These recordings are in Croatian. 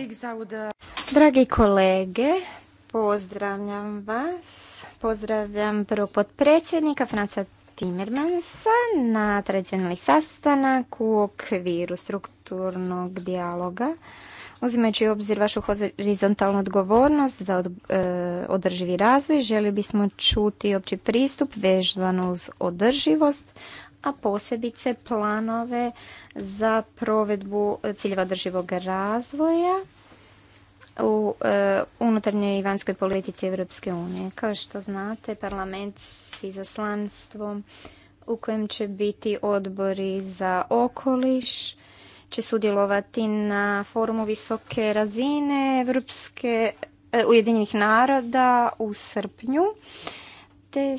Uh, Dragi kolege, pozdravljam vas. Pozdravljam prvo potpredsjednika Franca Timmermansa na tradicionalni sastanak u okviru strukturnog dijaloga. Uzimajući u obzir vašu horizontalnu odgovornost za e, održivi razvoj, Željeli bismo čuti opći pristup vezano uz održivost, a posebice planove za provedbu ciljeva održivog razvoja u e, unutarnjoj i vanjskoj politici Europske unije. Kao što znate, parlament s izaslanstvom u kojem će biti odbori za okoliš, će sudjelovati na forumu visoke razine e, Ujedinjenih naroda u srpnju, te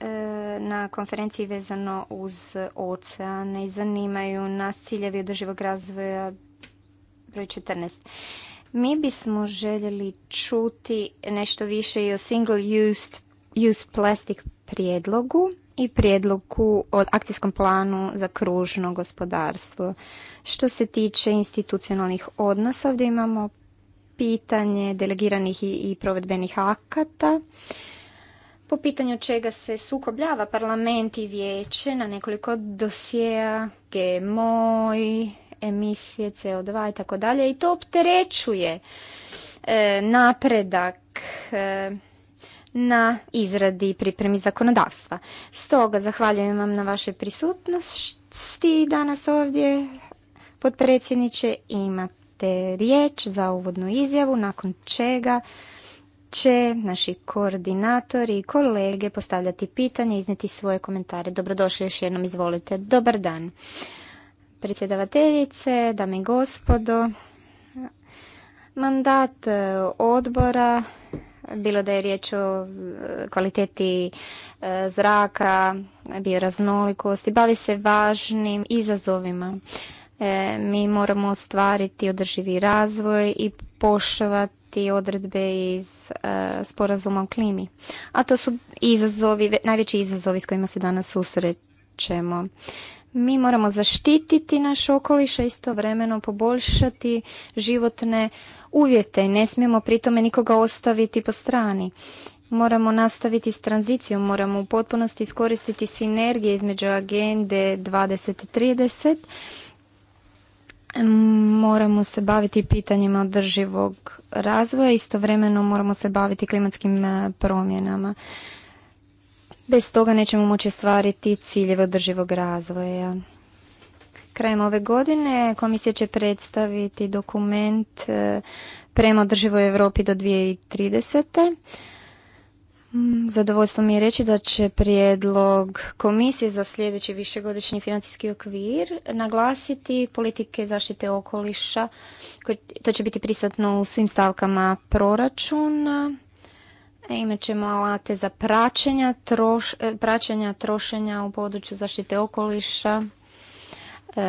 E, na konferenciji vezano uz oceane i zanimaju nas ciljevi održivog razvoja broj 14. Mi bismo željeli čuti nešto više i o single used, use plastic prijedlogu i prijedlogu o akcijskom planu za kružno gospodarstvo. Što se tiče institucionalnih odnosa, ovdje imamo pitanje delegiranih i provedbenih akata po pitanju čega se sukobljava parlament i vijeće na nekoliko dosijeja, GMO, emisije CO2 i tako dalje i to opterećuje e, napredak e, na izradi i pripremi zakonodavstva. Stoga zahvaljujem vam na vašoj prisutnosti danas ovdje. Potpredsjedniče, imate riječ za uvodnu izjavu, nakon čega će naši koordinatori i kolege postavljati pitanje, izneti svoje komentare. Dobrodošli još jednom, izvolite. Dobar dan. Predsjedavateljice, dame i gospodo, mandat e, odbora, bilo da je riječ o e, kvaliteti e, zraka, bioraznolikosti, bavi se važnim izazovima. Mi moramo ostvariti održivi razvoj i poštovati i odredbe iz e, sporazuma o klimi. A to su izazovi, najveći izazovi s kojima se danas susrećemo. Mi moramo zaštititi naš okoliš, a istovremeno poboljšati životne uvjete. Ne smijemo pritome nikoga ostaviti po strani. Moramo nastaviti s tranzicijom, moramo u potpunosti iskoristiti sinergije između agende 2030 moramo se baviti pitanjima održivog razvoja, istovremeno moramo se baviti klimatskim e, promjenama. Bez toga nećemo moći stvariti ciljeve održivog razvoja. Krajem ove godine komisija će predstaviti dokument e, prema održivoj Europi do 2030. Mm, zadovoljstvo mi je reći da će prijedlog Komisije za sljedeći višegodišnji financijski okvir naglasiti politike zaštite okoliša. To će biti prisatno u svim stavkama proračuna. E, imat ćemo alate za praćenja, e, praćenja trošenja u području zaštite okoliša, e,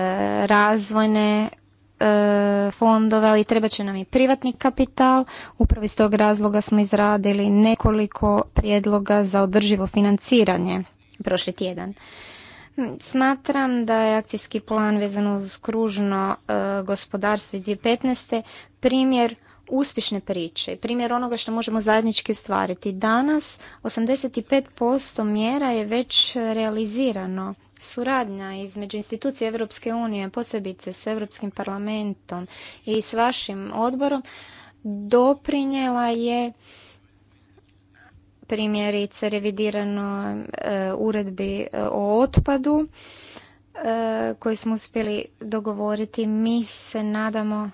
razvojne E, fondova, ali treba će nam i privatni kapital. Upravo iz tog razloga smo izradili nekoliko prijedloga za održivo financiranje prošli tjedan. Hm, smatram da je akcijski plan vezan uz kružno e, gospodarstvo iz 2015. primjer uspješne priče, primjer onoga što možemo zajednički ostvariti. Danas 85% mjera je već realizirano suradnja između institucije Europske unije, posebice s Europskim parlamentom i s vašim odborom, doprinjela je primjerice revidirano e, uredbi e, o otpadu e, koji smo uspjeli dogovoriti. Mi se nadamo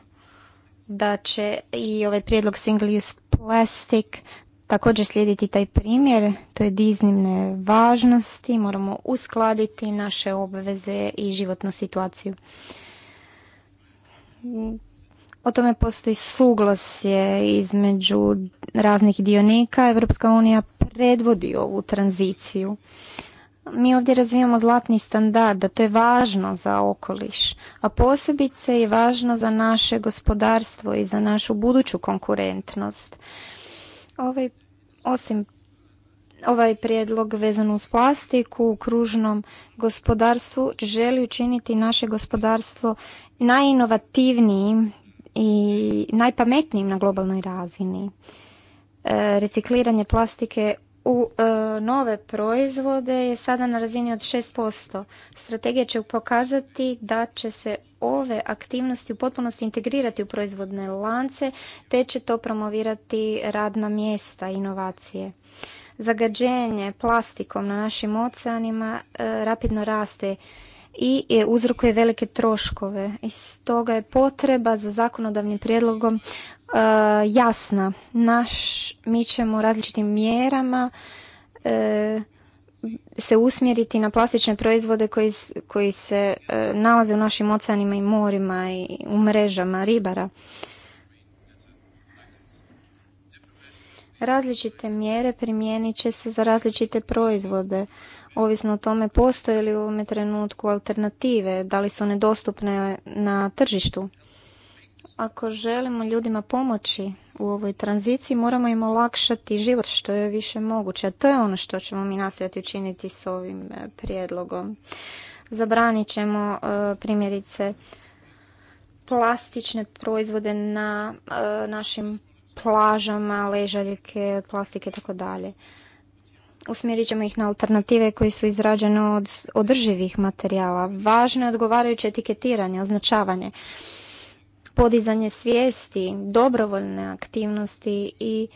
da će i ovaj prijedlog single use plastic također slijediti taj primjer, to je diznimne važnosti, moramo uskladiti naše obveze i životnu situaciju. O tome postoji suglasje između raznih dionika. Evropska unija predvodi ovu tranziciju. Mi ovdje razvijamo zlatni standard, da to je važno za okoliš, a posebice je važno za naše gospodarstvo i za našu buduću konkurentnost. Ovaj, osim ovaj prijedlog vezan uz plastiku u kružnom gospodarstvu želi učiniti naše gospodarstvo najinovativnijim i najpametnijim na globalnoj razini. E, recikliranje plastike u e, nove proizvode je sada na razini od 6%. Strategija će pokazati da će se ove aktivnosti u potpunosti integrirati u proizvodne lance, te će to promovirati radna mjesta, inovacije. Zagađenje plastikom na našim oceanima e, rapidno raste i uzrokuje velike troškove. Iz stoga je potreba za zakonodavnim prijedlogom Eh, jasna. Naš, mi ćemo različitim mjerama eh, se usmjeriti na plastične proizvode koji, koji se eh, nalaze u našim oceanima i morima i u mrežama ribara. Različite mjere primijenit će se za različite proizvode, ovisno o tome postoje li u ovome trenutku alternative, da li su one dostupne na tržištu. Ako želimo ljudima pomoći u ovoj tranziciji, moramo im olakšati život što je više moguće. A to je ono što ćemo mi nastojati učiniti s ovim e, prijedlogom. Zabranit ćemo e, primjerice plastične proizvode na e, našim plažama, ležaljke od plastike i tako dalje. Usmjerit ćemo ih na alternative koje su izrađene od održivih materijala. Važno je odgovarajuće etiketiranje, označavanje podizanje svijesti, dobrovoljne aktivnosti i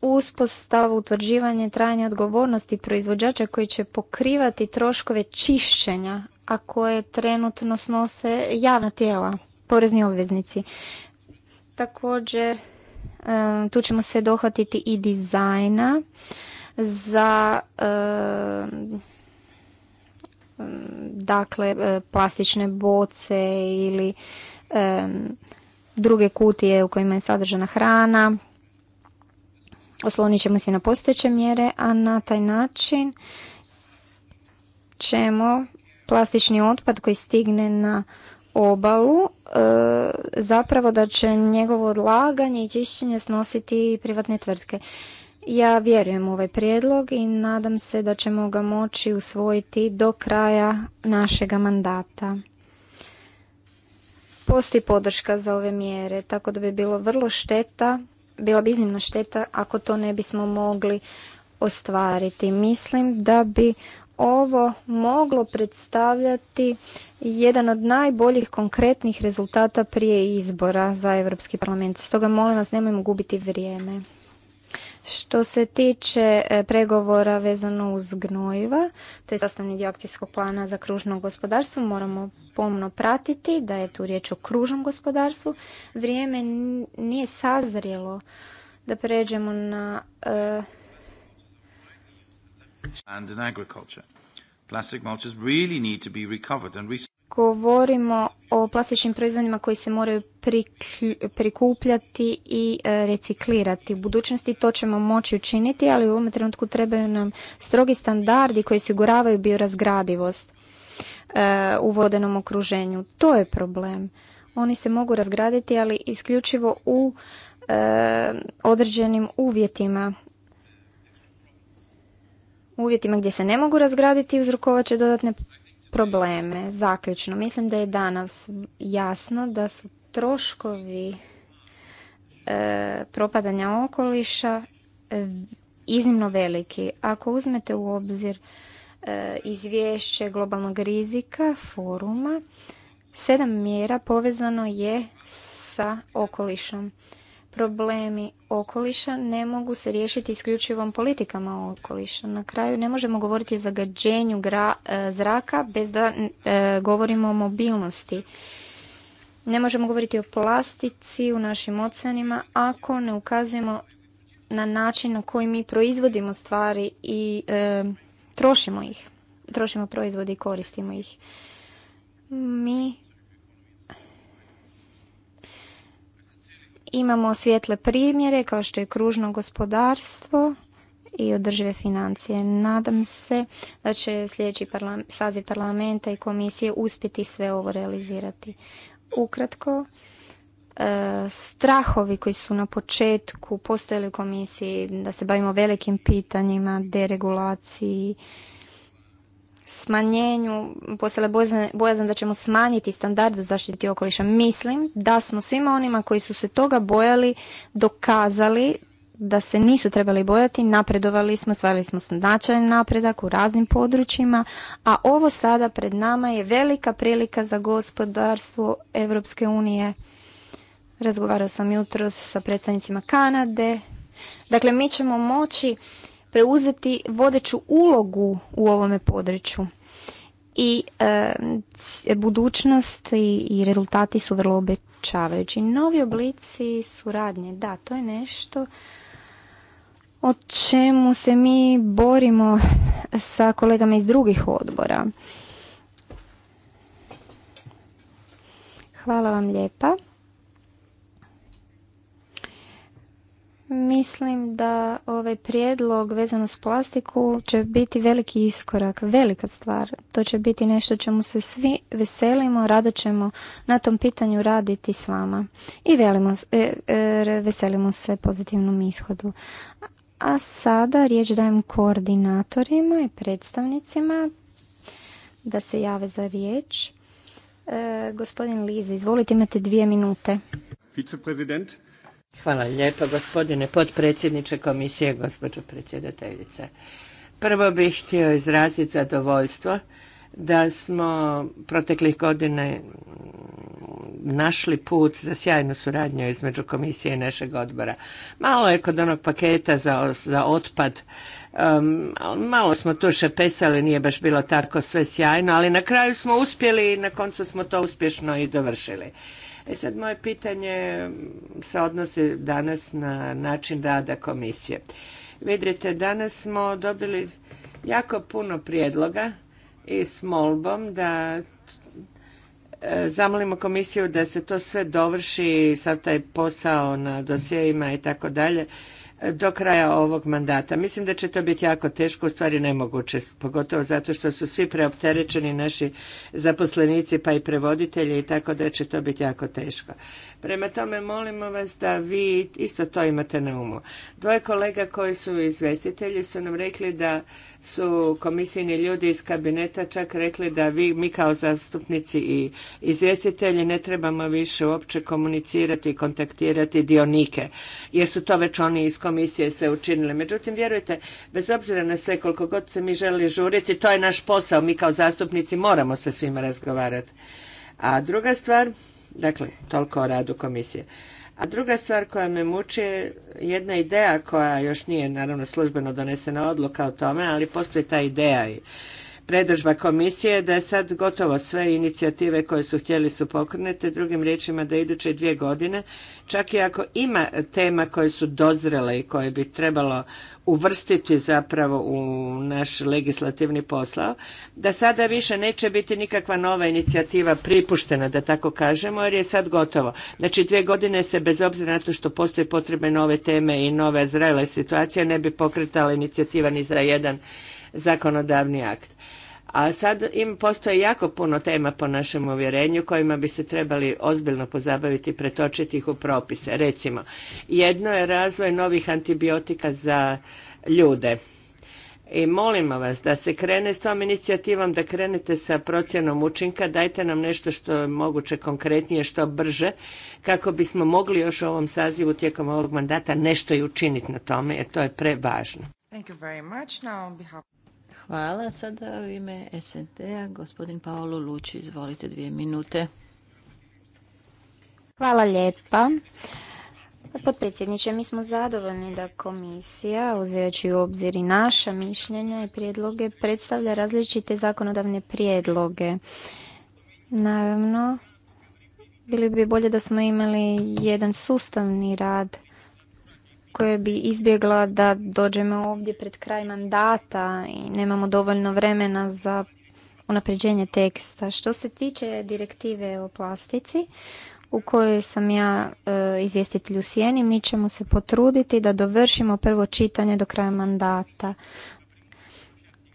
uspostavu utvrđivanje trajanja odgovornosti proizvođača koji će pokrivati troškove čišćenja, a koje trenutno snose javna tijela, porezni obveznici. Također, tu ćemo se dohvatiti i dizajna za dakle e, plastične boce ili druge kutije u kojima je sadržana hrana. Oslonit ćemo se na postojeće mjere, a na taj način ćemo plastični otpad koji stigne na obalu, e, zapravo da će njegovo odlaganje i čišćenje snositi privatne tvrtke. Ja vjerujem u ovaj prijedlog i nadam se da ćemo ga moći usvojiti do kraja našega mandata postoji podrška za ove mjere, tako da bi bilo vrlo šteta, bila bi iznimna šteta ako to ne bismo mogli ostvariti. Mislim da bi ovo moglo predstavljati jedan od najboljih konkretnih rezultata prije izbora za Europski parlament. Stoga molim vas nemojmo gubiti vrijeme. Što se tiče e, pregovora vezano uz gnojiva, to je sastavni dio akcijskog plana za kružno gospodarstvo, moramo pomno pratiti da je tu riječ o kružnom gospodarstvu. Vrijeme nije sazrijelo da pređemo na... E, and agriculture. Plastic mulches really need to be recovered and govorimo o plastičnim proizvodima koji se moraju prikupljati i e, reciklirati. U budućnosti to ćemo moći učiniti, ali u ovom trenutku trebaju nam strogi standardi koji osiguravaju biorazgradivost e, u vodenom okruženju. To je problem. Oni se mogu razgraditi, ali isključivo u e, određenim uvjetima uvjetima gdje se ne mogu razgraditi uzrokovat će dodatne probleme. Zaključno, mislim da je danas jasno da su troškovi e, propadanja okoliša e, iznimno veliki. Ako uzmete u obzir e, izvješće globalnog rizika foruma, sedam mjera povezano je sa okolišom problemi okoliša ne mogu se riješiti isključivom politikama okoliša. Na kraju ne možemo govoriti o zagađenju gra, e, zraka bez da e, govorimo o mobilnosti. Ne možemo govoriti o plastici u našim oceanima ako ne ukazujemo na način na koji mi proizvodimo stvari i e, trošimo ih. Trošimo proizvode i koristimo ih. Mi Imamo svijetle primjere kao što je kružno gospodarstvo i održive financije. Nadam se da će sljedeći sazi saziv parlamenta i komisije uspjeti sve ovo realizirati. Ukratko, e, strahovi koji su na početku postojali u komisiji da se bavimo velikim pitanjima, deregulaciji, smanjenju, postale bojazan da ćemo smanjiti standarde zaštiti okoliša. Mislim da smo svima onima koji su se toga bojali dokazali da se nisu trebali bojati, napredovali smo, stvarili smo značajan napredak u raznim područjima, a ovo sada pred nama je velika prilika za gospodarstvo Evropske unije. Razgovarao sam jutros sa predstavnicima Kanade. Dakle, mi ćemo moći preuzeti vodeću ulogu u ovome području. I e, budućnost i, i rezultati su vrlo obećavajući. Novi oblici suradnje, da, to je nešto o čemu se mi borimo sa kolegama iz drugih odbora. Hvala vam lijepa. Mislim da ovaj prijedlog vezano s plastiku će biti veliki iskorak, velika stvar. To će biti nešto čemu se svi veselimo, rado ćemo na tom pitanju raditi s vama. I velimo, e, e, veselimo se pozitivnom ishodu. A sada riječ dajem koordinatorima i predstavnicima da se jave za riječ. E, gospodin Liza, izvolite, imate dvije minute. Viceprezident, Hvala lijepa gospodine potpredsjedniče komisije, gospođo predsjedateljice. Prvo bih htio izraziti zadovoljstvo da smo proteklih godine našli put za sjajnu suradnju između komisije i našeg odbora. Malo je kod onog paketa za, za otpad, um, malo smo tu šepesali, nije baš bilo tako sve sjajno, ali na kraju smo uspjeli i na koncu smo to uspješno i dovršili. E sad moje pitanje se odnosi danas na način rada komisije. Vidite, danas smo dobili jako puno prijedloga i s molbom da e, zamolimo komisiju da se to sve dovrši, sav taj posao na dosjeima i tako dalje, do kraja ovog mandata. Mislim da će to biti jako teško, u stvari nemoguće, pogotovo zato što su svi preopterećeni naši zaposlenici pa i prevoditelji i tako da će to biti jako teško. Prema tome molimo vas da vi isto to imate na umu. Dvoje kolega koji su izvestitelji su nam rekli da su komisijni ljudi iz kabineta čak rekli da vi, mi kao zastupnici i izvjestitelji ne trebamo više uopće komunicirati i kontaktirati dionike, jer su to već oni iz komisije sve učinili. Međutim, vjerujte, bez obzira na sve koliko god se mi želi žuriti, to je naš posao. Mi kao zastupnici moramo sa svima razgovarati. A druga stvar, dakle, toliko o radu komisije. A druga stvar koja me muči je jedna ideja koja još nije naravno službeno donesena odluka o tome, ali postoji ta ideja i predržba komisije da je sad gotovo sve inicijative koje su htjeli su pokrenute, drugim riječima da iduće dvije godine, čak i ako ima tema koje su dozrele i koje bi trebalo uvrstiti zapravo u naš legislativni posao, da sada više neće biti nikakva nova inicijativa pripuštena, da tako kažemo, jer je sad gotovo. Znači dvije godine se bez obzira na to što postoje potrebe nove teme i nove zrele situacije ne bi pokretala inicijativa ni za jedan zakonodavni akt. A sad im postoje jako puno tema po našem uvjerenju kojima bi se trebali ozbiljno pozabaviti i pretočiti ih u propise. Recimo, jedno je razvoj novih antibiotika za ljude. I molimo vas da se krene s tom inicijativom, da krenete sa procjenom učinka, dajte nam nešto što je moguće konkretnije, što brže, kako bismo mogli još u ovom sazivu tijekom ovog mandata nešto i učiniti na tome, jer to je prevažno. Thank you Hvala. Sada u ime SNT-a gospodin Paolo Luči. Izvolite dvije minute. Hvala lijepa. Potpredsjedniče, mi smo zadovoljni da komisija, uzeći u obzir i naša mišljenja i prijedloge, predstavlja različite zakonodavne prijedloge. Naravno, bilo bi bolje da smo imali jedan sustavni rad koje bi izbjegla da dođemo ovdje pred kraj mandata i nemamo dovoljno vremena za unapređenje teksta. Što se tiče direktive o plastici, u kojoj sam ja e, izvjestitelj u sjeni, mi ćemo se potruditi da dovršimo prvo čitanje do kraja mandata.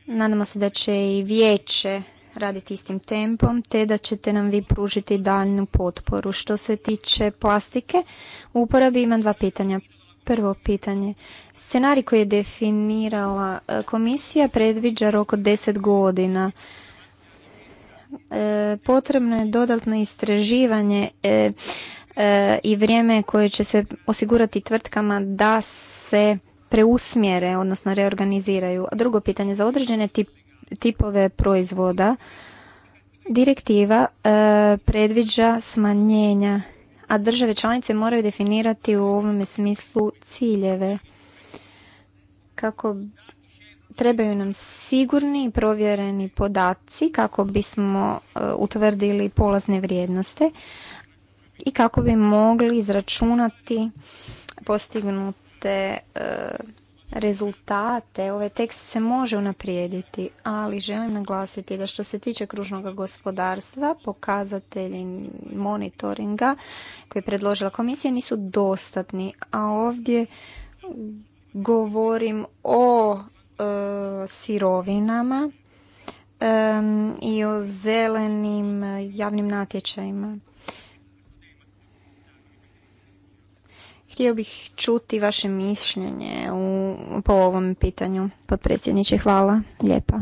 Nadamo se da će i vijeće raditi istim tempom, te da ćete nam vi pružiti daljnu potporu. Što se tiče plastike, u uporabi imam dva pitanja. Prvo pitanje. Scenarij koji je definirala e, komisija predviđa rok od 10 godina. E, potrebno je dodatno istraživanje e, i vrijeme koje će se osigurati tvrtkama da se preusmjere, odnosno reorganiziraju. A drugo pitanje, za određene tipove proizvoda direktiva predviđa smanjenja a države članice moraju definirati u ovom smislu ciljeve kako trebaju nam sigurni i provjereni podaci kako bismo e, utvrdili polazne vrijednosti i kako bi mogli izračunati postignute e, rezultate, ovaj tekst se može unaprijediti, ali želim naglasiti da što se tiče kružnog gospodarstva, pokazatelji monitoringa koji je predložila komisija nisu dostatni, a ovdje govorim o e, sirovinama e, i o zelenim javnim natječajima. Htio bih čuti vaše mišljenje u, po ovom pitanju. Potpredsjedniče, hvala. Lijepa.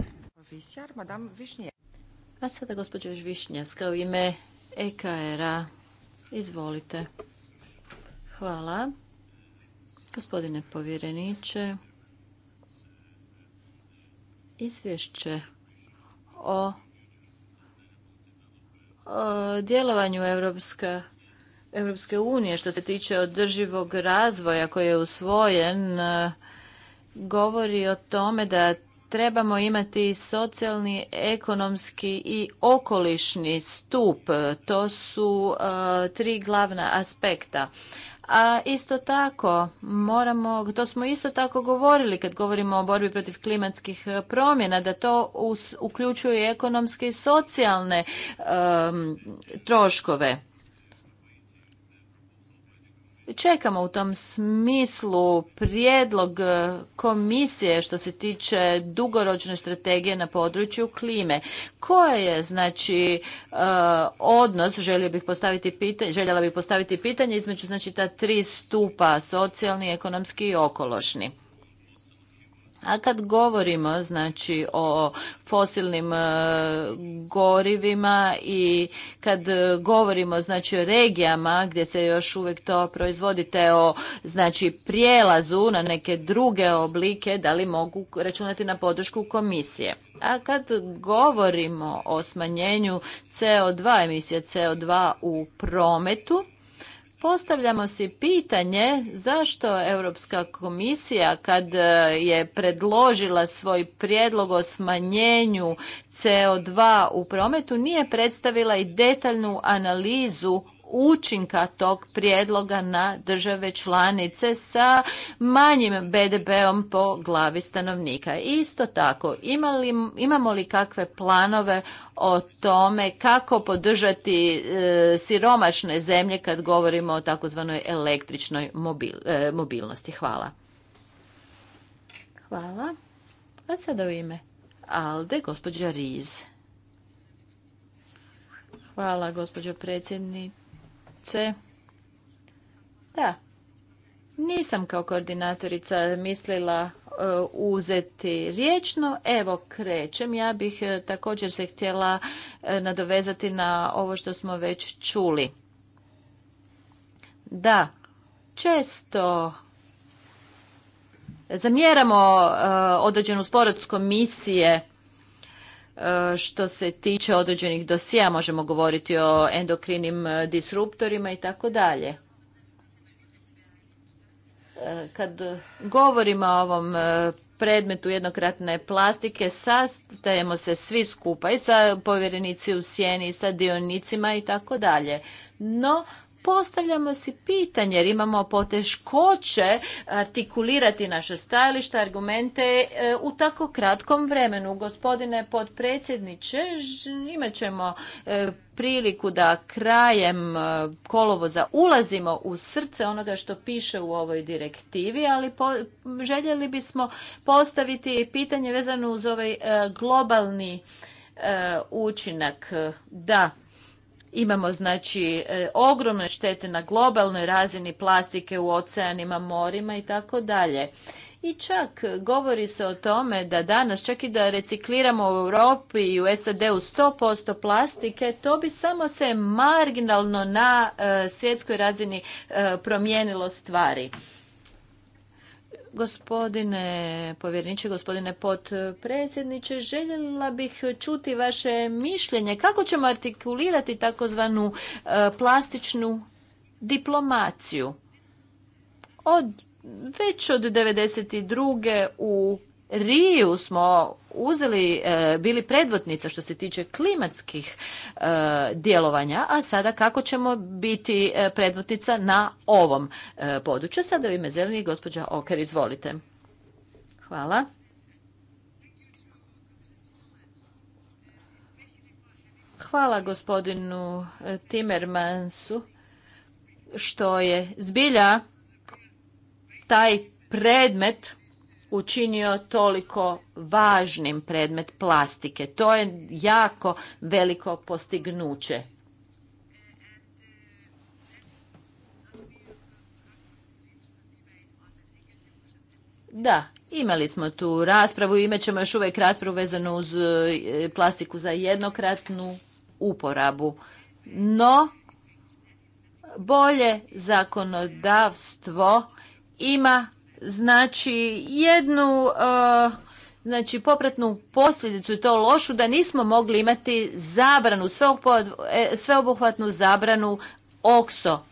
A sada gospođa Višnjaska u ime EKR-a. Izvolite. Hvala. Gospodine povjereniče, izvješće o, o djelovanju Europske Europske unije što se tiče održivog razvoja koji je usvojen e, govori o tome da trebamo imati socijalni, ekonomski i okolišni stup. To su e, tri glavna aspekta. A isto tako moramo, to smo isto tako govorili kad govorimo o borbi protiv klimatskih e, promjena, da to uključuje ekonomske i socijalne troškove čekamo u tom smislu prijedlog e, komisije što se tiče dugoročne strategije na području klime. Koje je znači e, odnos, želio bih postaviti pitanje, željela bih postaviti pitanje između znači ta tri stupa, socijalni, ekonomski i okološni. A kad govorimo znači o fosilnim e, gorivima i kad e, govorimo znači o regijama gdje se još uvijek to proizvodite o znači prijelazu na neke druge oblike da li mogu računati na podršku komisije. A kad govorimo o smanjenju CO2 emisije CO2 u prometu Postavljamo si pitanje zašto Europska komisija kad e, je predložila svoj prijedlog o smanjenju CO2 u prometu nije predstavila i detaljnu analizu učinka tog prijedloga na države članice sa manjim BDP-om po glavi stanovnika. Isto tako, imamo li kakve planove o tome kako podržati e, siromašne zemlje kad govorimo o takozvanoj električnoj e, mobilnosti? Hvala. Hvala. A sada u ime Alde, gospođa Riz. Hvala, gospođo predsjednik. Koordinatorice, Da, nisam kao koordinatorica mislila e, uzeti riječno. Evo krećem. Ja bih e, također se htjela e, nadovezati na ovo što smo već čuli. Da, često zamjeramo određenu sporadskom misije E, što se tiče određenih dosija, možemo govoriti o endokrinim e, disruptorima i tako dalje. E, kad govorimo o ovom predmetu jednokratne plastike, sastajemo se svi skupa i sa povjerenici u sjeni, i sa dionicima i tako dalje. No, postavljamo si pitanje jer imamo poteškoće artikulirati naše stajališta, argumente e, u tako kratkom vremenu. Gospodine potpredsjedniče, imat ćemo e, priliku da krajem e, kolovoza ulazimo u srce onoga što piše u ovoj direktivi, ali željeli bismo postaviti pitanje vezano uz ovaj globalni učinak. Da, Imamo znači e, ogromne štete na globalnoj razini plastike u oceanima, morima i tako dalje. I čak govori se o tome da danas, čak i da recikliramo u Europi i u SAD-u 100% plastike, to bi samo se marginalno na e, svjetskoj razini e, promijenilo stvari. Gospodine povjerniče, gospodine potpredsjedniče, željela bih čuti vaše mišljenje. Kako ćemo artikulirati takozvanu e, plastičnu diplomaciju? Od, već od 92. u Riju smo uzeli, e, bili predvotnica što se tiče klimatskih e, djelovanja, a sada kako ćemo biti e, predvotnica na ovom području. Sada u ime zeleni gospođa Oker, izvolite. Hvala. Hvala gospodinu Timmermansu što je zbilja taj predmet učinio toliko važnim predmet plastike. To je jako veliko postignuće. Da, imali smo tu raspravu i imat ćemo još uvijek raspravu vezanu uz e, plastiku za jednokratnu uporabu. No, bolje zakonodavstvo ima znači jednu e, znači popratnu posljedicu i to lošu da nismo mogli imati zabranu, e, sveobuhvatnu zabranu okso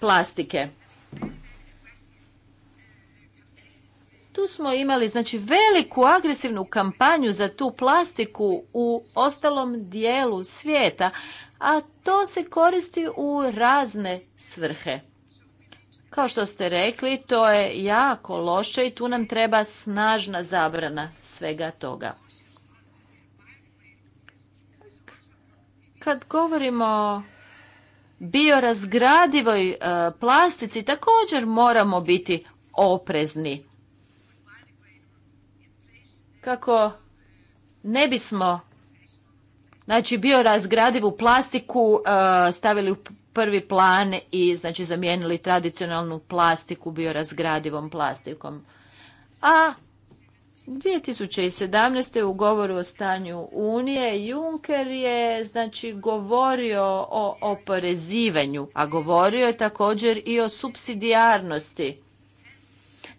plastike. Tu smo imali znači veliku agresivnu kampanju za tu plastiku u ostalom dijelu svijeta, a to se koristi u razne svrhe. Kao što ste rekli, to je jako loše i tu nam treba snažna zabrana svega toga. Kad govorimo o biorazgradivoj e, plastici, također moramo biti oprezni. Kako ne bismo znači, biorazgradivu plastiku e, stavili u prvi plan i znači zamijenili tradicionalnu plastiku biorazgradivom plastikom. A 2017. u govoru o stanju Unije Juncker je znači govorio o oporezivanju, a govorio je također i o subsidijarnosti.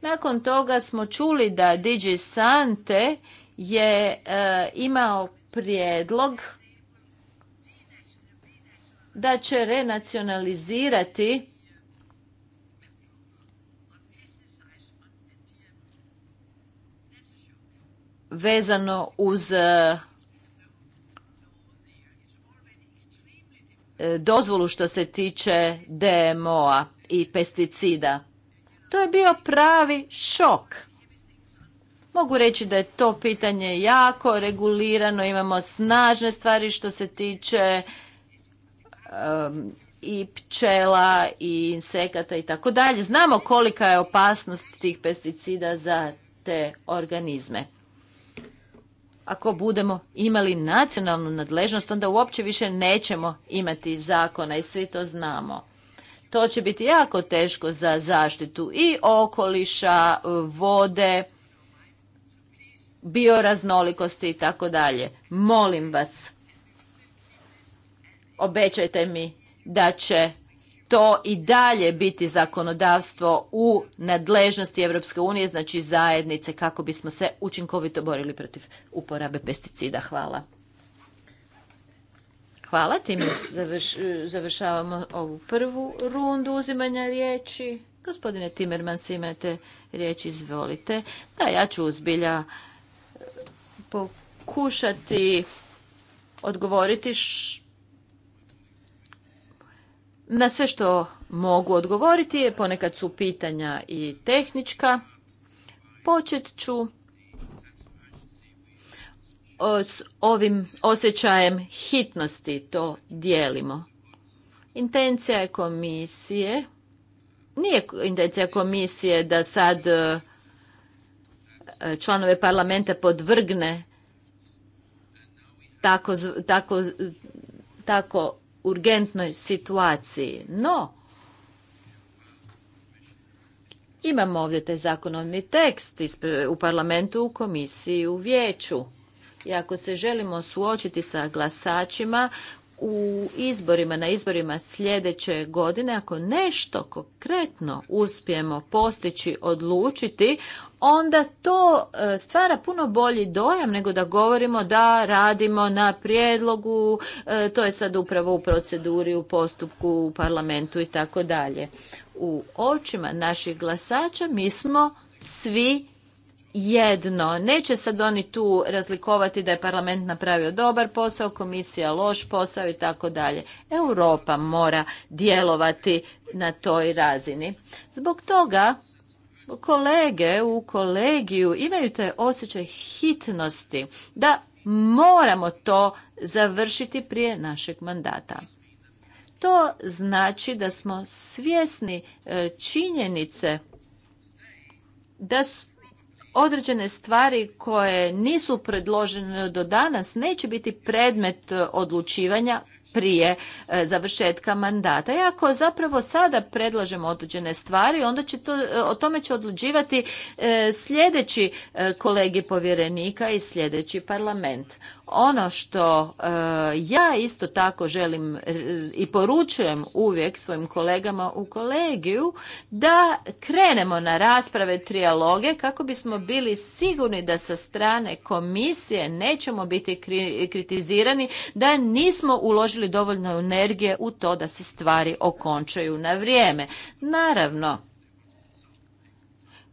Nakon toga smo čuli da DJ Sante je e, imao prijedlog da će renacionalizirati vezano uz e, dozvolu što se tiče DMO-a i pesticida. To je bio pravi šok. Mogu reći da je to pitanje jako regulirano, imamo snažne stvari što se tiče i pčela i insekata i tako dalje. Znamo kolika je opasnost tih pesticida za te organizme. Ako budemo imali nacionalnu nadležnost, onda uopće više nećemo imati zakona i svi to znamo. To će biti jako teško za zaštitu i okoliša, vode, bioraznolikosti i tako dalje. Molim vas, Obećajte mi da će to i dalje biti zakonodavstvo u nadležnosti Europske unije, znači zajednice, kako bismo se učinkovito borili protiv uporabe pesticida. Hvala. Hvala, time završavamo ovu prvu rundu uzimanja riječi. Gospodine Timmermans, imate riječ, izvolite. Da, ja ću uzbilja e, pokušati odgovoriti na sve što mogu odgovoriti ponekad su pitanja i tehnička. Počet ću s ovim osjećajem hitnosti to dijelimo. Intencija je komisije nije intencija komisije da sad e, članove parlamenta podvrgne tako, tako, tako urgentnoj situaciji. No, imamo ovdje taj zakonovni tekst u parlamentu, u komisiji, u vijeću. I ako se želimo suočiti sa glasačima u izborima, na izborima sljedeće godine, ako nešto konkretno uspijemo postići, odlučiti, onda to e, stvara puno bolji dojam nego da govorimo da radimo na prijedlogu, e, to je sad upravo u proceduri, u postupku, u parlamentu i tako dalje. U očima naših glasača mi smo svi jedno. Neće sad oni tu razlikovati da je parlament napravio dobar posao, komisija loš posao i tako dalje. Europa mora djelovati na toj razini. Zbog toga kolege u kolegiju imaju osjećaj hitnosti da moramo to završiti prije našeg mandata. To znači da smo svjesni e, činjenice da su određene stvari koje nisu predložene do danas neće biti predmet e, odlučivanja prije e, završetka mandata. I ako zapravo sada predlažemo određene stvari, onda će to, e, o tome će odluđivati e, sljedeći kolegi povjerenika i sljedeći parlament. Ono što e, ja isto tako želim e, i poručujem uvijek svojim kolegama u kolegiju da krenemo na rasprave trijaloge kako bismo bili sigurni da sa strane komisije nećemo biti kritizirani da nismo uložili dovoljno energije u to da se stvari okončaju na vrijeme. Naravno,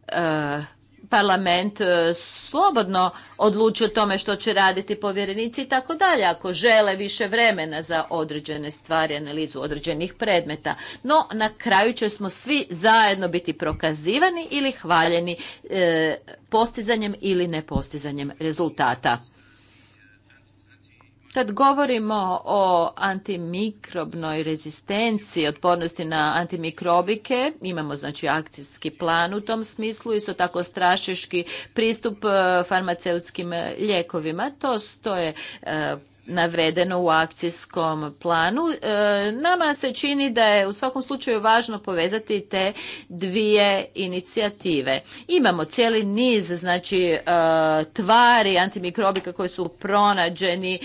e, parlament e, slobodno odluči o tome što će raditi povjerenici i tako dalje, ako žele više vremena za određene stvari, analizu određenih predmeta. No, na kraju će smo svi zajedno biti prokazivani ili hvaljeni e, postizanjem ili nepostizanjem rezultata. Kad govorimo o antimikrobnoj rezistenciji, otpornosti na antimikrobike, imamo znači akcijski plan u tom smislu, isto tako strašiški pristup e, farmaceutskim e, lijekovima. To stoje e, navedeno u akcijskom planu. E, nama se čini da je u svakom slučaju važno povezati te dvije inicijative. Imamo cijeli niz znači e, tvari antimikrobika koji su pronađeni e,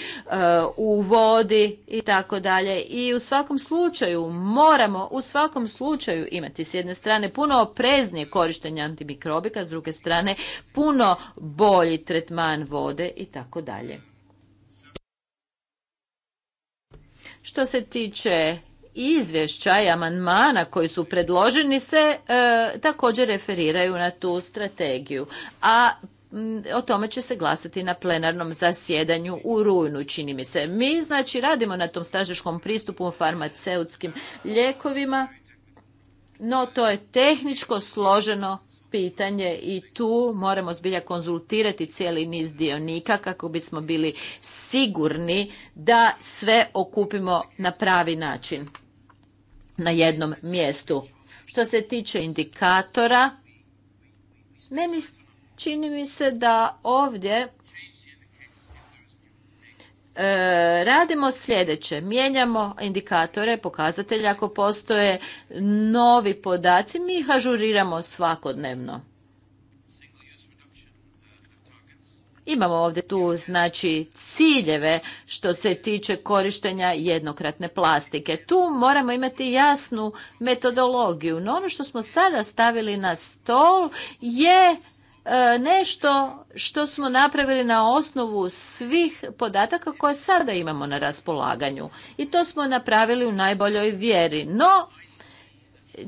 u vodi i tako dalje i u svakom slučaju moramo u svakom slučaju imati s jedne strane puno opreznije korištenje antimikrobika, s druge strane puno bolji tretman vode i tako dalje. Što se tiče izvješća i amandmana koji su predloženi se e, također referiraju na tu strategiju. A mm, o tome će se glasati na plenarnom zasjedanju u rujnu, čini mi se. Mi, znači, radimo na tom stražeškom pristupu u farmaceutskim lijekovima, no to je tehničko složeno pitanje i tu moramo zbilja konzultirati cijeli niz dionika kako bismo bili sigurni da sve okupimo na pravi način na jednom mjestu. Što se tiče indikatora, meni čini mi se da ovdje E, radimo sljedeće, mijenjamo indikatore, pokazatelje, ako postoje novi podaci, mi ih ažuriramo svakodnevno. Imamo ovdje tu znači ciljeve što se tiče korištenja jednokratne plastike. Tu moramo imati jasnu metodologiju. No ono što smo sada stavili na stol je E, nešto što smo napravili na osnovu svih podataka koje sada imamo na raspolaganju. I to smo napravili u najboljoj vjeri. No,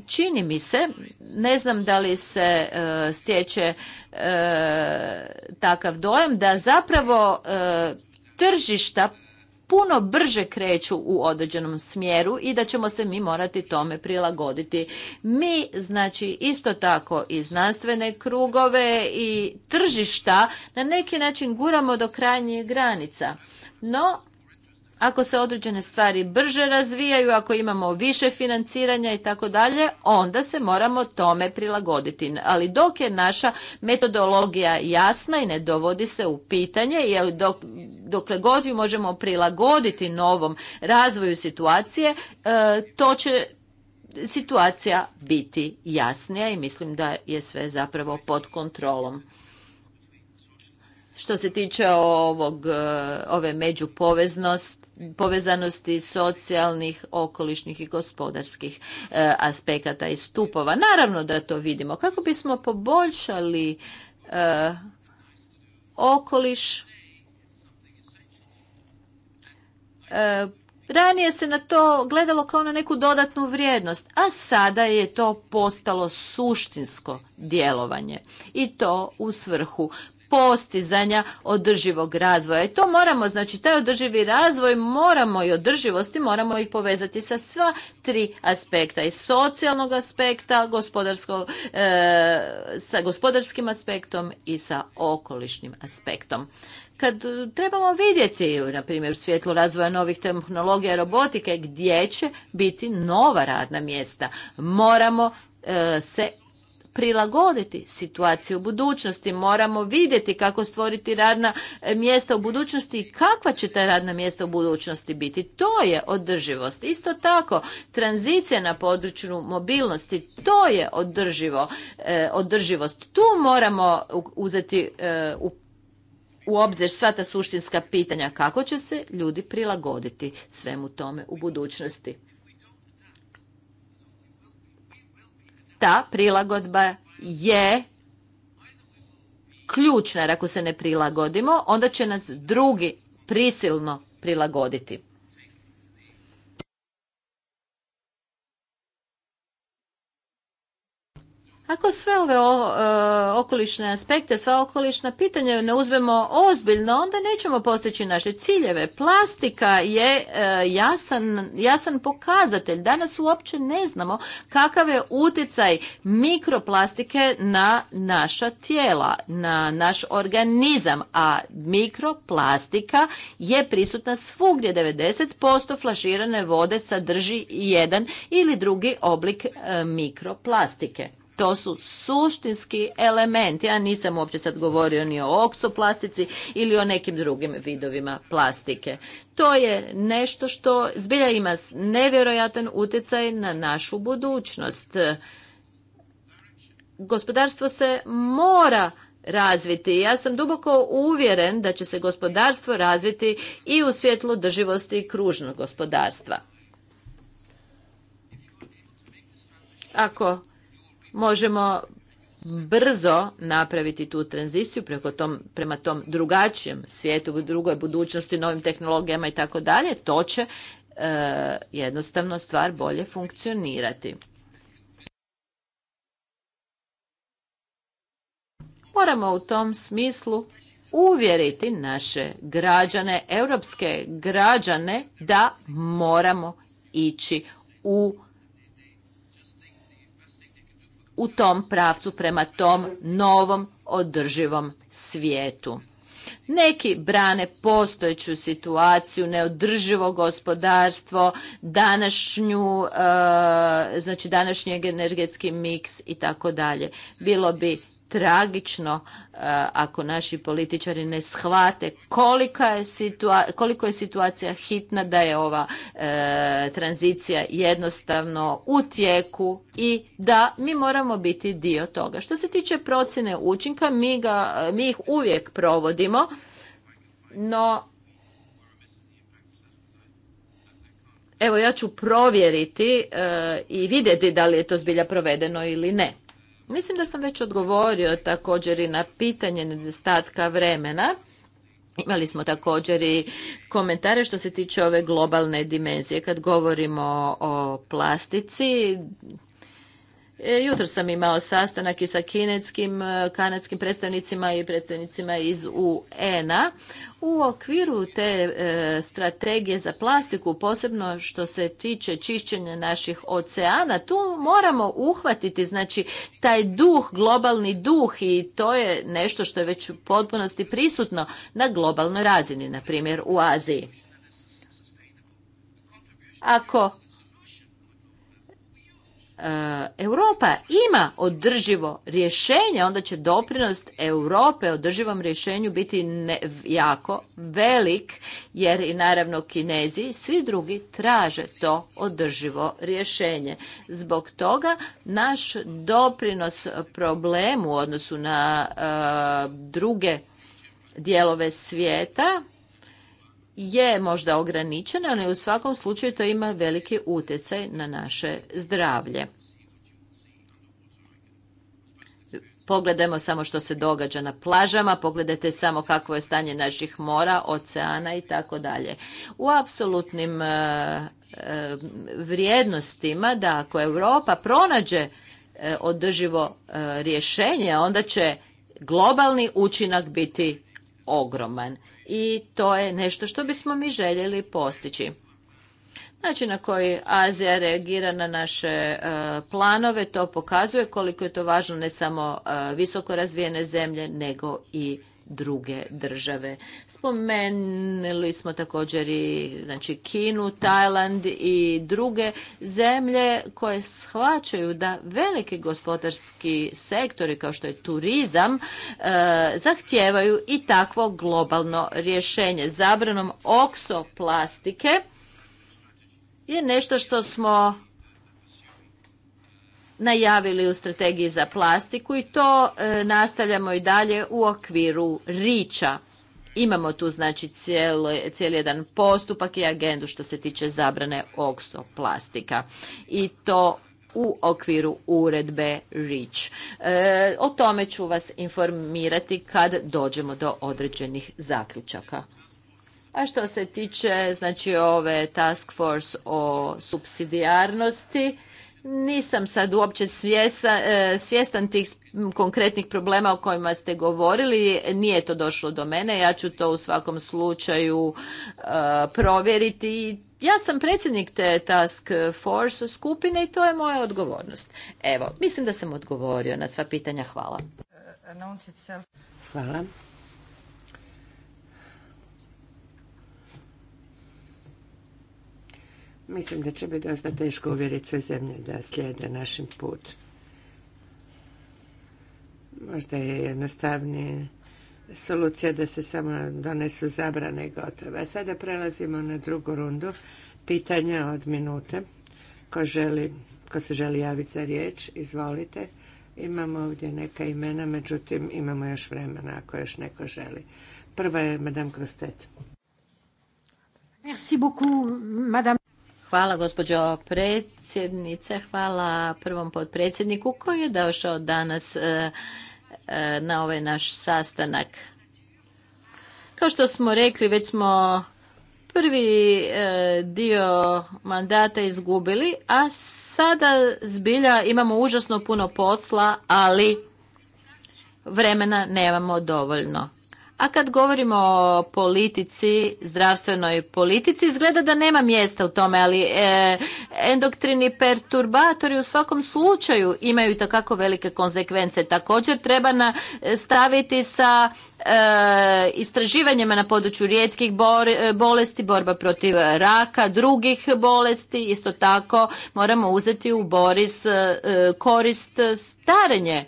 čini mi se, ne znam da li se e, stječe e, takav dojam, da zapravo tržišta puno brže kreću u određenom smjeru i da ćemo se mi morati tome prilagoditi. Mi, znači, isto tako i znanstvene krugove i tržišta na neki način guramo do krajnjih granica. No, ako se određene stvari brže razvijaju, ako imamo više financiranja i tako dalje, onda se moramo tome prilagoditi. Ali dok je naša metodologija jasna i ne dovodi se u pitanje, jer dok, dokle god ju možemo prilagoditi novom razvoju situacije, e, to će situacija biti jasnija i mislim da je sve zapravo pod kontrolom. Što se tiče ovog, e, ove međupoveznosti, povezanosti socijalnih, okolišnih i gospodarskih e, aspekata i stupova. Naravno da to vidimo. Kako bismo poboljšali e, okoliš, e, Ranije se na to gledalo kao na neku dodatnu vrijednost, a sada je to postalo suštinsko djelovanje i to u svrhu postizanja održivog razvoja. I to moramo, znači taj održivi razvoj moramo i održivosti moramo ih povezati sa sva tri aspekta. I socijalnog aspekta, gospodarskog e, sa gospodarskim aspektom i sa okolišnim aspektom kad trebamo vidjeti, na primjer, u svijetlu razvoja novih tehnologija i robotike, gdje će biti nova radna mjesta. Moramo e, se prilagoditi situaciju u budućnosti. Moramo vidjeti kako stvoriti radna e, mjesta u budućnosti i kakva će ta radna mjesta u budućnosti biti. To je održivost. Isto tako, tranzicija na području mobilnosti, to je održivo, e, održivost. Tu moramo uzeti e, u u obzir sva ta suštinska pitanja kako će se ljudi prilagoditi svemu tome u budućnosti. ta prilagodba je ključna jer ako se ne prilagodimo onda će nas drugi prisilno prilagoditi Ako sve ove o, e, okolišne aspekte, sva okolišna pitanja ne uzmemo ozbiljno, onda nećemo postići naše ciljeve. Plastika je e, jasan, jasan pokazatelj. Danas uopće ne znamo kakav je utjecaj mikroplastike na naša tijela, na naš organizam, a mikroplastika je prisutna svugdje. 90% flaširane vode sadrži jedan ili drugi oblik e, mikroplastike. To su suštinski element. Ja nisam uopće sad govorio ni o oksoplastici ili o nekim drugim vidovima plastike. To je nešto što zbilja ima nevjerojatan utjecaj na našu budućnost. Gospodarstvo se mora razviti. Ja sam duboko uvjeren da će se gospodarstvo razviti i u svjetlu drživosti kružnog gospodarstva. Ako možemo brzo napraviti tu tranziciju preko tom, prema tom drugačijem svijetu, drugoj budućnosti, novim tehnologijama i tako dalje, to će e, jednostavno stvar bolje funkcionirati. Moramo u tom smislu uvjeriti naše građane, europske građane da moramo ići u u tom pravcu prema tom novom održivom svijetu. Neki brane postojeću situaciju, neodrživo gospodarstvo, današnju, e, znači današnji energetski miks i tako dalje. Bilo bi tragično e, ako naši političari ne shvate kolika je koliko je situacija hitna da je ova e, tranzicija jednostavno u tijeku i da mi moramo biti dio toga. Što se tiče procjene učinka, mi, ga, mi ih uvijek provodimo, no evo ja ću provjeriti e, i vidjeti da li je to zbilja provedeno ili ne. Mislim da sam već odgovorio također i na pitanje nedostatka vremena. Imali smo također i komentare što se tiče ove globalne dimenzije. Kad govorimo o plastici, E, jutros sam imao sastanak i sa kineskim, e, kanadskim predstavnicima i predstavnicima iz UN-a. U okviru te e, strategije za plastiku, posebno što se tiče čišćenja naših oceana, tu moramo uhvatiti znači taj duh, globalni duh i to je nešto što je već u potpunosti prisutno na globalnoj razini, na primjer u Aziji. Ako E, Europa ima održivo rješenje, onda će doprinost Europe održivom rješenju biti ne, jako velik, jer i naravno Kinezi i svi drugi traže to održivo rješenje. Zbog toga naš doprinos problemu u odnosu na e, druge dijelove svijeta je možda ograničena, ali u svakom slučaju to ima veliki utjecaj na naše zdravlje. Pogledajmo samo što se događa na plažama, pogledajte samo kakvo je stanje naših mora, oceana i tako dalje. U apsolutnim e, e, vrijednostima da ako Europa pronađe e, održivo rješenje, onda će globalni učinak biti ogroman i to je nešto što bismo mi željeli postići. Način na koji Azija reagira na naše e, planove, to pokazuje koliko je to važno ne samo e, visoko razvijene zemlje, nego i druge države. Spomenuli smo također i znači, Kinu, Tajland i druge zemlje koje shvaćaju da veliki gospodarski sektori kao što je turizam e, zahtijevaju i takvo globalno rješenje. Zabranom oksoplastike je nešto što smo najavili u strategiji za plastiku i to e, nastavljamo i dalje u okviru riča. Imamo tu znači cijeli, cijeli jedan postupak i agendu što se tiče zabrane oksoplastika i to u okviru uredbe REACH. E, o tome ću vas informirati kad dođemo do određenih zaključaka. A što se tiče znači ove task force o subsidijarnosti, nisam sad uopće svjesa, e, svjestan tih konkretnih problema o kojima ste govorili. Nije to došlo do mene, ja ću to u svakom slučaju e, provjeriti. Ja sam predsjednik te Task Force skupine i to je moja odgovornost. Evo, mislim da sam odgovorio na sva pitanja. Hvala. Uh, Hvala. Mislim da će biti dosta teško uvjeriti sve zemlje da slijede našim put. Možda je jednostavnije solucija da se samo donesu zabrane gotove. A sada prelazimo na drugu rundu. Pitanja od minute. Ko, želi, ko se želi javiti za riječ, izvolite. Imamo ovdje neka imena, međutim imamo još vremena ako još neko želi. Prva je Madame Krustet. Merci beaucoup, Madame. Hvala gospođo predsjednice, hvala prvom potpredsjedniku koji je došao danas e, e, na ovaj naš sastanak. Kao što smo rekli, već smo prvi e, dio mandata izgubili, a sada zbilja imamo užasno puno posla, ali vremena nemamo dovoljno. A kad govorimo o politici, zdravstvenoj politici, izgleda da nema mjesta u tome, ali e, endoktrini perturbatori u svakom slučaju imaju takako velike konsekvence. Također treba na, e, staviti sa e, istraživanjima na području rijetkih bolesti, borba protiv raka, drugih bolesti. Isto tako moramo uzeti u boris korist starenje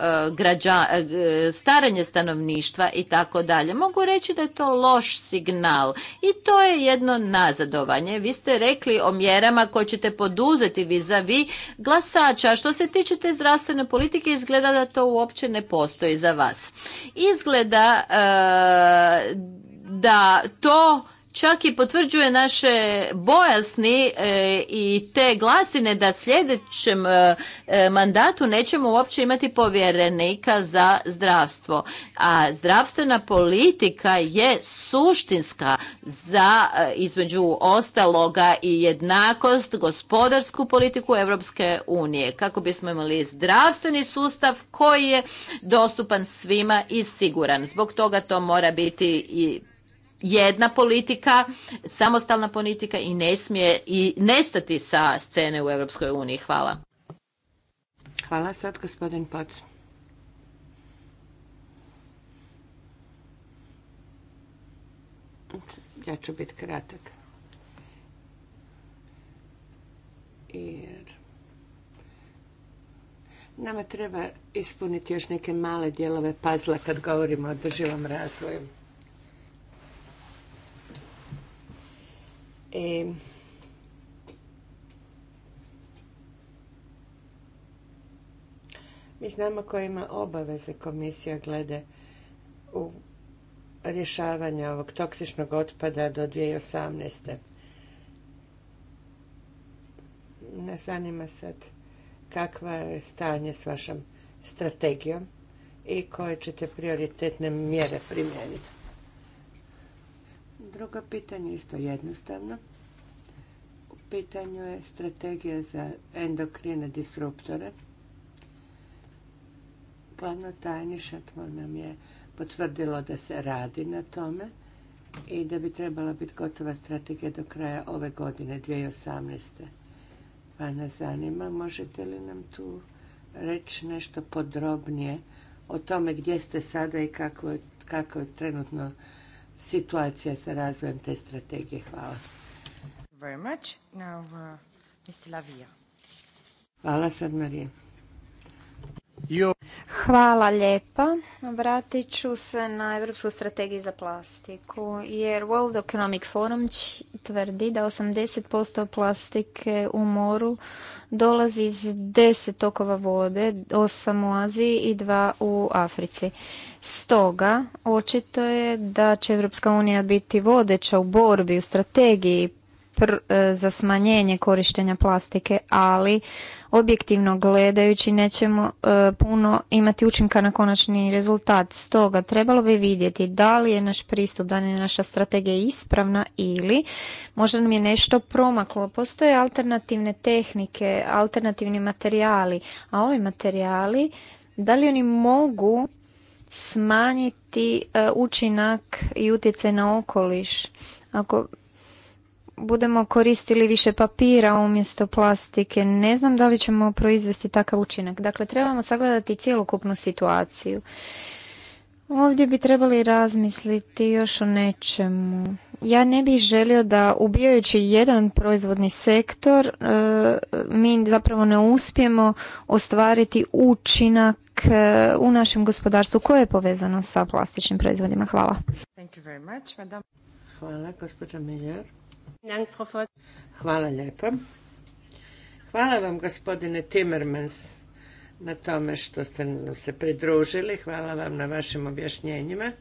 E, građa, e, staranje stanovništva i tako dalje. Mogu reći da je to loš signal i to je jedno nazadovanje. Vi ste rekli o mjerama koje ćete poduzeti vizavi glasača. Što se tiče te zdravstvene politike, izgleda da to uopće ne postoji za vas. Izgleda e, da to čak i potvrđuje naše bojasni e, i te glasine da sljedećem e, e, mandatu nećemo uopće imati povjerenika za zdravstvo. A zdravstvena politika je suštinska za između ostaloga i jednakost, gospodarsku politiku Europske unije. Kako bismo imali zdravstveni sustav koji je dostupan svima i siguran. Zbog toga to mora biti i jedna politika, samostalna politika i ne smije i nestati sa scene u Europskoj uniji. Hvala. Hvala sad gospodin Pac. Ja ću biti kratak. Jer nama treba ispuniti još neke male dijelove pazla kad govorimo o drživom razvoju E, mi znamo koji ima obaveze komisija glede u rješavanja ovog toksičnog otpada do 2018. Nas zanima sad kakva je stanje s vašom strategijom i koje ćete prioritetne mjere primijeniti. Drugo pitanje, isto jednostavno. U pitanju je strategija za endokrine disruptore. Glavno tajnišatvo nam je potvrdilo da se radi na tome i da bi trebala biti gotova strategija do kraja ove godine, 2018. Pa nas zanima, možete li nam tu reći nešto podrobnije o tome gdje ste sada i kako je trenutno situacija sa razvojem te strategije. Hvala. Very much. Now, uh, Hvala sad Marije. Hvala lijepa. Vratit ću se na Europsku strategiju za plastiku, jer World Economic Forum tvrdi da 80% plastike u moru dolazi iz 10 tokova vode, 8 u Aziji i 2 u Africi. Stoga, očito je da će Europska unija biti vodeća u borbi, u strategiji E, za smanjenje korištenja plastike, ali objektivno gledajući nećemo e, puno imati učinka na konačni rezultat. Stoga trebalo bi vidjeti da li je naš pristup, da li je naša strategija ispravna ili možda nam je nešto promaklo. Postoje alternativne tehnike, alternativni materijali, a ovi materijali da li oni mogu smanjiti e, učinak i utjecaj na okoliš. Ako budemo koristili više papira umjesto plastike, ne znam da li ćemo proizvesti takav učinak. Dakle, trebamo sagledati cjelokupnu situaciju. Ovdje bi trebali razmisliti još o nečemu. Ja ne bih želio da ubijajući jedan proizvodni sektor e, mi zapravo ne uspijemo ostvariti učinak e, u našem gospodarstvu koje je povezano sa plastičnim proizvodima. Hvala. Hvala, gospođa Miljer. Hvala lijepo. Hvala vam gospodine Timmermans na tome što ste se pridružili. Hvala vam na vašim objašnjenjima.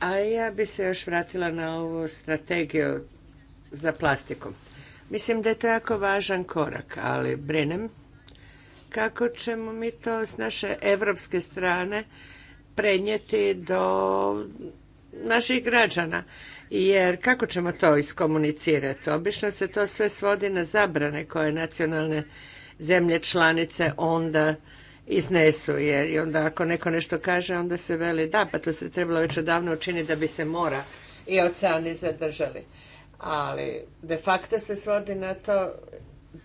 A ja bi se još vratila na ovu strategiju za plastiku. Mislim da je to jako važan korak, ali brinem kako ćemo mi to s naše evropske strane prenijeti do naših građana jer kako ćemo to iskomunicirati? Obično se to sve svodi na zabrane koje nacionalne zemlje članice onda iznesu, jer i onda ako neko nešto kaže, onda se veli da, pa to se trebalo već odavno učiniti da bi se mora i oceani zadržali. Ali de facto se svodi na to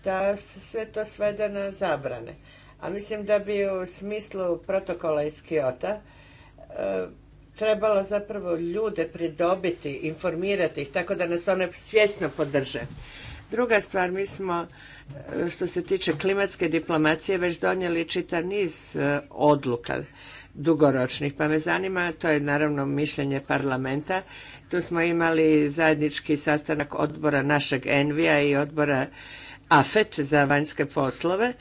da se to svede na zabrane. A mislim da bi u smislu protokola iz Kiota trebalo zapravo ljude pridobiti, informirati ih, tako da nas one svjesno podrže. Druga stvar, mi smo, e, što se tiče klimatske diplomacije, već donijeli čitav niz e, odluka dugoročnih, pa me zanima, to je naravno mišljenje parlamenta, tu smo imali zajednički sastanak odbora našeg Envija i odbora AFET za vanjske poslove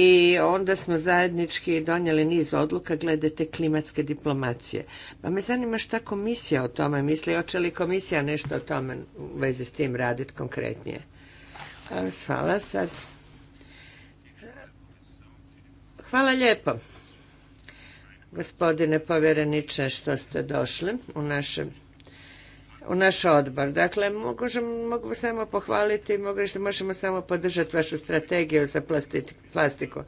i onda smo zajednički donijeli niz odluka glede te klimatske diplomacije. Pa me zanima šta komisija o tome misli, hoće li komisija nešto o tome u vezi s tim raditi konkretnije. E, hvala sad. Hvala lijepo, gospodine povjereniče, što ste došli u našem u naš odbor. Dakle, mogu, samo pohvaliti, mogu možemo samo podržati vašu strategiju za plastiku.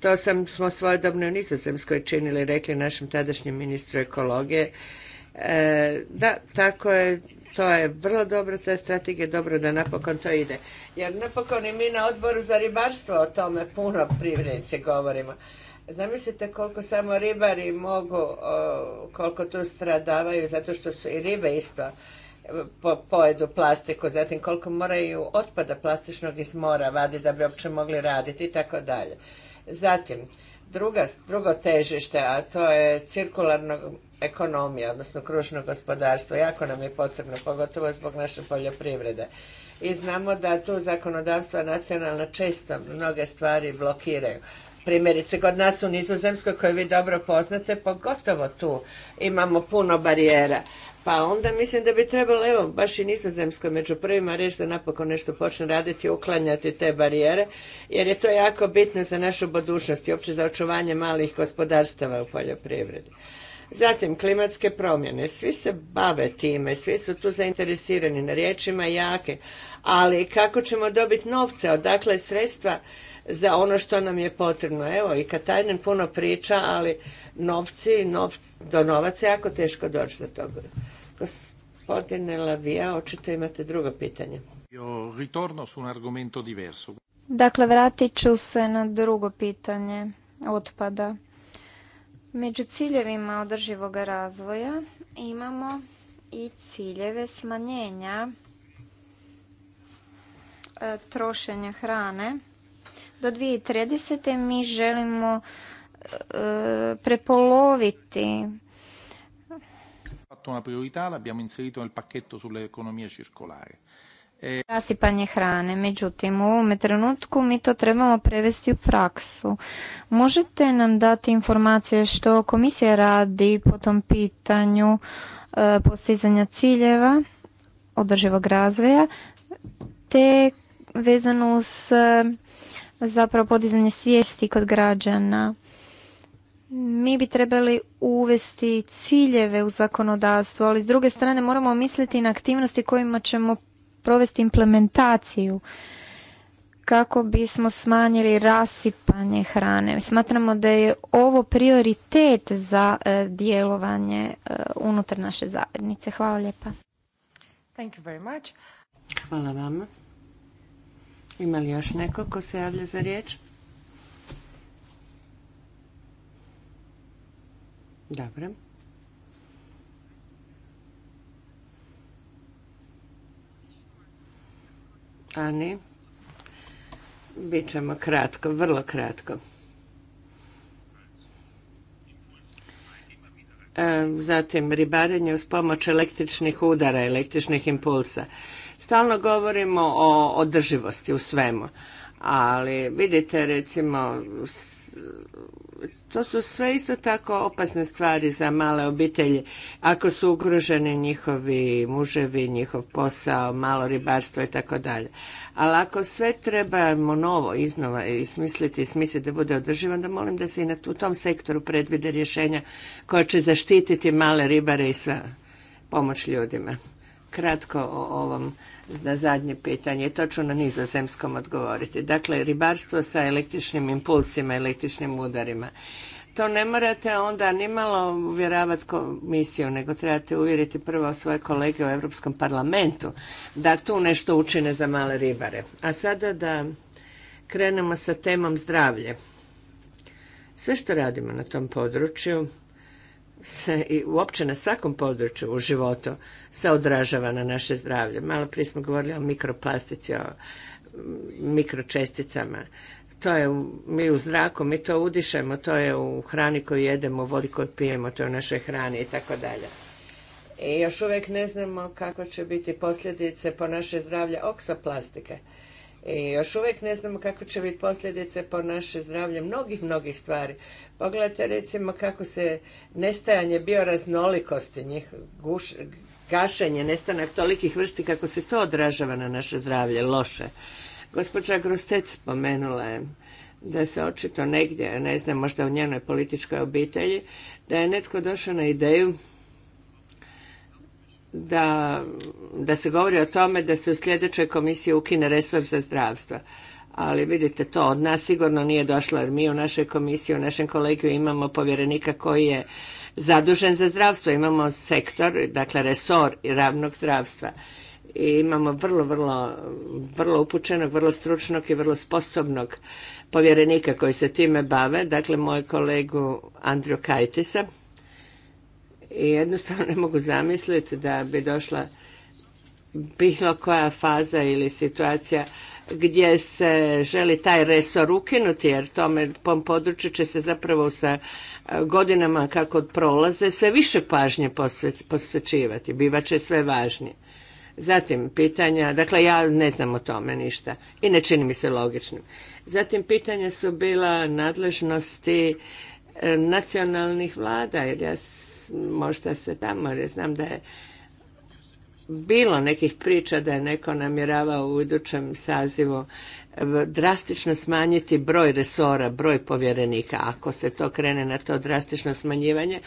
To sam, smo svojedobno u Nizozemskoj činili, rekli našem tadašnjem ministru ekologije. E, da, tako je, to je vrlo dobro, ta strategija je dobro da napokon to ide. Jer napokon i mi na odboru za ribarstvo o tome puno privrednice govorimo. Zamislite koliko samo ribari mogu, koliko tu stradavaju, zato što su i ribe isto e, pojedu plastiku, zatim koliko moraju otpada plastičnog iz mora vadi da bi uopće mogli raditi i tako dalje. Zatim, drugo težište, a to je cirkularna ekonomija, odnosno kružno gospodarstvo, jako nam je potrebno, pogotovo zbog naše poljoprivrede. I znamo da tu zakonodavstva nacionalna često mnoge stvari blokiraju. Primjerice, kod nas u Nizozemskoj, koju vi dobro poznate, pogotovo tu imamo puno barijera. Pa onda mislim da bi trebalo, evo, baš i Nizozemskoj među prvima reći da napokon nešto počne raditi, uklanjati te barijere, jer je to jako bitno za našu budućnost i uopće za očuvanje malih gospodarstava u poljoprivredi. Zatim, klimatske promjene. Svi se bave time, svi su tu zainteresirani na riječima jake, ali kako ćemo dobiti novce, odakle sredstva za ono što nam je potrebno. Evo, i Katajnen puno priča, ali novci, do novaca je jako teško doći do toga. Gospodine Lavija, očito imate drugo pitanje. Ritorno un argomento Dakle, vratit ću se na drugo pitanje otpada. Među ciljevima održivog razvoja imamo i ciljeve smanjenja e, trošenja hrane do 2030. mi želimo e, prepoloviti fatto una priorità, l'abbiamo inserito nel pacchetto sull'economia circolare. E... Rasipanje hrane, međutim u ovome trenutku mi to trebamo prevesti u praksu. Možete nam dati informacije što komisija radi po tom pitanju e, postizanja ciljeva održivog razvoja te vezano s zapravo podizanje svijesti kod građana. Mi bi trebali uvesti ciljeve u zakonodavstvo, ali s druge strane moramo misliti na aktivnosti kojima ćemo provesti implementaciju kako bismo smanjili rasipanje hrane. Smatramo da je ovo prioritet za e, djelovanje e, unutar naše zajednice. Hvala lijepa. Hvala vama. Ima li još neko ko se javlja za riječ? Dobro. Ani, bit ćemo kratko, vrlo kratko. E, zatim ribarenje uz pomoć električnih udara, električnih impulsa. Stalno govorimo o održivosti u svemu, ali vidite recimo to su sve isto tako opasne stvari za male obitelji ako su ugroženi njihovi muževi, njihov posao, malo ribarstvo i tako dalje. Ali ako sve trebamo novo iznova i smisliti i smisliti da bude održivo, onda molim da se i u tom sektoru predvide rješenja koja će zaštititi male ribare i sva pomoć ljudima kratko o ovom na zadnje pitanje. To ću na nizozemskom odgovoriti. Dakle, ribarstvo sa električnim impulsima, električnim udarima. To ne morate onda ni malo uvjeravati komisiju, nego trebate uvjeriti prvo svoje kolege u Europskom parlamentu da tu nešto učine za male ribare. A sada da krenemo sa temom zdravlje. Sve što radimo na tom području se i uopće na svakom području u životu se odražava na naše zdravlje. Malo prije smo govorili o mikroplastici, o mikročesticama. To je mi u zraku, mi to udišemo, to je u hrani koju jedemo, u vodi koju pijemo, to je u našoj hrani i tako dalje. I još uvijek ne znamo kako će biti posljedice po naše zdravlje oksoplastike. I još uvijek ne znamo kako će biti posljedice po naše zdravlje mnogih, mnogih stvari. Pogledajte recimo kako se nestajanje bioraznolikosti, njih gašenje, nestanak tolikih vrsti, kako se to odražava na naše zdravlje, loše. Gospođa Grostec spomenula je da se očito negdje, ne znam, možda u njenoj političkoj obitelji, da je netko došao na ideju da, se govori o tome da se u sljedećoj komisiji ukine resor za zdravstvo. Ali vidite, to od nas sigurno nije došlo jer mi u našoj komisiji, u našem kolegiju imamo povjerenika koji je zadužen za zdravstvo. Imamo sektor, dakle resor ravnog zdravstva. I imamo vrlo, vrlo, vrlo upućenog, vrlo stručnog i vrlo sposobnog povjerenika koji se time bave, dakle moj kolegu Andriju Kajtisa i jednostavno ne mogu zamisliti da bi došla bilo koja faza ili situacija gdje se želi taj resor ukinuti jer tome tom području će se zapravo sa e, godinama kako prolaze sve više pažnje posvećivati, bivat će sve važnije. Zatim pitanja, dakle ja ne znam o tome ništa i ne čini mi se logičnim. Zatim pitanja su bila nadležnosti e, nacionalnih vlada jer ja možda se tamo, jer znam da je bilo nekih priča da je neko namjeravao u idućem sazivu eh, drastično smanjiti broj resora, broj povjerenika. Ako se to krene na to drastično smanjivanje,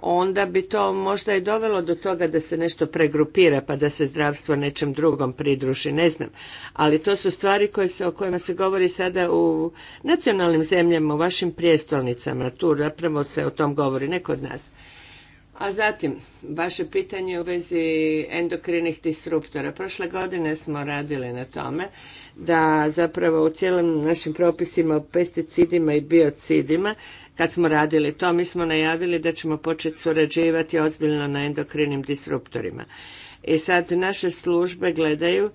onda bi to možda i dovelo do toga da se nešto pregrupira pa da se zdravstvo nečem drugom pridruži, ne znam. Ali to su stvari koje se, o kojima se govori sada u nacionalnim zemljama, u vašim prijestolnicama, tu zapravo se o tom govori, ne kod nas. A zatim, vaše pitanje u vezi endokrinih disruptora. Prošle godine smo radili na tome da zapravo u cijelim našim propisima o pesticidima i biocidima, kad smo radili to, mi smo najavili da ćemo početi surađivati ozbiljno na endokrinim disruptorima. I sad naše službe gledaju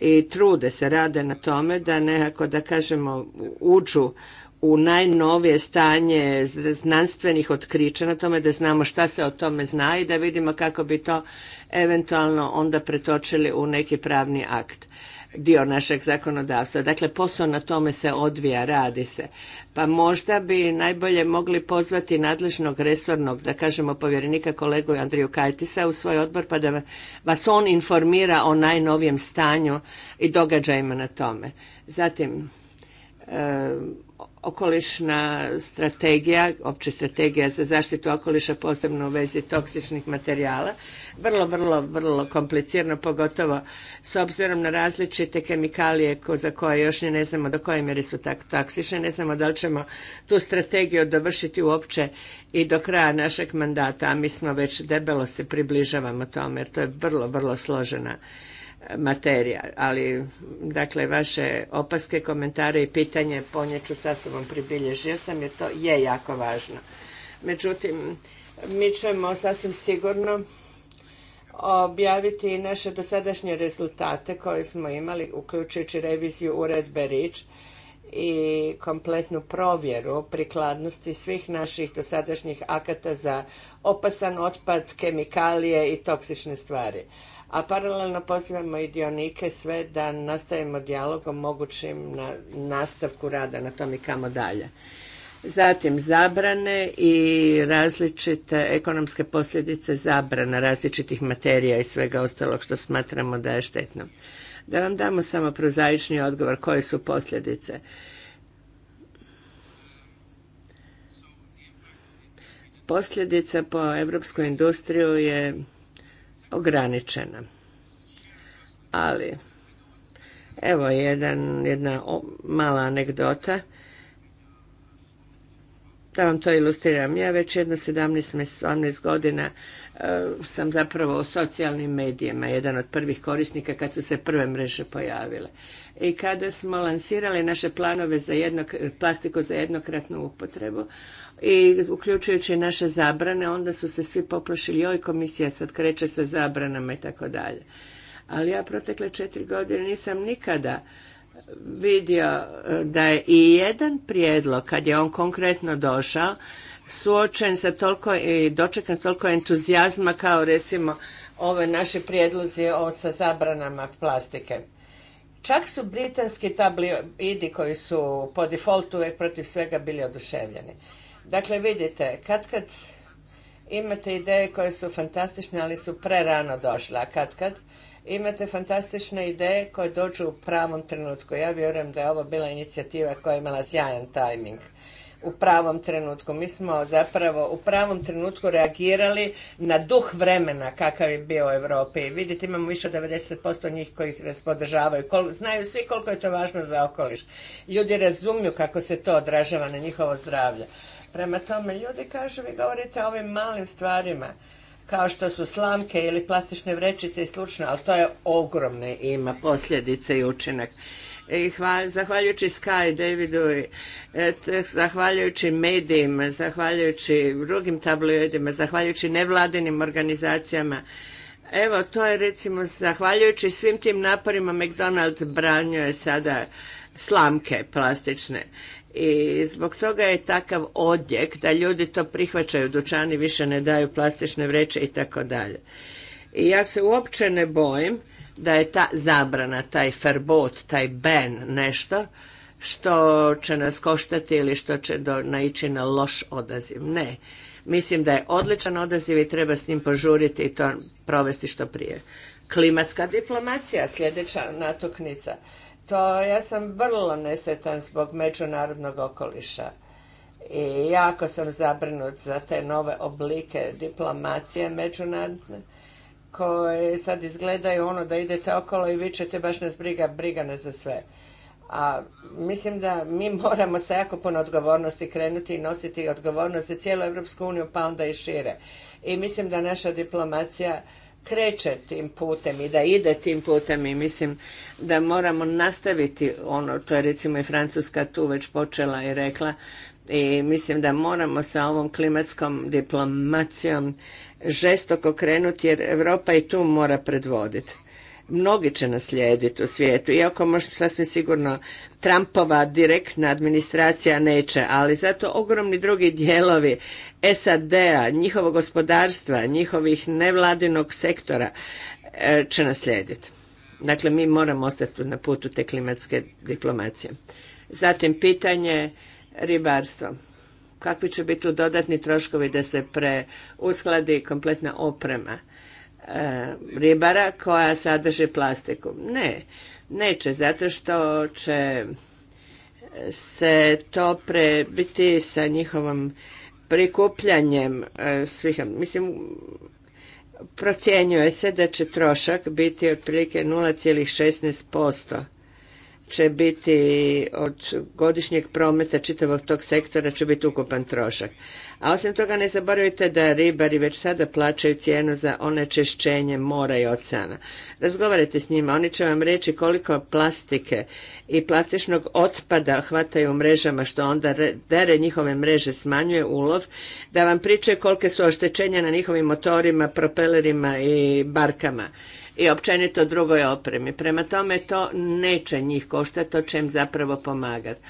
i trude se, rade na tome da nekako, da kažemo, uđu u najnovije stanje znanstvenih otkrića na tome da znamo šta se o tome zna i da vidimo kako bi to eventualno onda pretočili u neki pravni akt dio našeg zakonodavstva. Dakle, posao na tome se odvija, radi se. Pa možda bi najbolje mogli pozvati nadležnog resornog, da kažemo povjerenika kolegu Andriju Kajtisa u svoj odbor, pa da vas on informira o najnovijem stanju i događajima na tome. Zatim, e, okolišna strategija, opće strategija za zaštitu okoliša posebno u vezi toksičnih materijala, vrlo, vrlo, vrlo komplicirano, pogotovo s obzirom na različite kemikalije za koje još ni ne znamo do koje mjere su tako toksične, ne znamo da li ćemo tu strategiju dovršiti uopće i do kraja našeg mandata, a mi smo već debelo se približavamo tome jer to je vrlo, vrlo složena materija, ali dakle vaše opaske, komentare i pitanje ponjeću sa sobom pribilježio sam jer to je jako važno. Međutim, mi ćemo sasvim sigurno objaviti naše dosadašnje rezultate koje smo imali, uključujući reviziju uredbe RIČ i kompletnu provjeru prikladnosti svih naših dosadašnjih akata za opasan otpad, kemikalije i toksične stvari a paralelno pozivamo i dionike sve da nastavimo dijalogom o mogućim na, nastavku rada na tom i kamo dalje. Zatim zabrane i različite ekonomske posljedice zabrana različitih materija i svega ostalog što smatramo da je štetno. Da vam damo samo prozaični odgovor koje su posljedice. Posljedica po evropsku industriju je ograničena. Ali, evo jedan, jedna mala anegdota da vam to ilustriram. Ja već jedno 17-18 godina E, sam zapravo u socijalnim medijima jedan od prvih korisnika kad su se prve mreže pojavile. I kada smo lansirali naše planove za plastiku za jednokratnu upotrebu i uključujući naše zabrane, onda su se svi poplašili, joj komisija sad kreće sa zabranama i tako dalje. Ali ja protekle četiri godine nisam nikada vidio e, da je i jedan prijedlog, kad je on konkretno došao, suočen sa toliko i dočekan s toliko entuzijazma kao recimo ove ovaj naše prijedlozi o, sa zabranama plastike. Čak su britanski tabloidi koji su po defaultu uvijek protiv svega bili oduševljeni. Dakle, vidite, kad kad imate ideje koje su fantastične, ali su prerano došle, a kad kad imate fantastične ideje koje dođu u pravom trenutku. Ja vjerujem da je ovo bila inicijativa koja je imala sjajan tajming u pravom trenutku. Mi smo zapravo u pravom trenutku reagirali na duh vremena kakav je bio u Europi. Vidite, imamo više od 90% njih koji ih podržavaju. Kol, znaju svi koliko je to važno za okoliš. Ljudi razumiju kako se to odražava na njihovo zdravlje. Prema tome, ljudi kažu, vi govorite o ovim malim stvarima kao što su slamke ili plastične vrećice i slučno, ali to je ogromne ima posljedice i učinak i zahvaljujući Sky, Davidu, i, e, zahvaljujući medijima, zahvaljujući drugim tabloidima, zahvaljujući nevladinim organizacijama, Evo, to je recimo, zahvaljujući svim tim naporima, McDonald's branjuje sada slamke plastične. I zbog toga je takav odjek da ljudi to prihvaćaju, dućani više ne daju plastične vreće i tako dalje. I ja se uopće ne bojim da je ta zabrana, taj ferbot, taj ben nešto što će nas koštati ili što će do, naići na loš odaziv. Ne. Mislim da je odličan odaziv i treba s njim požuriti i to provesti što prije. Klimatska diplomacija, sljedeća natuknica. To ja sam vrlo nesretan zbog međunarodnog okoliša. I jako sam zabrinut za te nove oblike diplomacije međunarodne koje sad izgledaju ono da idete okolo i ćete baš nas briga, briga nas za sve. A mislim da mi moramo sa jako puno odgovornosti krenuti i nositi odgovornost za cijelu Europsku uniju pa onda i šire. I mislim da naša diplomacija kreće tim putem i da ide tim putem i mislim da moramo nastaviti ono, to je recimo i Francuska tu već počela i rekla i mislim da moramo sa ovom klimatskom diplomacijom žestoko krenuti jer Europa i tu mora predvoditi. Mnogi će naslijediti u svijetu, iako možda sasvim sigurno Trumpova direktna administracija neće, ali zato ogromni drugi dijelovi SAD-a, njihovog gospodarstva, njihovih nevladinog sektora e, će naslijediti. Dakle, mi moramo ostati na putu te klimatske diplomacije. Zatim, pitanje ribarstva kakvi će biti tu dodatni troškovi da se preuskladi kompletna oprema e, ribara koja sadrži plastiku. Ne, neće, zato što će se to prebiti sa njihovom prikupljanjem e, svih, mislim, procjenjuje se da će trošak biti otprilike 0,16% će biti od godišnjeg prometa čitavog tog sektora će biti ukupan trošak. A osim toga ne zaboravite da ribari već sada plaćaju cijenu za onečišćenje mora i oceana. Razgovarajte s njima, oni će vam reći koliko plastike i plastičnog otpada hvataju u mrežama što onda dere njihove mreže smanjuje ulov, da vam pričaju kolike su oštećenja na njihovim motorima, propelerima i barkama i općenito drugoj opremi. Prema tome to neće njih koštati, to će im zapravo pomagati.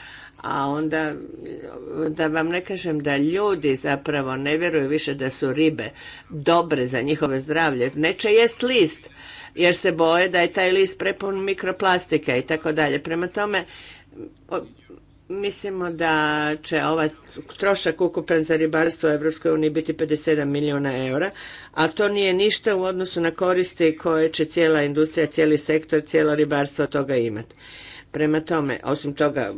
A onda, da vam ne kažem da ljudi zapravo ne vjeruju više da su ribe dobre za njihove zdravlje. Neće jest list, jer se boje da je taj list prepun mikroplastike i tako dalje. Prema tome, Mislimo da će ovaj trošak ukupan za ribarstvo u EU biti 57 milijuna eura, a to nije ništa u odnosu na koristi koje će cijela industrija, cijeli sektor, cijelo ribarstvo toga imati. Prema tome, osim toga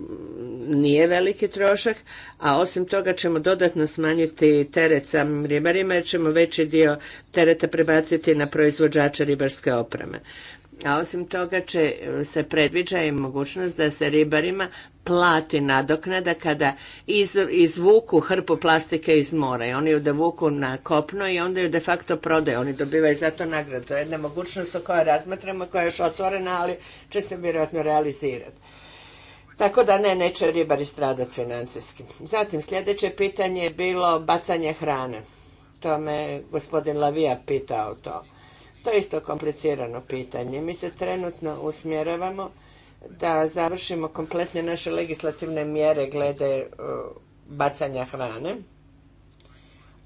nije veliki trošak, a osim toga ćemo dodatno smanjiti teret samim ribarima jer ćemo veći dio tereta prebaciti na proizvođače ribarske opreme. A osim toga će e, se predviđa i mogućnost da se ribarima plati nadoknada kada izvuku hrpu plastike iz mora i oni ju devuku na kopno i onda ju de facto prodaju. Oni dobivaju za to nagradu. To je jedna mogućnost o kojoj razmatramo, koja je još otvorena, ali će se vjerojatno realizirati. Tako da ne, neće ribari stradati financijski. Zatim, sljedeće pitanje je bilo bacanje hrane. To me gospodin Lavija pitao to. To je isto komplicirano pitanje. Mi se trenutno usmjeravamo da završimo kompletne naše legislativne mjere glede e, bacanja hrane,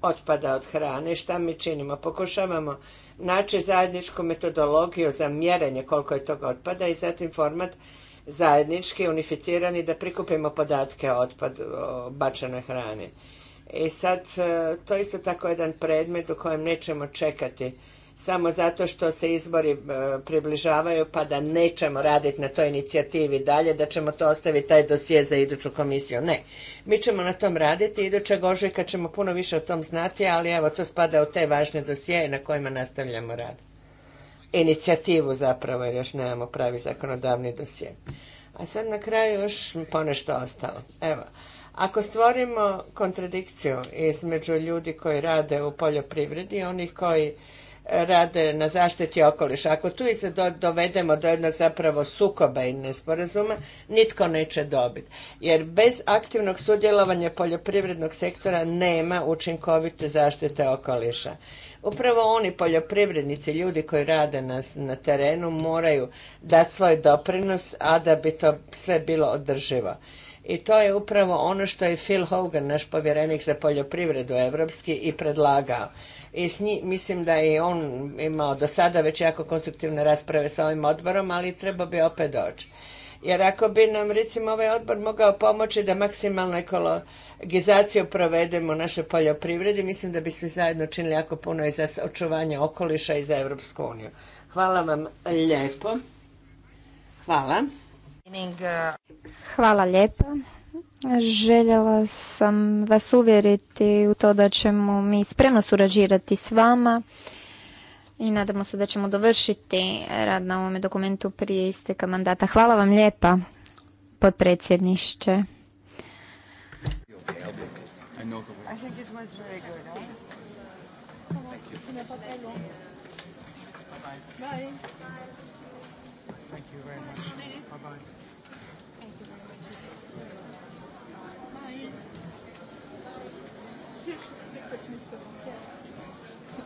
otpada od hrane. Šta mi činimo? Pokušavamo naći zajedničku metodologiju za mjerenje koliko je toga otpada i zatim format zajednički, unificirani, da prikupimo podatke o otpadu, o bačenoj hrani. I sad, e, to je isto tako jedan predmet u kojem nećemo čekati samo zato što se izbori e, približavaju pa da nećemo raditi na toj inicijativi dalje, da ćemo to ostaviti taj dosije za iduću komisiju. Ne, mi ćemo na tom raditi, idućeg ožujka ćemo puno više o tom znati, ali evo to spada u te važne dosije na kojima nastavljamo rad. Inicijativu zapravo jer još nemamo pravi zakonodavni dosije. A sad na kraju još ponešto ostalo. Evo, ako stvorimo kontradikciju između ljudi koji rade u poljoprivredi i onih koji rade na zaštiti okoliša. Ako tu i se dovedemo do jednog zapravo sukoba i nesporazuma, nitko neće dobiti. Jer bez aktivnog sudjelovanja poljoprivrednog sektora nema učinkovite zaštite okoliša. Upravo oni poljoprivrednici, ljudi koji rade na, na terenu, moraju dati svoj doprinos, a da bi to sve bilo održivo. I to je upravo ono što je Phil Hogan, naš povjerenik za poljoprivredu evropski, i predlagao i s njim, mislim da je on imao do sada već jako konstruktivne rasprave sa ovim odborom, ali treba bi opet doći. Jer ako bi nam recimo ovaj odbor mogao pomoći da maksimalnu ekologizaciju provedemo u našoj poljoprivredi, mislim da bi svi zajedno činili jako puno i za očuvanje okoliša i za Europsku uniju. Hvala vam lijepo. Hvala. Hvala lijepo Željela sam vas uvjeriti u to da ćemo mi spremno surađirati s vama i nadamo se da ćemo dovršiti rad na ovome dokumentu prije isteka mandata. Hvala vam lijepa, potpredsjedniče.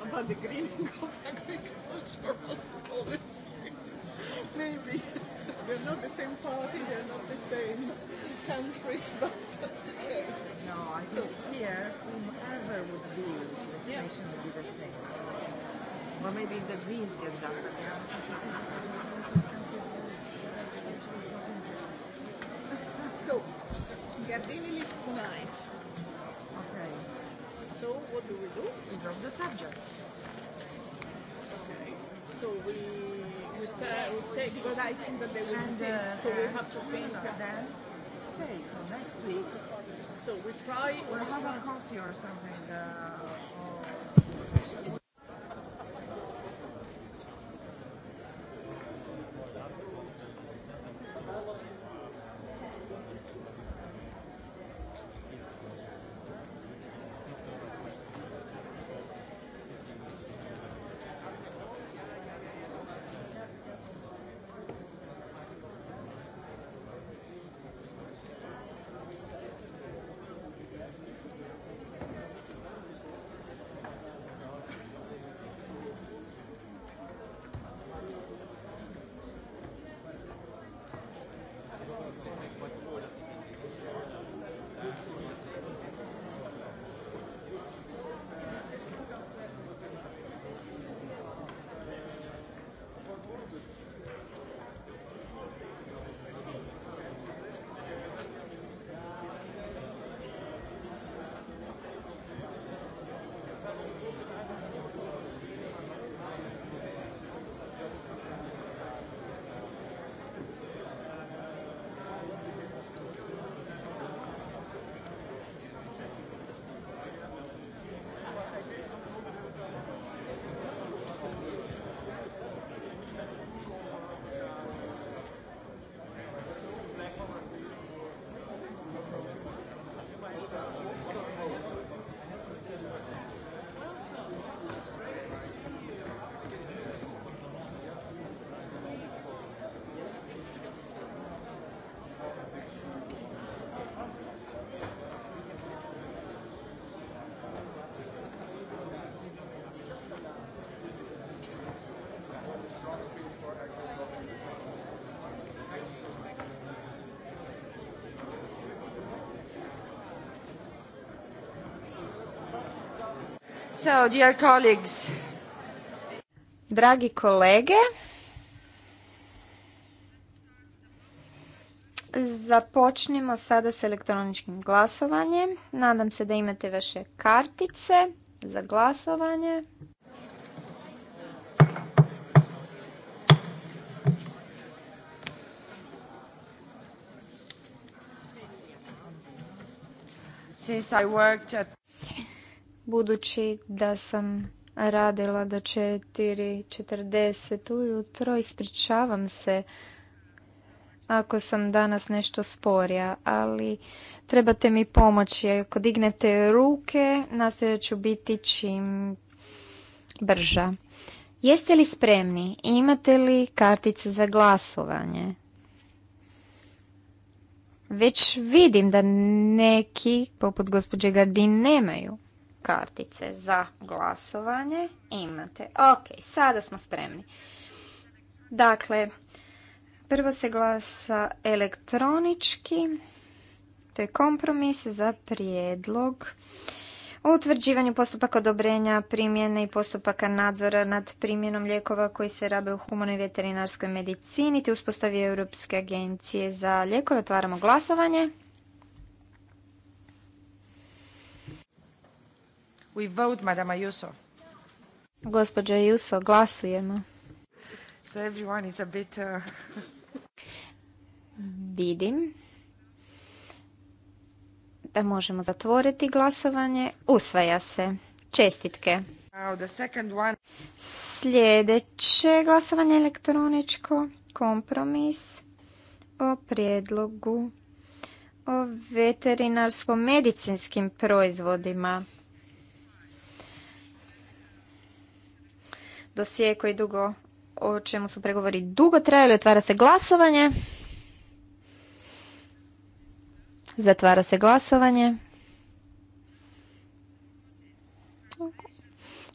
about the green agricultural Maybe we're not the same party, they're not the same country, but okay. No, I think here, would be, the same. Or maybe the get done. so, Gardini leaves tonight. So what do we do? We drop the subject. Okay. So we we, say because I think that they will uh, so we have to think. Uh, then, okay. So next week. So we try. We'll have a coffee or something. Uh, So, dear Dragi kolege, započnimo sada s elektroničkim glasovanjem. Nadam se da imate vaše kartice za glasovanje. Since I worked budući da sam radila do 4.40 ujutro, ispričavam se ako sam danas nešto sporija, ali trebate mi pomoći. Ako dignete ruke, nastojat ću biti čim brža. Jeste li spremni? Imate li kartice za glasovanje? Već vidim da neki, poput gospođe Gardin, nemaju kartice za glasovanje. Imate. Ok, sada smo spremni. Dakle, prvo se glasa elektronički. To je kompromis za prijedlog o utvrđivanju postupaka odobrenja primjene i postupaka nadzora nad primjenom lijekova koji se rabe u humanoj veterinarskoj medicini te uspostavi Europske agencije za lijekove. Otvaramo glasovanje. We vote, Juso. Gospođa Juso, glasujemo. bit... Uh, Vidim da možemo zatvoriti glasovanje. Usvaja se. Čestitke. Sljedeće glasovanje elektroničko, kompromis o prijedlogu o veterinarsko-medicinskim proizvodima. dosije koji dugo, o čemu su pregovori dugo trajali, otvara se glasovanje. Zatvara se glasovanje.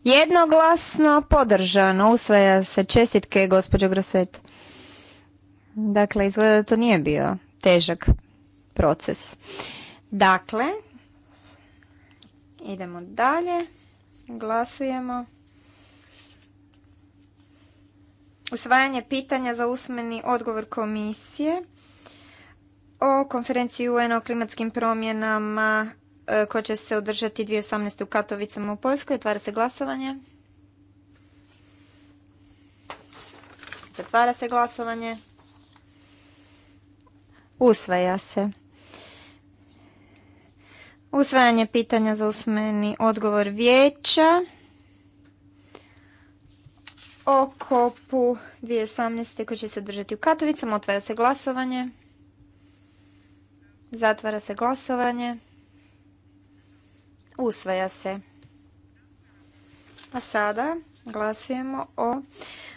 Jednoglasno podržano usvaja se čestitke gospođo Groset. Dakle, izgleda da to nije bio težak proces. Dakle, idemo dalje, glasujemo. usvajanje pitanja za usmeni odgovor komisije o konferenciji UN o klimatskim promjenama e, koja će se održati 2018. u Katovicama u Poljskoj. Otvara se glasovanje. Zatvara se glasovanje. Usvaja se. Usvajanje pitanja za usmeni odgovor vijeća o kopu 2018. koji će se držati u Katovicama. Otvara se glasovanje. Zatvara se glasovanje. Usvaja se. A sada glasujemo o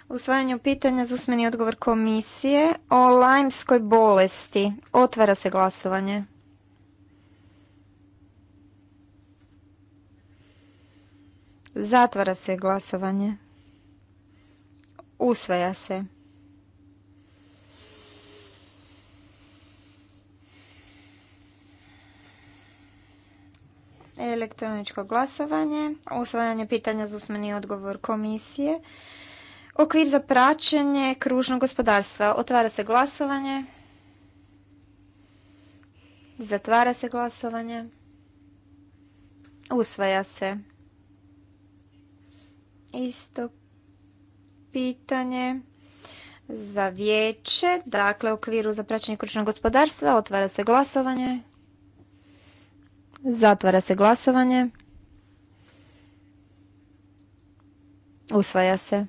usvajanju pitanja za usmeni odgovor komisije o lajmskoj bolesti. Otvara se glasovanje. Zatvara se glasovanje. Usvaja se. Elektroničko glasovanje, usvajanje pitanja za usmeni odgovor komisije, okvir za praćenje kružnog gospodarstva. Otvara se glasovanje. Zatvara se glasovanje. Usvaja se. Isto pitanje za vijeće, dakle u okviru za praćenje kručnog gospodarstva, otvara se glasovanje. Zatvara se glasovanje. Usvaja se.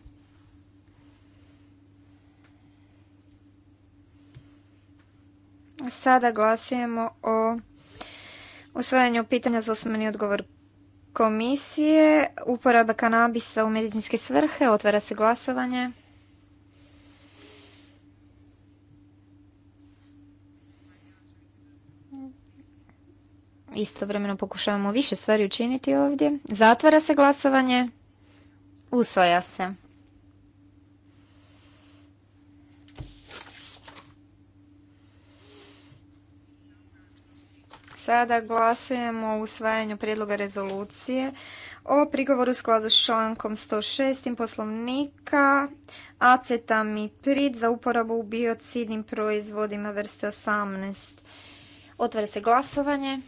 Sada glasujemo o usvajanju pitanja za usmeni odgovor komisije uporaba kanabisa u medicinske svrhe. Otvara se glasovanje. Istovremeno pokušavamo više stvari učiniti ovdje. Zatvara se glasovanje. Usvaja se. Sada glasujemo o usvajanju prijedloga rezolucije o prigovoru u skladu s člankom 106. poslovnika acetamiprid za uporabu u biocidnim proizvodima vrste 18. Otvara se glasovanje.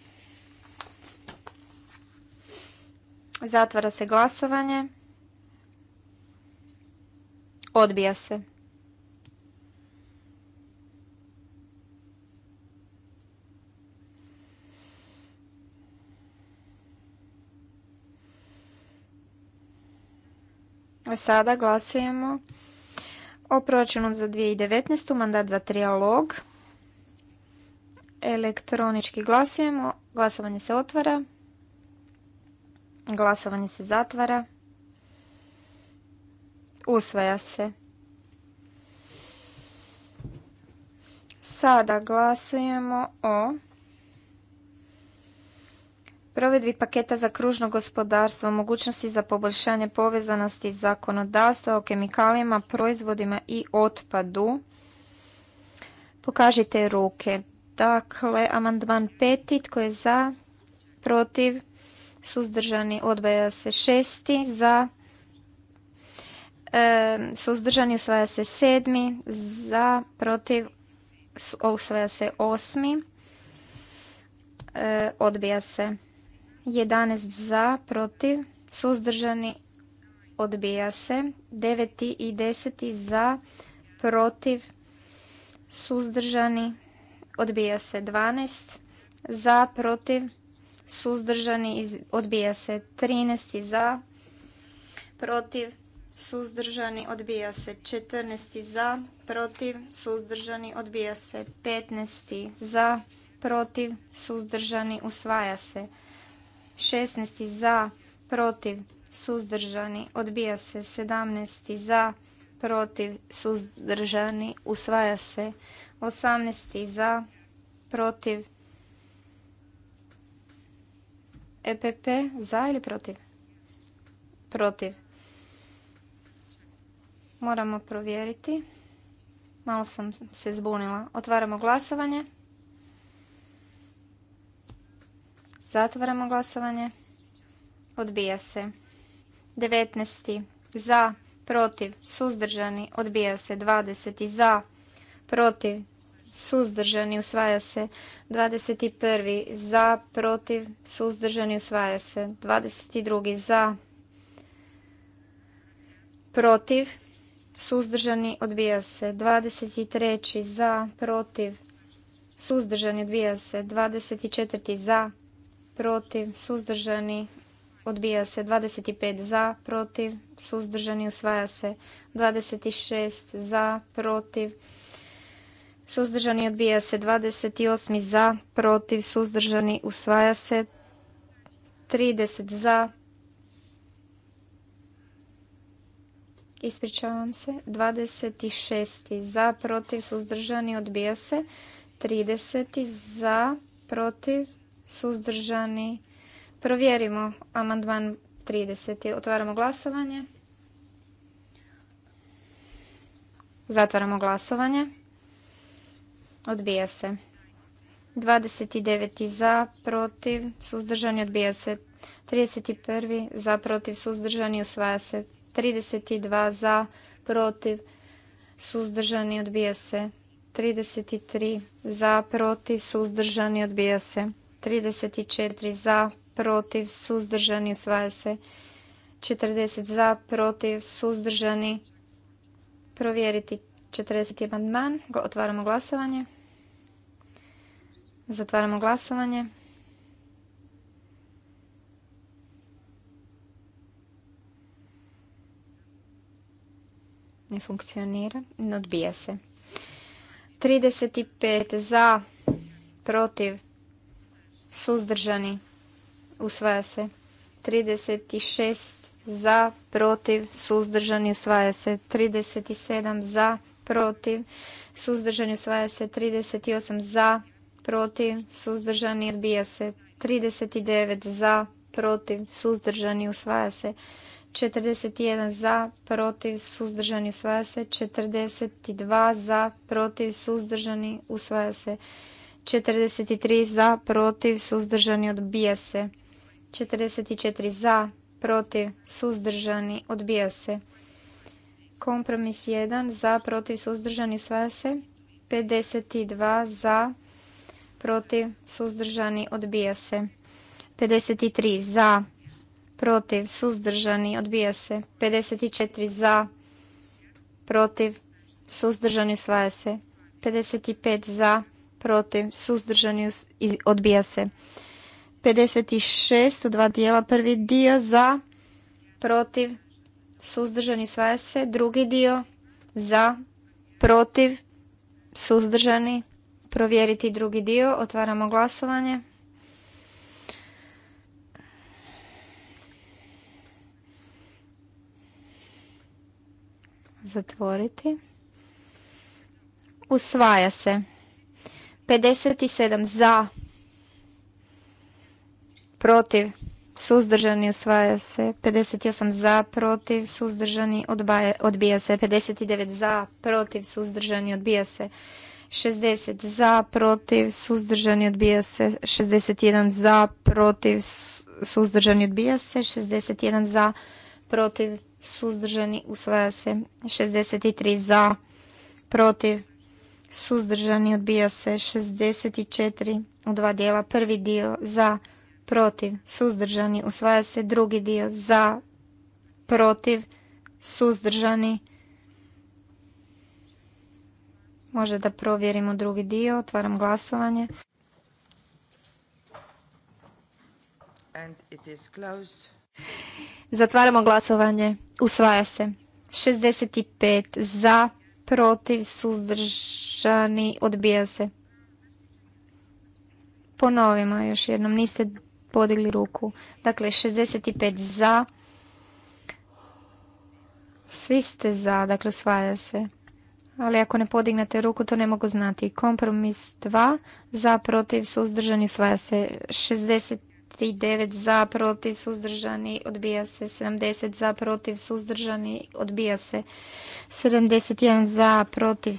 Zatvara se glasovanje. Odbija se. Sada glasujemo o proračunu za 2019. mandat za trijalog. Elektronički glasujemo. Glasovanje se otvara. Glasovanje se zatvara. Usvaja se. Sada glasujemo o provedbi paketa za kružno gospodarstvo, mogućnosti za poboljšanje povezanosti zakonodavstva o kemikalijama, proizvodima i otpadu. Pokažite ruke. Dakle, amandman peti, tko je za, protiv, suzdržani, odbaja se šesti, za, e, suzdržani, usvaja se sedmi, za, protiv, usvaja se osmi, e, odbija se 11 za, protiv, suzdržani, odbija se. 9 i 10 za, protiv, suzdržani, odbija se. 12 za, protiv, suzdržani, odbija se. 13 za, protiv, suzdržani, odbija se. 14 za, protiv, suzdržani, odbija se. 15 za, protiv, suzdržani, usvaja se. 16. za, protiv, suzdržani, odbija se. 17. za, protiv, suzdržani, usvaja se. 18. za, protiv, EPP, za ili protiv? Protiv. Moramo provjeriti. Malo sam se zbunila. Otvaramo glasovanje. Zatvaramo glasovanje. Odbija se. 19. Za, protiv, suzdržani, odbija se. 20. Za, protiv, suzdržani, usvaja se. 21. Za, protiv, suzdržani, usvaja se. 22. Za, protiv, suzdržani, odbija se. 23. Za, protiv, suzdržani, odbija se. 24. Za, protiv, suzdržani, odbija se 25 za, protiv, suzdržani, usvaja se 26 za, protiv, suzdržani, odbija se 28 za, protiv, suzdržani, usvaja se 30 za, ispričavam se, 26 za, protiv, suzdržani, odbija se 30 za, protiv, suzdržani. Provjerimo amandman 30. Otvaramo glasovanje. Zatvaramo glasovanje. Odbija se. 29. za, protiv, suzdržani, odbija se. 31. za, protiv, suzdržani, usvaja se. 32. za, protiv, suzdržani, odbija se. 33. za, protiv, suzdržani, odbija se. 34 za, protiv, suzdržani, usvaja se. 40 za, protiv, suzdržani. Provjeriti 40. amandman. Otvaramo glasovanje. Zatvaramo glasovanje. Ne funkcionira. Ne odbija se. 35 za, protiv, suzdržani, usvaja se. 36 za, protiv, suzdržani, usvaja se. 37 za, protiv, suzdržani, usvaja se. 38 za, protiv, suzdržani, odbija se. 39 za, protiv, suzdržani, usvaja se. 41 za, protiv, suzdržani, usvaja se. 42 za, protiv, suzdržani, usvaja se. 43 za, protiv, suzdržani, odbija se. 44 za, protiv, suzdržani, odbija se. Kompromis 1 za, protiv, suzdržani, osvaja se. 52 za, protiv, suzdržani, odbija se. 53 za, protiv, suzdržani, odbija se. 54 za, protiv, suzdržani, osvaja se. 55 za, protiv, protiv, suzdržani, odbija se. 56 u dva dijela, prvi dio za, protiv, suzdržani, svaja se, drugi dio za, protiv, suzdržani, provjeriti drugi dio, otvaramo glasovanje. Zatvoriti. Usvaja se. 57 za, protiv, suzdržani usvaja se. 58 za, protiv, suzdržani odbija se. 59 za, protiv, suzdržani odbija se. 60 za, protiv, suzdržani odbija se. 61 za, protiv, suzdržani odbija se. 61 za, protiv, suzdržani usvaja se. 63 za, protiv, suzdržani odbija se 64 u dva dijela prvi dio za protiv suzdržani usvaja se drugi dio za protiv suzdržani Može da provjerimo drugi dio. Otvaram glasovanje. Zatvaramo glasovanje. Usvaja se. 65 za, protiv, suzdržani, odbija se. Ponovimo još jednom, niste podigli ruku. Dakle, 65 za. Svi ste za, dakle osvaja se. Ali ako ne podignete ruku, to ne mogu znati. Kompromis 2, za, protiv, suzdržani, svaja se. 60, 39 za, protiv, suzdržani, odbija se. 70 za, protiv, suzdržani, odbija se. 71 za, protiv,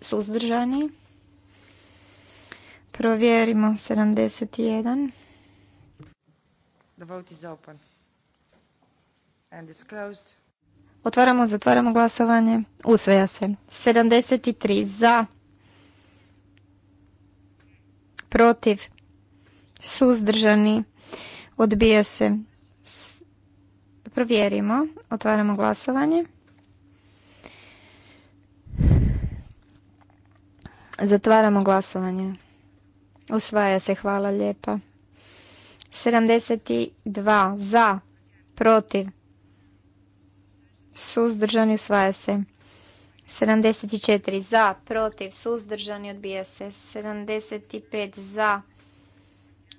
suzdržani. Provjerimo 71. The vote open. And it's closed. Otvaramo, zatvaramo glasovanje. Usvaja se. 73 za, protiv, suzdržani, odbija se. Provjerimo, otvaramo glasovanje. Zatvaramo glasovanje. Usvaja se, hvala lijepa. 72 za, protiv, suzdržani, usvaja se. 74 za, protiv, suzdržani, odbija se. 75 za,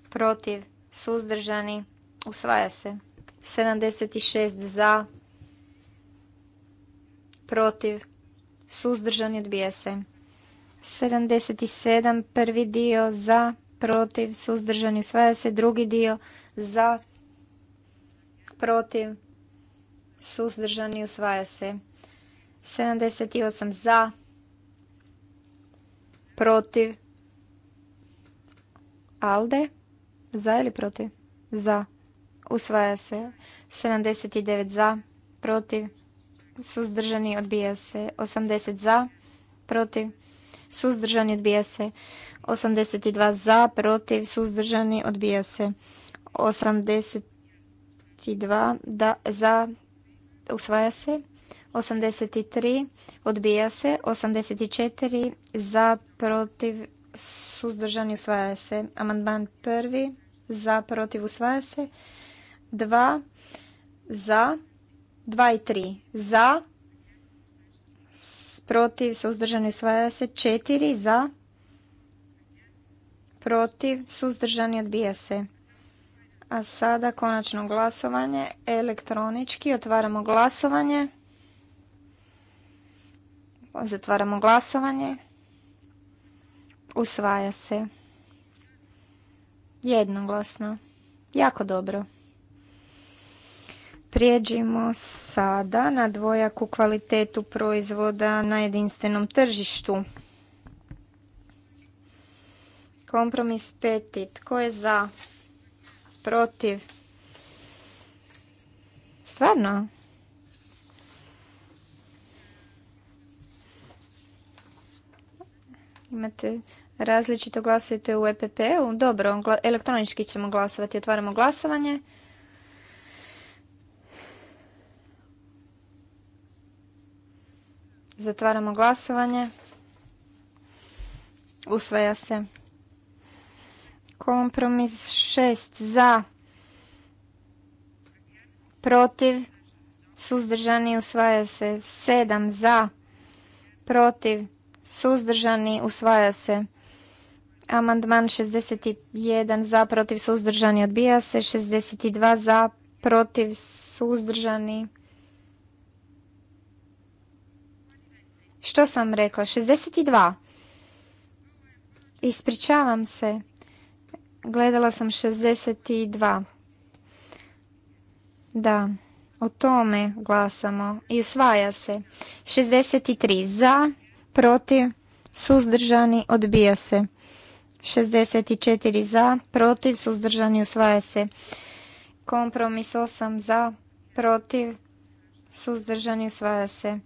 protiv, suzdržani, usvaja se. 76 za, protiv, suzdržani, odbija se. 77 prvi dio za, protiv, suzdržani, usvaja se. Drugi dio za, protiv, suzdržani, usvaja se. 78 za, protiv, Alde. Za ili protiv? Za. Usvaja se. 79 za. Protiv. Suzdržani odbija se. 80 za. Protiv. Suzdržani odbija se. 82 za. Protiv. Suzdržani odbija se. 82 da, za. Usvaja se. 83 odbija se. 84 za. Protiv suzdržani usvaja se. Amandman prvi za protiv usvaja se. Dva za. Dva i tri za. Protiv suzdržani usvaja se. Četiri za. Protiv suzdržani odbija se. A sada konačno glasovanje elektronički. Otvaramo glasovanje. Zatvaramo glasovanje. Usvaja se. Jednoglasno. Jako dobro. Prijeđimo sada na dvojaku kvalitetu proizvoda na jedinstvenom tržištu. Kompromis peti. Tko je za? Protiv? Stvarno? Imate različito glasujete u EPP-u. Dobro, elektronički ćemo glasovati. Otvaramo glasovanje. Zatvaramo glasovanje. Usvaja se. Kompromis 6 za, protiv, suzdržani usvaja se 7 za, protiv, suzdržani, usvaja se. Amandman 61 za, protiv, suzdržani, odbija se. 62 za, protiv, suzdržani. Što sam rekla? 62. Ispričavam se. Gledala sam 62. Da, o tome glasamo i usvaja se. 63 za, protiv, suzdržani, odbija se. 64 za, protiv, suzdržani, usvaja se. Kompromis 8 za, protiv, suzdržani, usvaja se.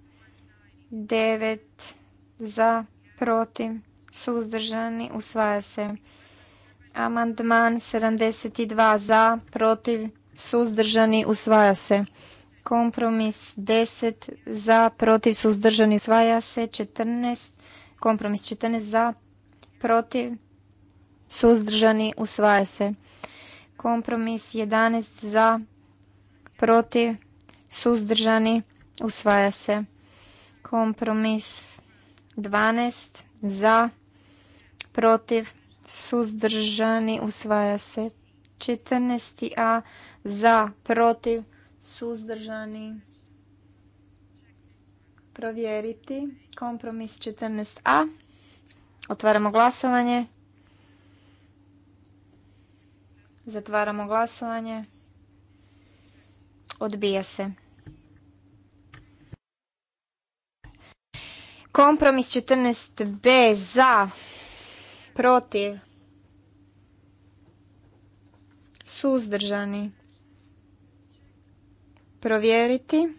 9 za, protiv, suzdržani, usvaja se. Amandman 72 za, protiv, suzdržani, usvaja se. Kompromis 10 za, protiv, suzdržani, usvaja se. 14, kompromis 14 za, protiv, suzdržani, usvaja se. Kompromis 11 za, protiv, suzdržani, usvaja se. Kompromis 12 za, protiv, suzdržani, usvaja se. 14a za, protiv, suzdržani, provjeriti. Kompromis 14a. Otvaramo glasovanje. Zatvaramo glasovanje. Odbija se. Kompromis 14b za, protiv, suzdržani provjeriti.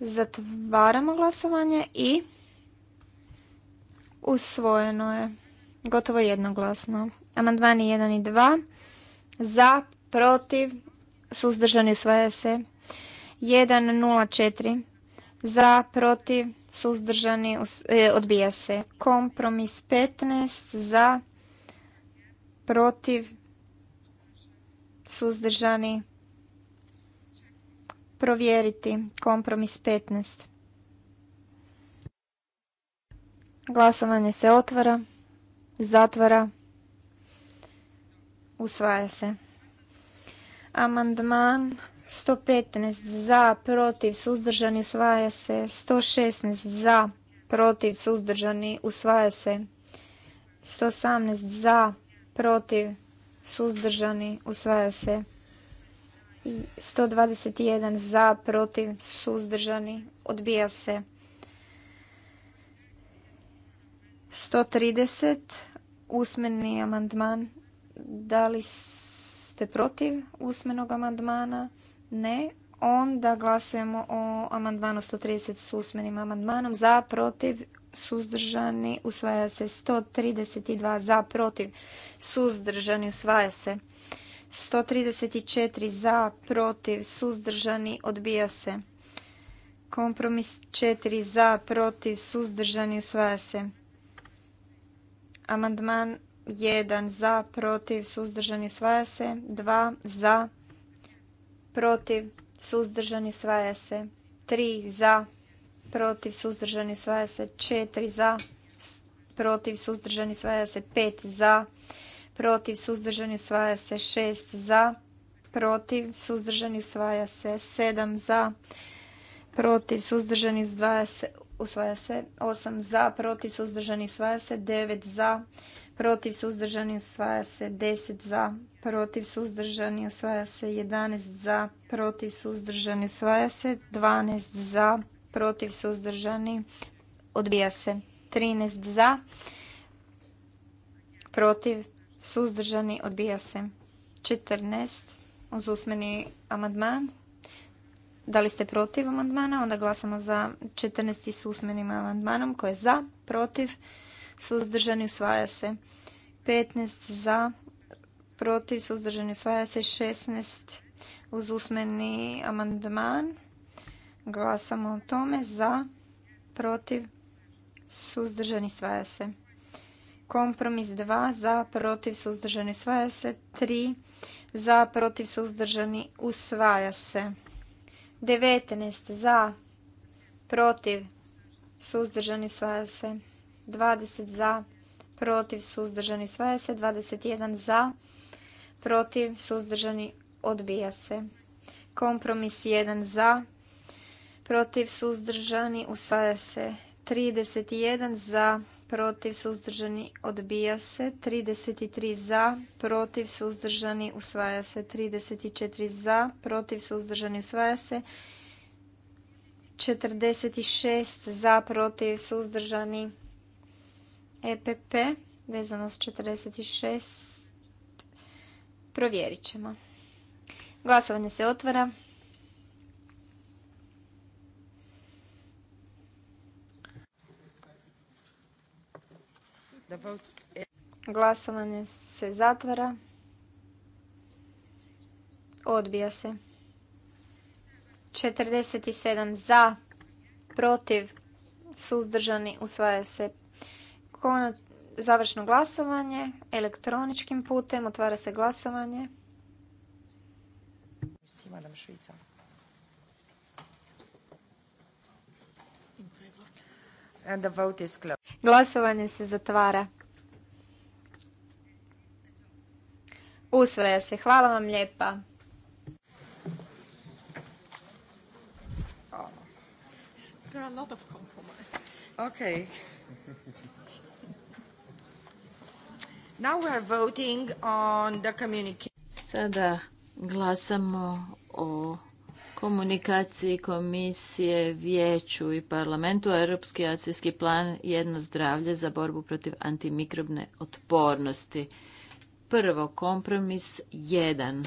Zatvaramo glasovanje i usvojeno je. Gotovo jednoglasno. Amandmani 1 i 2. Za, protiv, suzdržani usvaja se. 1.04 za, protiv, suzdržani, e, odbija se. Kompromis 15 za, protiv, suzdržani, provjeriti. Kompromis 15. Glasovanje se otvara, zatvara, usvaja se. Amandman 115 za, protiv, suzdržani, usvaja se. 116 za, protiv, suzdržani, usvaja se. 118 za, protiv, suzdržani, usvaja se. 121 za, protiv, suzdržani, odbija se. 130 usmeni amandman. Da li ste protiv usmenog amandmana? Ne. Onda glasujemo o amandmanu 130 s usmenim amandmanom. Za, protiv, suzdržani, usvaja se 132. Za, protiv, suzdržani, usvaja se 134. Za, protiv, suzdržani, odbija se. Kompromis 4. Za, protiv, suzdržani, usvaja se. Amandman 1. Za, protiv, suzdržani, usvaja se. 2. Za, protiv, suzdržani, svaja se. 3 za, protiv, suzdržani, svaja se. 4 za, protiv, suzdržani, svaja se. 5 za, protiv, suzdržani, svaja se. 6 za, protiv, suzdržani, svaja se. 7 za, protiv, suzdržani, usvaja se. 8 za, protiv suzdržani svaja se 9 za, protiv suzdržani svaja se 10 za, protiv suzdržani usvaja se 11 za protiv suzdržani osvaja se 12 za protiv suzdržani odbija se 13 za protiv suzdržani odbija se 14 uz usmeni amandman da li ste protiv amandmana? Onda glasamo za 14. s usmenim amandmanom. Ko je za? Protiv? Suzdržani? Usvaja se. 15. za? protiv, suzdržani, usvaja se 16 uz usmeni amandman. Glasamo o tome za, protiv, suzdržani, usvaja se. Kompromis 2 za, protiv, suzdržani, usvaja se. 3 za, protiv, suzdržani, usvaja se. 19 za, protiv, suzdržani, usvaja se. 20 za, protiv, suzdržani, usvaja se. 21 za, protiv, protiv, suzdržani, odbija se. Kompromis 1 za, protiv, suzdržani, usvaja se. 31 za, protiv, suzdržani, odbija se. 33 za, protiv, suzdržani, usvaja se. 34 za, protiv, suzdržani, usvaja se. 46 za, protiv, suzdržani, EPP vezano s 46 Provjerit ćemo. Glasovanje se otvara. Glasovanje se zatvara. Odbija se. 47 za, protiv, suzdržani, usvaja se. Konačno Završno glasovanje elektroničkim putem. Otvara se glasovanje. And the vote Glasovanje se zatvara. Usvaja se. Hvala vam lijepa. Oh. There a Now Sada glasamo o komunikaciji komisije vijeću i parlamentu Europski akcijski plan jedno zdravlje za borbu protiv antimikrobne otpornosti. Prvo kompromis 1.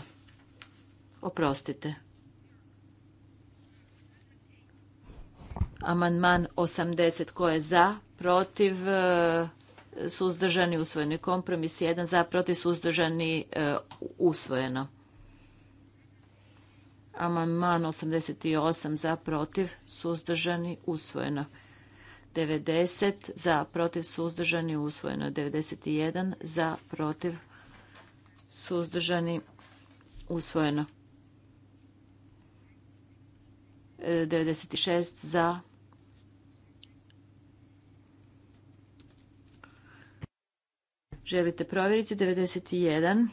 Oprostite. Amandman 80 ko je za, protiv, suzdržani usvojeni kompromis jedan za protiv suzdržani e, usvojeno amandman 88 za protiv suzdržani usvojeno 90 za protiv suzdržani usvojeno 91 za protiv suzdržani usvojeno 96 e, za Želite provjeriti 91.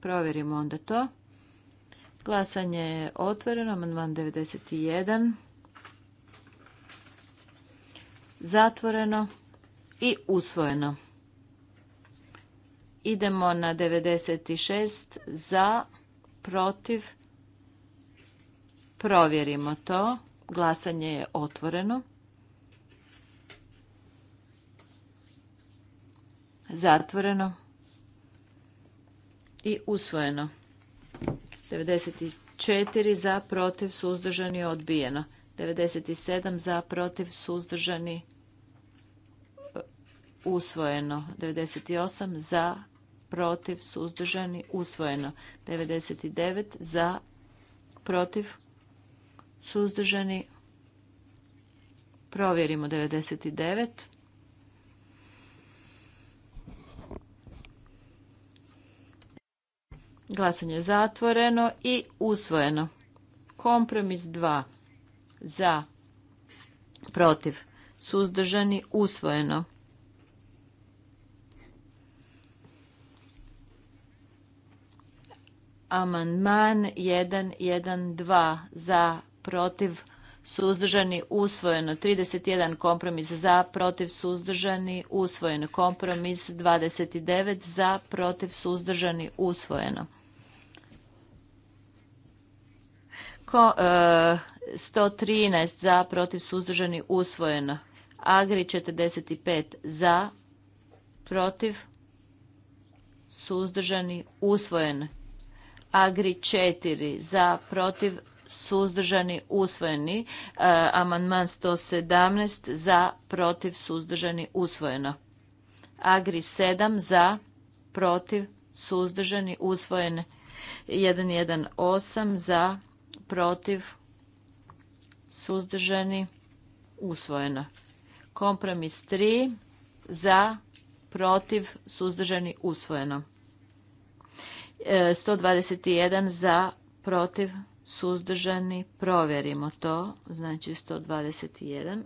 Provjerimo onda to. Glasanje je otvoreno, amandman 91. Zatvoreno i usvojeno. Idemo na 96 za, protiv. Provjerimo to. Glasanje je otvoreno. Zatvoreno. I usvojeno. 94 za, protiv, suzdržani, odbijeno. 97 za, protiv, suzdržani, usvojeno. 98 za, protiv, suzdržani, usvojeno. 99 za, protiv, suzdržani, provjerimo 99. Glasanje je zatvoreno i usvojeno. Kompromis 2. Za. Protiv. Suzdržani. Usvojeno. Amandman 1.1.2. Za. Protiv suzdržani, usvojeno 31 kompromis za, protiv, suzdržani, usvojen. kompromis 29 za, protiv, suzdržani, usvojeno. Ko, 113 e, za, protiv, suzdržani, usvojeno. Agri 45 za, protiv, suzdržani, usvojeno. Agri 4 za, protiv, suzdržani, usvojeni. E, amandman 117 za, protiv, suzdržani, usvojeno. Agri 7 za, protiv, suzdržani, usvojeno. 118 za, protiv, suzdržani, usvojeno. Kompromis 3 za, protiv, suzdržani, usvojeno. 121 e, za, protiv, suzdržani, provjerimo to, znači 121.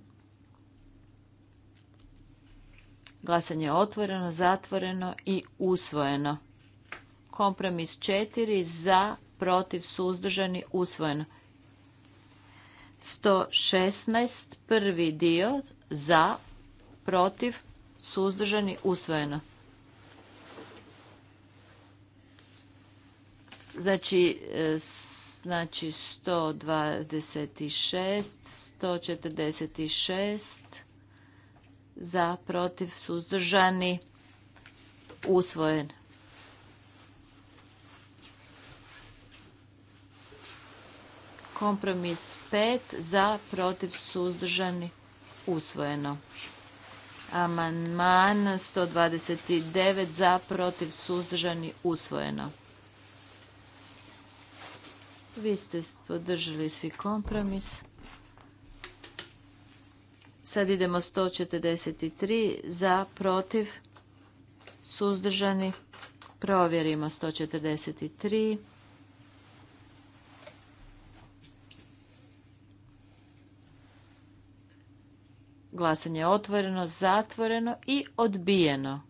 Glasanje je otvoreno, zatvoreno i usvojeno. Kompromis 4 za, protiv, suzdržani, usvojeno. 116, prvi dio, za, protiv, suzdržani, usvojeno. Znači, e, Znači 126, 146 za, protiv, suzdržani, usvojen. Kompromis 5 za, protiv, suzdržani, usvojeno. Amandman 129 za, protiv, suzdržani, usvojeno. Vi ste podržali svi kompromis. Sad idemo 143 za, protiv, suzdržani. Provjerimo 143. Glasanje je otvoreno, zatvoreno i odbijeno.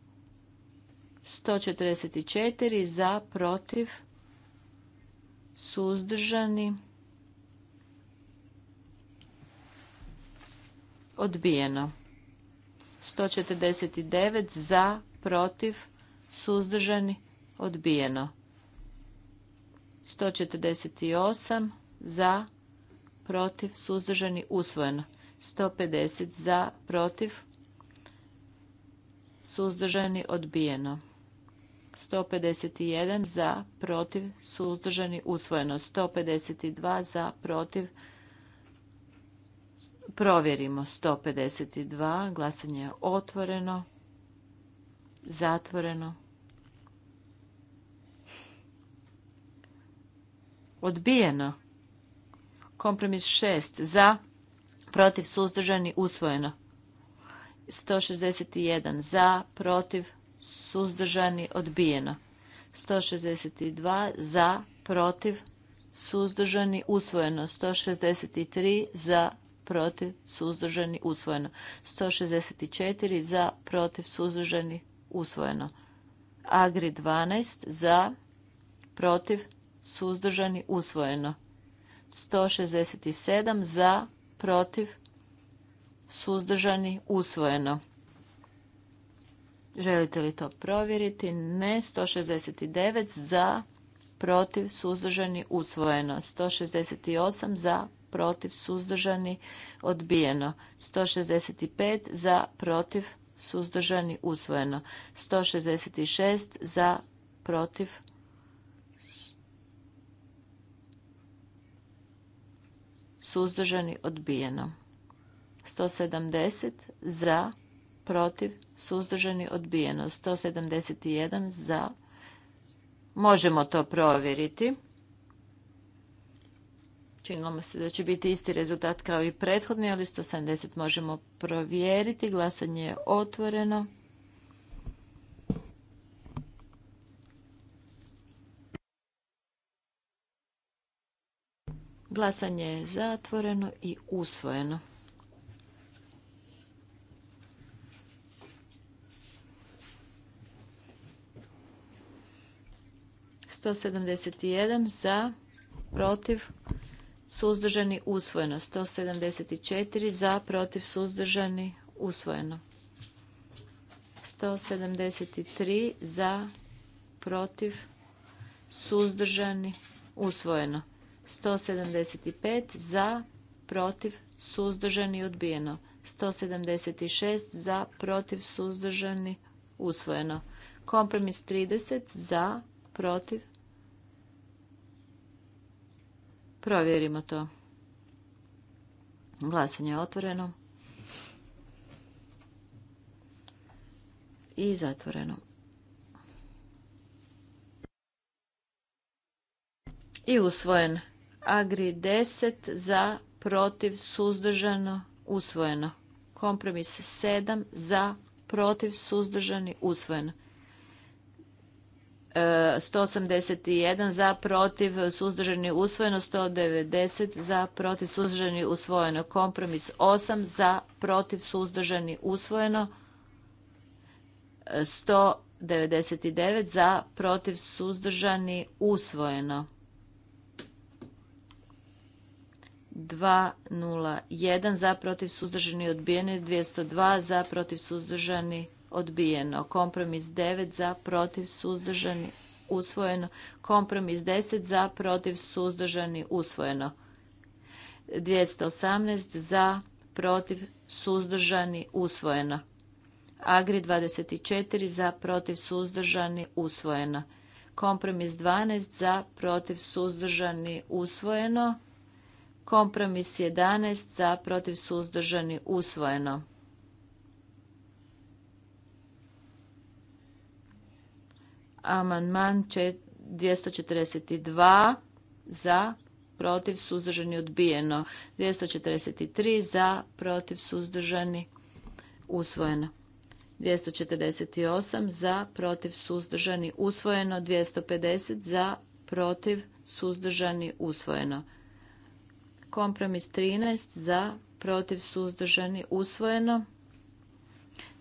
144 za, protiv, suzdržani, odbijeno. 149 za, protiv, suzdržani, odbijeno. 148 za, protiv, suzdržani, usvojeno. 150 za, protiv, suzdržani, odbijeno. 151 za, protiv, suzdržani, usvojeno. 152 za, protiv, provjerimo. 152, glasanje je otvoreno, zatvoreno. Odbijeno. Kompromis 6 za, protiv, suzdržani, usvojeno. 161 za, protiv, suzdržani, odbijeno. 162 za, protiv, suzdržani, usvojeno. 163 za, protiv, suzdržani, usvojeno. 164 za, protiv, suzdržani, usvojeno. Agri 12 za, protiv, suzdržani, usvojeno. 167 za, protiv, suzdržani, usvojeno. Želite li to provjeriti? Ne. 169 za, protiv, suzdržani, usvojeno. 168 za, protiv, suzdržani, odbijeno. 165 za, protiv, suzdržani, usvojeno. 166 za, protiv, suzdržani, odbijeno. 170 za, protiv, suzdržani, odbijeno. 171 za. Možemo to provjeriti. Činilo mi se da će biti isti rezultat kao i prethodni, ali 170 možemo provjeriti. Glasanje je otvoreno. Glasanje je zatvoreno i usvojeno. 171 za, protiv, suzdržani, usvojeno. 174 za, protiv, suzdržani, usvojeno. 173 za, protiv, suzdržani, usvojeno. 175 za, protiv, suzdržani, odbijeno. 176 za, protiv, suzdržani, usvojeno. Kompromis 30 za, protiv. Provjerimo to. Glasanje je otvoreno. I zatvoreno. I usvojen. Agri 10 za, protiv, suzdržano, usvojeno. Kompromis 7 za, protiv, suzdržani, usvojeno. 181 za protiv suzdržani usvojeno 190 za protiv suzdržani usvojeno kompromis 8 za protiv suzdržani usvojeno 199 za protiv suzdržani usvojeno 201 za protiv suzdržani odbijeni 202 za protiv suzdržani odbijeno. Kompromis 9 za, protiv, suzdržani, usvojeno. Kompromis 10 za, protiv, suzdržani, usvojeno. 218 za, protiv, suzdržani, usvojeno. Agri 24 za, protiv, suzdržani, usvojeno. Kompromis 12 za, protiv, suzdržani, usvojeno. Kompromis 11 za, protiv, suzdržani, usvojeno. Amandman 242 za, protiv, suzdržani, odbijeno. 243 za, protiv, suzdržani, usvojeno. 248 za, protiv, suzdržani, usvojeno. 250 za, protiv, suzdržani, usvojeno. Kompromis 13 za, protiv, suzdržani, usvojeno.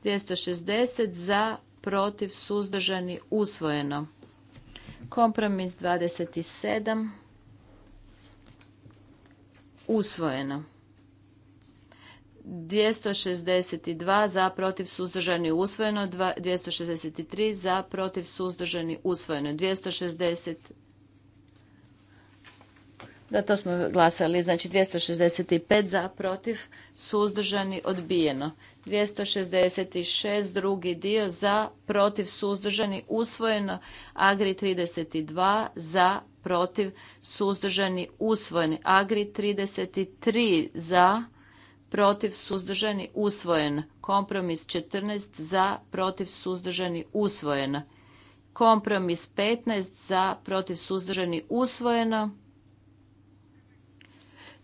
260 za, protiv, suzdržani, usvojeno. Kompromis 27, usvojeno. 262 za, protiv, suzdržani, usvojeno. 263 za, protiv, suzdržani, usvojeno. 260 da, to smo glasali. Znači 265 za, protiv, suzdržani, odbijeno. 266 drugi dio za, protiv, suzdržani, usvojeno. Agri 32 za, protiv, suzdržani, usvojeni. Agri 33 za, protiv, suzdržani, usvojen. Kompromis 14 za, protiv, suzdržani, usvojeno. Kompromis 15 za, protiv, suzdržani, usvojeno.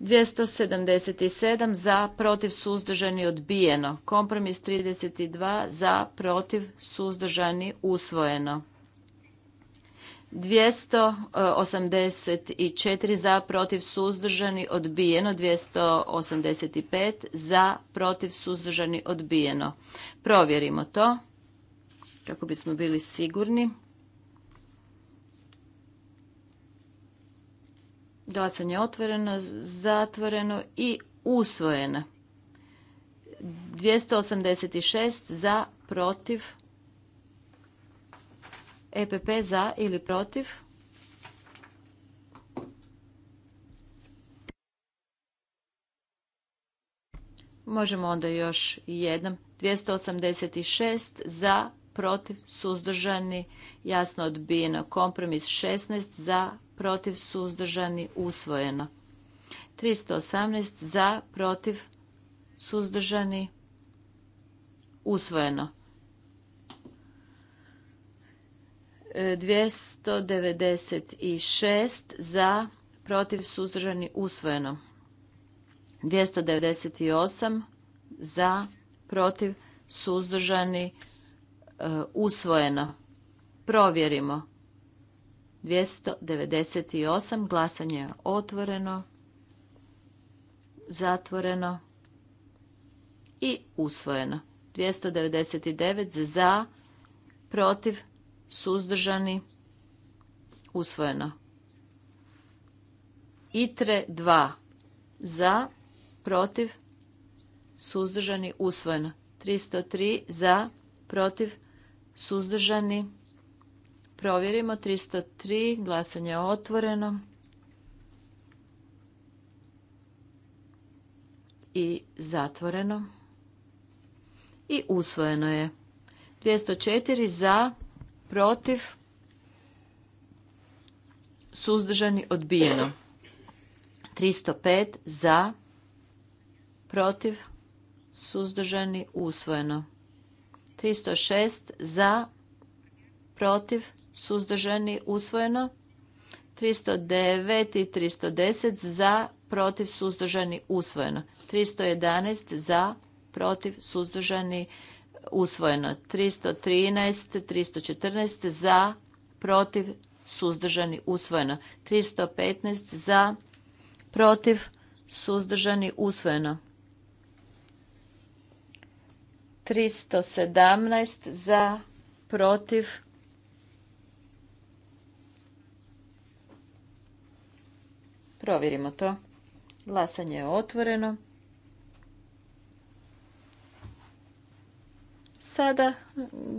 277 za, protiv, suzdržani, odbijeno. Kompromis 32 za, protiv, suzdržani, usvojeno. 284 za, protiv, suzdržani, odbijeno. 285 za, protiv, suzdržani, odbijeno. Provjerimo to kako bismo bili sigurni. Glasanje otvoreno, zatvoreno i usvojeno. 286 za, protiv. EPP za ili protiv. Možemo onda još jednom. 286 za, protiv, suzdržani, jasno odbijeno. Kompromis 16 za, protiv, suzdržani, usvojeno. 318 za, protiv, suzdržani, usvojeno. 296 za, protiv, suzdržani, usvojeno. 298 za, protiv, suzdržani, e, usvojeno. Provjerimo. 298. Glasanje je otvoreno, zatvoreno i usvojeno. 299 za, protiv, suzdržani, usvojeno. ITRE 2 za, protiv, suzdržani, usvojeno. 303 za, protiv, suzdržani, usvojeno Provjerimo 303, glasanje je otvoreno. I zatvoreno. I usvojeno je. 204 za, protiv, suzdržani, odbijeno. 305 za, protiv, suzdržani, usvojeno. 306 za, protiv, suzdržani, usvojeno. 309 i 310 za, protiv, suzdržani, usvojeno. 311 za, protiv, suzdržani, usvojeno. 313, 314 za, protiv, suzdržani, usvojeno. 315 za, protiv, suzdržani, usvojeno. 317 za, protiv, Provjerimo to. Glasanje je otvoreno. Sada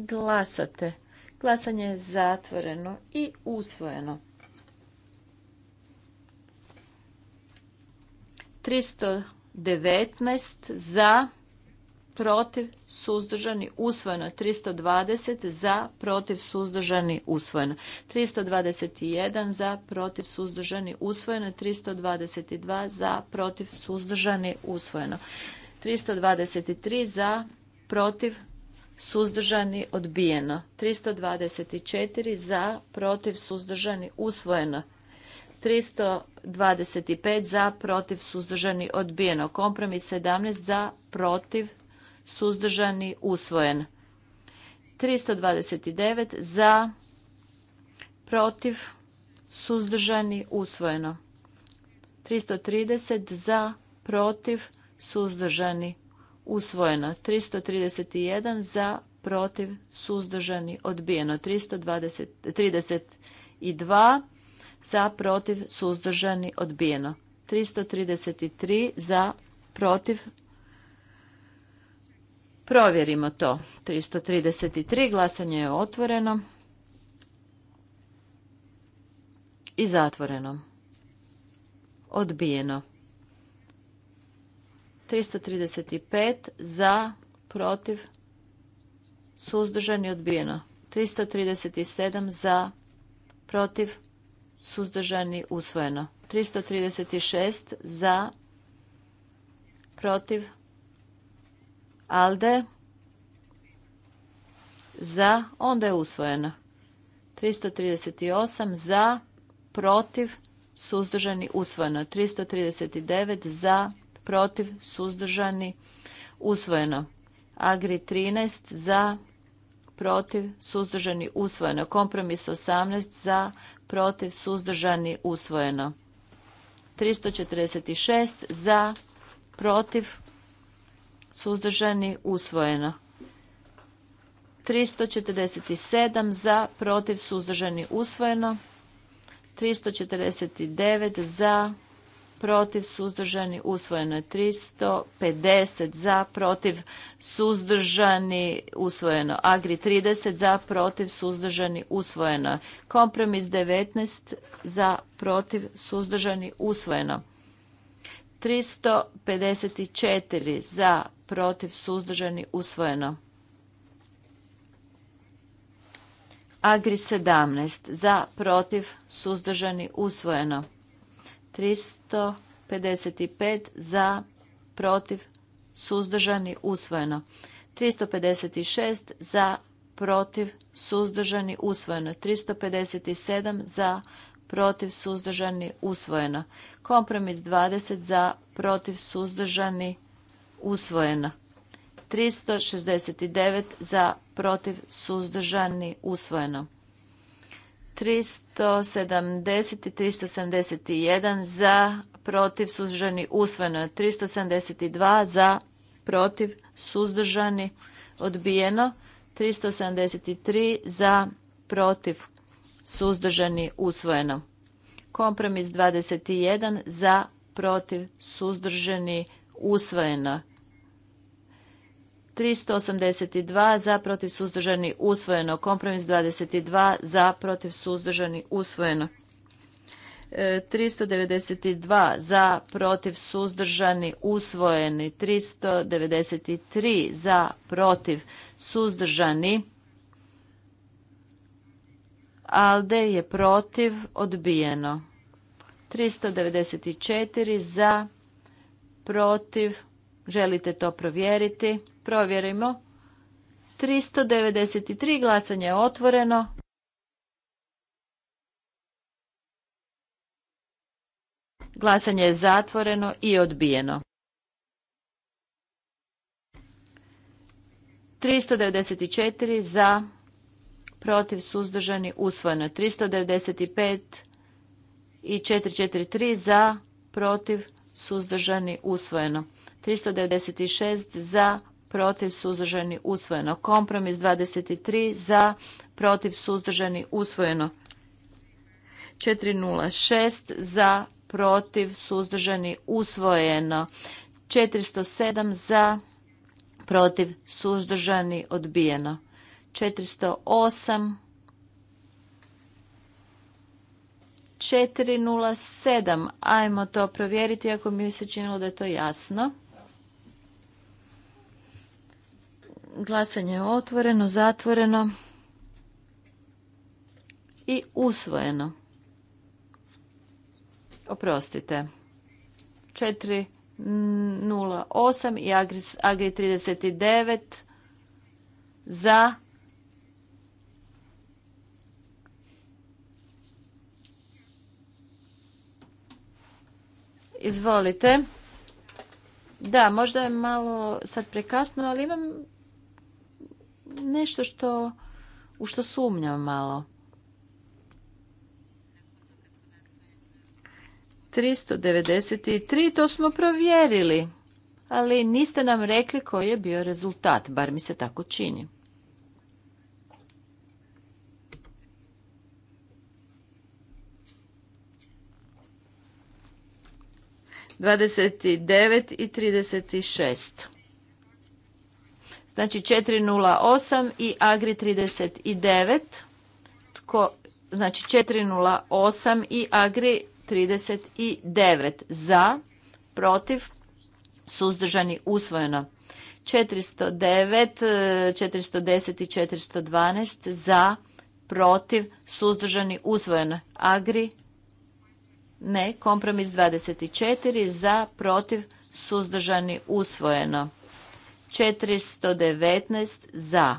glasate. Glasanje je zatvoreno i usvojeno. 319 za protiv, suzdržani, usvojeno. 320 za, protiv, suzdržani, usvojeno. 321 za, protiv, suzdržani, usvojeno. 322 za, protiv, suzdržani, usvojeno. 323 za, protiv, suzdržani, odbijeno. 324 za, protiv, suzdržani, usvojeno. 325 za, protiv, suzdržani, odbijeno. Kompromis 17 za, protiv, suzdržani, usvojen. 329 za, protiv, suzdržani, usvojeno. 330 za, protiv, suzdržani, usvojeno. 331 za, protiv, suzdržani, odbijeno. 332 za, protiv, suzdržani, odbijeno. 333 za, protiv, Provjerimo to. 333 glasanje je otvoreno i zatvoreno. Odbijeno. 335 za, protiv, suzdržani, odbijeno. 337 za, protiv, suzdržani, usvojeno. 336 za, protiv, Alde za, onda je usvojena. 338 za, protiv, suzdržani, usvojeno. 339 za, protiv, suzdržani, usvojeno. Agri 13 za, protiv, suzdržani, usvojeno. Kompromis 18 za, protiv, suzdržani, usvojeno. 346 za, protiv, suzdržani, usvojeno. 347 za, protiv, suzdržani, usvojeno. 349 za, protiv, suzdržani, usvojeno je 350 za, protiv, suzdržani, usvojeno. Agri 30 za, protiv, suzdržani, usvojeno. Kompromis 19 za, protiv, suzdržani, usvojeno. 354 za, protiv, suzdržani, usvojeno. Agri 17 za, protiv, suzdržani, usvojeno. 355 za, protiv, suzdržani, usvojeno. 356 za, protiv, suzdržani, usvojeno. 357 za, protiv, suzdržani, usvojeno. Kompromis 20 za, protiv, suzdržani, usvojeno. 369 za protiv suzdržani usvojeno. 370 i 371 za protiv suzdržani usvojeno. 372 za protiv suzdržani odbijeno. 373 za protiv suzdržani usvojeno. Kompromis 21 za protiv suzdržani usvojeno. 382 za protiv suzdržani usvojeno. Kompromis 22 za protiv suzdržani usvojeno. 392 e, za protiv suzdržani usvojeni. 393 za protiv suzdržani. Alde je protiv odbijeno. 394 za protiv Želite to provjeriti? Provjerimo. 393 glasanje je otvoreno. Glasanje je zatvoreno i odbijeno. 394 za, protiv, suzdržani, usvojeno. 395 i 443 za, protiv, suzdržani, usvojeno. 396 za, protiv, suzdržani, usvojeno. Kompromis 23 za, protiv, suzdržani, usvojeno. 406 za, protiv, suzdržani, usvojeno. 407 za, protiv, suzdržani, odbijeno. 408 407. Ajmo to provjeriti ako mi se činilo da je to jasno. Glasanje je otvoreno, zatvoreno i usvojeno. Oprostite. 408 i Agri, 39 za Izvolite. Da, možda je malo sad prekasno, ali imam nešto što, u što sumnjam malo. 393, to smo provjerili, ali niste nam rekli koji je bio rezultat, bar mi se tako čini. Dvadeset devet i trideset šest. Znači 408 i Agri 39. Tko, znači 408 i Agri 39 za, protiv, suzdržani, usvojeno. 409, 410 i 412 za, protiv, suzdržani, usvojeno. Agri ne, kompromis 24 za, protiv, suzdržani, usvojeno. 419 za.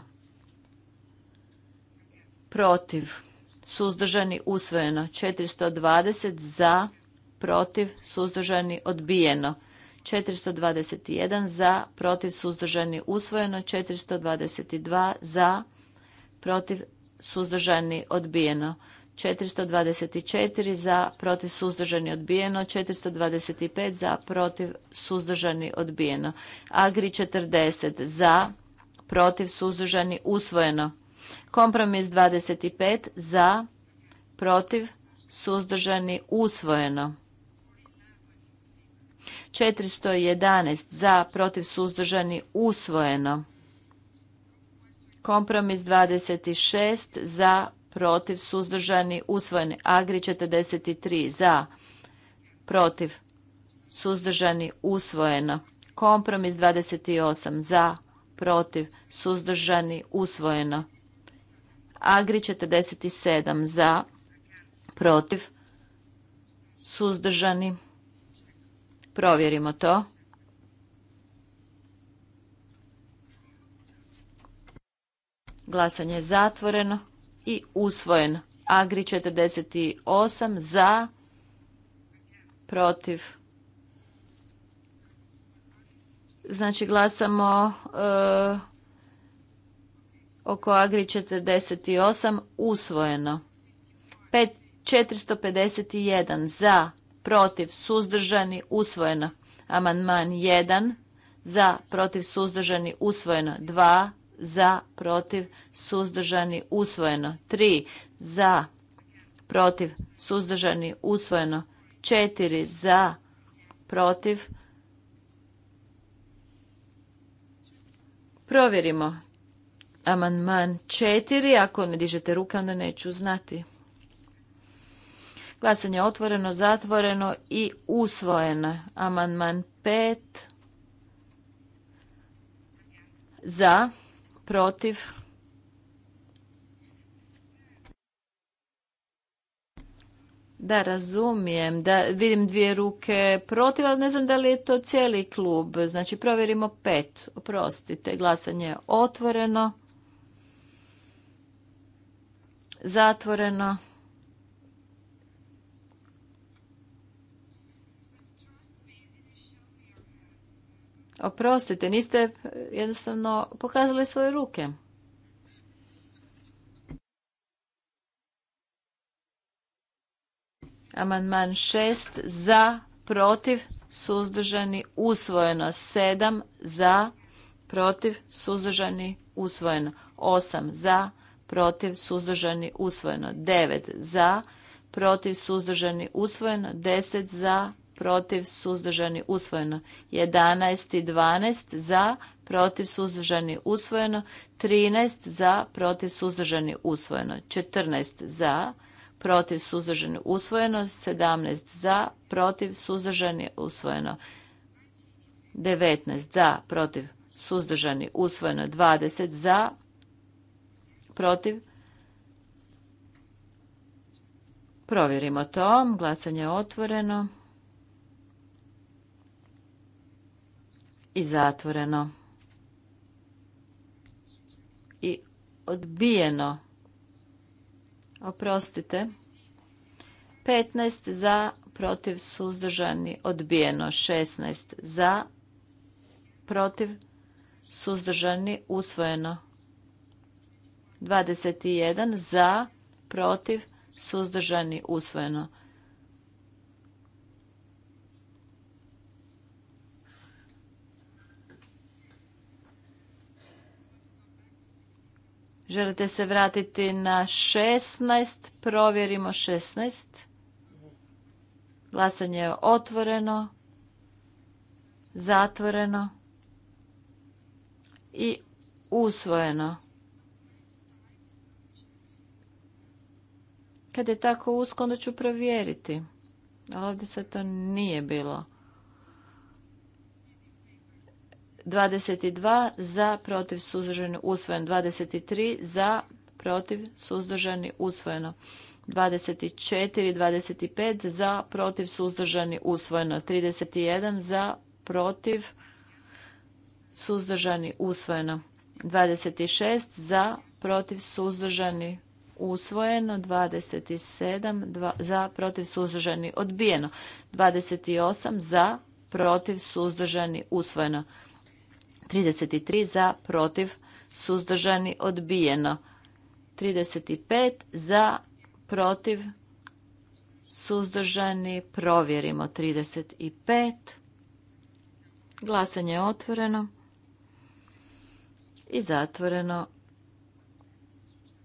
Protiv. Suzdržani usvojeno. 420 za. Protiv. Suzdržani odbijeno. 421 za. Protiv. Suzdržani usvojeno. 422 za. Protiv. Suzdržani odbijeno. 424 za, protiv, suzdržani, odbijeno. 425 za, protiv, suzdržani, odbijeno. Agri 40 za, protiv, suzdržani, usvojeno. Kompromis 25 za, protiv, suzdržani, usvojeno. 411 za, protiv, suzdržani, usvojeno. Kompromis 26 za, protiv, suzdržani, usvojeni. Agri 43 za, protiv, suzdržani, usvojeno. Kompromis 28 za, protiv, suzdržani, usvojeno. Agri 47 za, protiv, suzdržani. Provjerimo to. Glasanje je zatvoreno i usvojen. Agri 48 za, protiv. Znači glasamo e, oko Agri 48 usvojeno. 5, 451 za, protiv, suzdržani, usvojeno. Amandman 1 za, protiv, suzdržani, usvojeno. 2 za, protiv, suzdržani, usvojeno. 3 za, protiv, suzdržani, usvojeno. 4 za, protiv. Provjerimo amandman 4. Ako ne dižete ruka, onda neću znati. Glasanje otvoreno, zatvoreno i usvojeno. Amandman 5 za, protiv, Da, razumijem. Da, vidim dvije ruke protiv, ali ne znam da li je to cijeli klub. Znači, provjerimo pet. Oprostite, glasanje je otvoreno. Zatvoreno. Oprostite, niste jednostavno pokazali svoje ruke. Amandman 6 za, protiv, suzdržani, usvojeno. 7 za, protiv, suzdržani, usvojeno. 8 za, protiv, suzdržani, usvojeno. 9 za, protiv, suzdržani, usvojeno. 10 za, protiv, suzdržani, usvojeno. 11 i 12 za, protiv, suzdržani, usvojeno. 13 za, protiv, suzdržani, usvojeno. 14 za, protiv, suzdržani, usvojeno. 17 za, protiv, suzdržani, usvojeno. 19 za, protiv, suzdržani, usvojeno. 20 za, protiv, Provjerimo to. Glasanje je otvoreno. i zatvoreno i odbijeno. Oprostite. 15 za, protiv, suzdržani, odbijeno. 16 za, protiv, suzdržani, usvojeno. 21 za, protiv, suzdržani, usvojeno. Želite se vratiti na 16? Provjerimo 16. Glasanje je otvoreno, zatvoreno i usvojeno. Kad je tako usko, onda ću provjeriti. Ali ovdje sad to nije bilo. 22 za, protiv, suzdržani, usvojeno. 23 za, protiv, suzdržani, usvojeno. 24 25 za, protiv, suzdržani, usvojeno. 31 za, protiv, suzdržani, usvojeno. 26 za, protiv, suzdržani, usvojeno. 27 za, protiv, suzdržani, odbijeno. 28 za, protiv, suzdržani, usvojeno. 33 za, protiv, suzdržani, odbijeno. 35 za, protiv, suzdržani, provjerimo 35. Glasanje je otvoreno i zatvoreno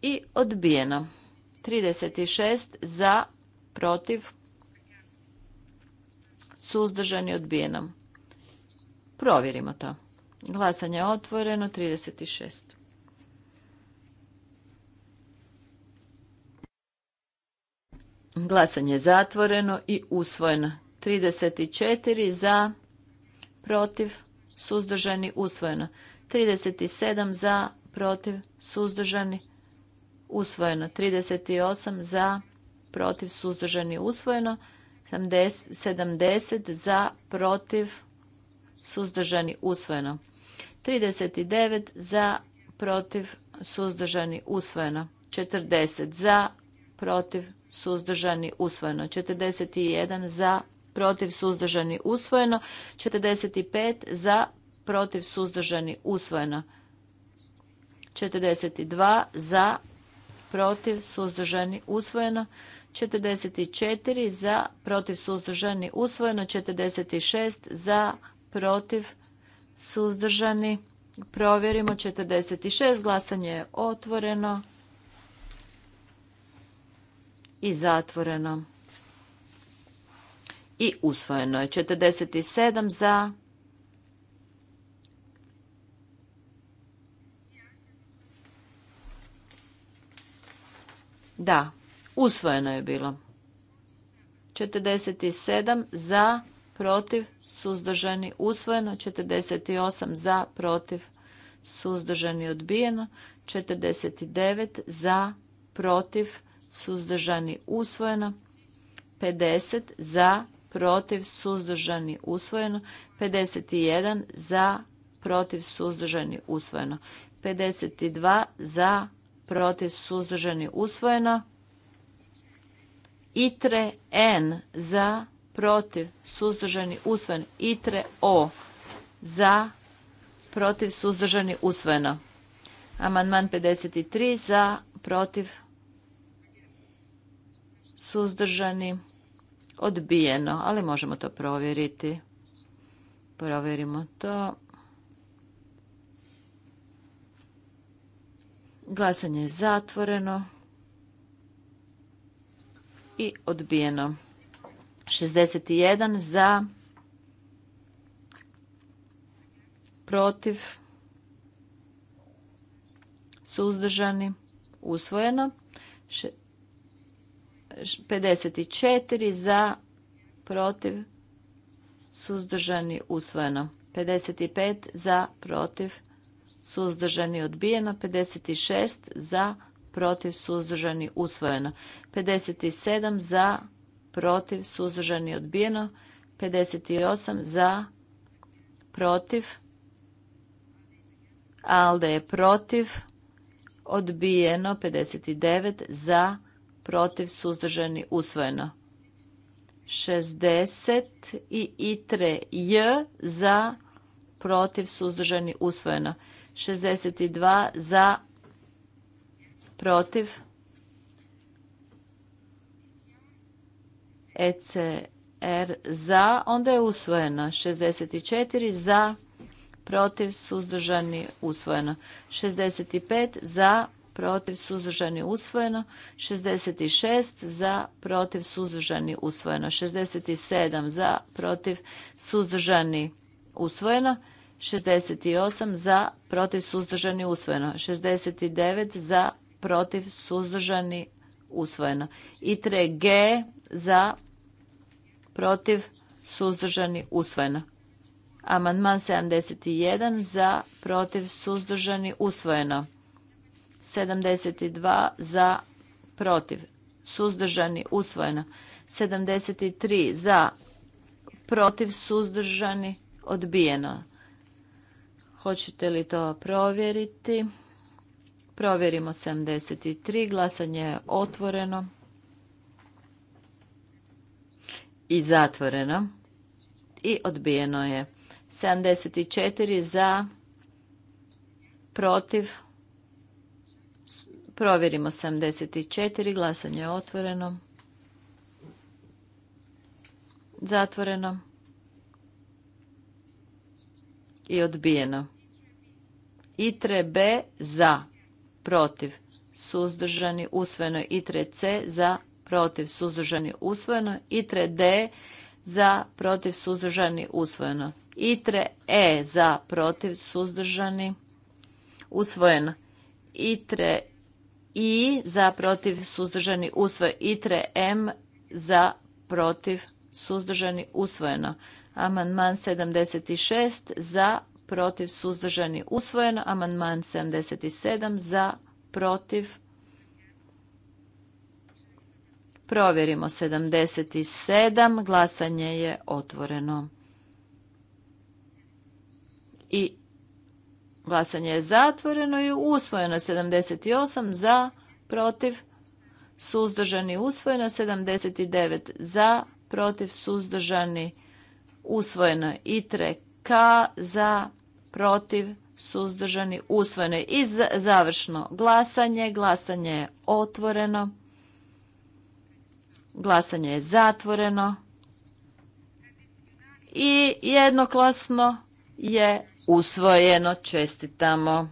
i odbijeno. 36 za, protiv, suzdržani, odbijeno. Provjerimo to. Glasanje je otvoreno. 36. Glasanje je zatvoreno i usvojeno. 34 za, protiv, suzdržani, usvojeno. 37 za, protiv, suzdržani, usvojeno. 38 za, protiv, suzdržani, usvojeno. 70 za, protiv, suzdržani, usvojeno. 39 za, protiv, suzdržani, usvojeno. 40 za, protiv, suzdržani, usvojeno. 41 za, protiv, suzdržani, usvojeno. 45 za, protiv, suzdržani, usvojeno. 42 za, protiv, suzdržani, usvojeno. 44 za, protiv, suzdržani, usvojeno. 46 za, protiv, suzdržani. Provjerimo 46. Glasanje je otvoreno i zatvoreno. I usvojeno je 47 za, Da, usvojeno je bilo. 47 za, protiv, suzdržani, usvojeno, 48 za, protiv, suzdržani, odbijeno, 49 za, protiv, suzdržani, usvojeno, 50 za, protiv, suzdržani, usvojeno, 51 za, protiv, suzdržani, usvojeno, 52 za, protiv, suzdržani, usvojeno, ITRE N za, protiv, suzdržani, usvojen. ITRE O za, protiv, suzdržani, usvojeno. Amandman 53 za, protiv, suzdržani, odbijeno, ali možemo to provjeriti. Provjerimo to. Glasanje je zatvoreno i odbijeno. 61 za, protiv, suzdržani, usvojeno. 54 za, protiv, suzdržani, usvojeno. 55 za, protiv, suzdržani, odbijeno. 56 za, protiv, suzdržani, usvojeno. 57 za, protiv, suzdržani, odbijeno. 58 za, protiv, Alde je protiv, odbijeno. 59 za, protiv, suzdržani, usvojeno. 60 i itre j za, protiv, suzdržani, usvojeno. 62 za, protiv, ECR za, onda je usvojeno. 64 za, protiv, suzdržani, usvojeno. 65 za, protiv, suzdržani, usvojeno. 66 za, protiv, suzdržani, usvojeno. 67 za, protiv, suzdržani, usvojeno. 68 za, protiv, suzdržani, usvojeno. 69 za, protiv, suzdržani, usvojeno. I 3G za, protiv, suzdržani, usvojeno. Amandman 71 za, protiv, suzdržani, usvojeno. 72 za, protiv, suzdržani, usvojeno. 73 za, protiv, suzdržani, odbijeno. Hoćete li to provjeriti? Provjerimo 73, glasanje je otvoreno. i zatvoreno i odbijeno je. 74 za, protiv, provjerimo 74, glasanje je otvoreno, zatvoreno i odbijeno. ITRE B za, protiv, suzdržani, usvojeno ITRE C za, protiv suzdržani usvojeno. ITRE D za protiv suzdržani usvojeno. ITRE E za protiv suzdržani usvojeno. ITRE I za protiv suzdržani usvojeno. ITRE M za protiv suzdržani usvojeno. Amandman 76 za protiv suzdržani usvojeno. Amandman 77 za protiv Provjerimo 77. Glasanje je otvoreno. I glasanje je zatvoreno i usvojeno 78 za, protiv, suzdržani usvojeno 79 za, protiv, suzdržani usvojeno tre K za, protiv, suzdržani usvojeno i završno glasanje. Glasanje je otvoreno. Glasanje je zatvoreno. I jednoklasno je usvojeno. Čestitamo.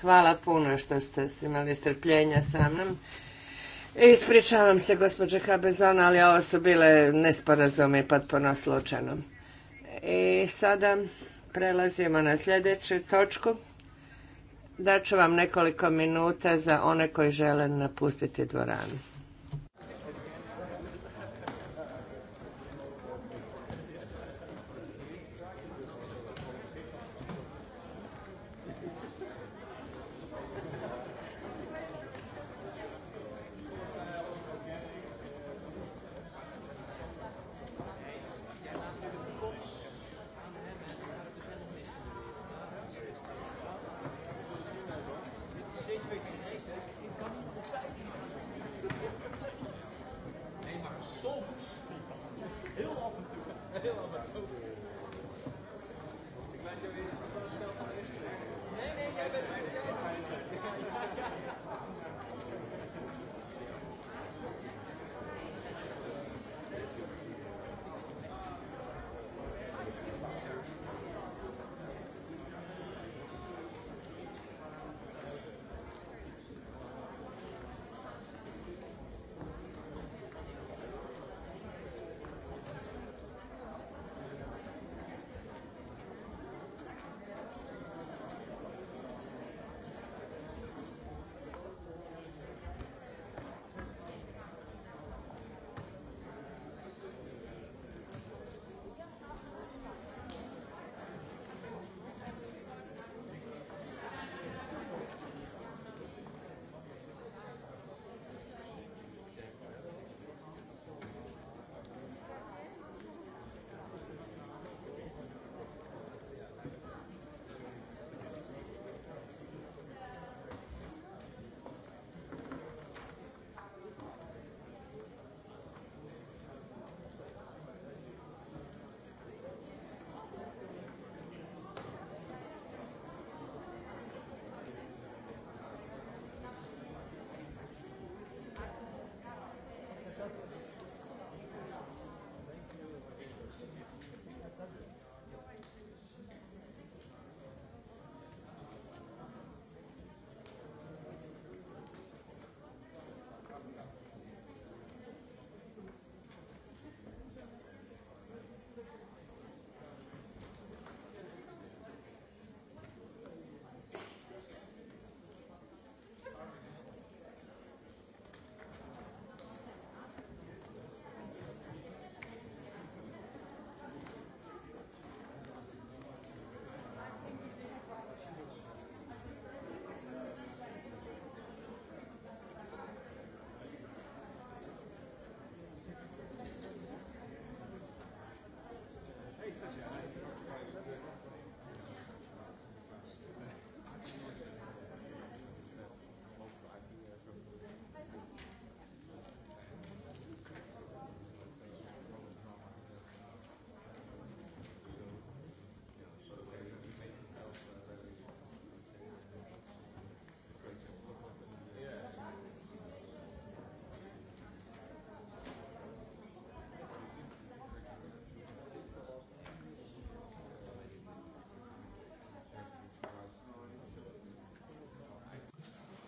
Hvala puno što ste imali strpljenja sa mnom. Ispričavam se, gospođe Kabezona, ali ovo su bile nesporazume potpuno slučajno. I sada Prelazimo na sljedeću točku. Daću vam nekoliko minuta za one koji žele napustiti dvoranu.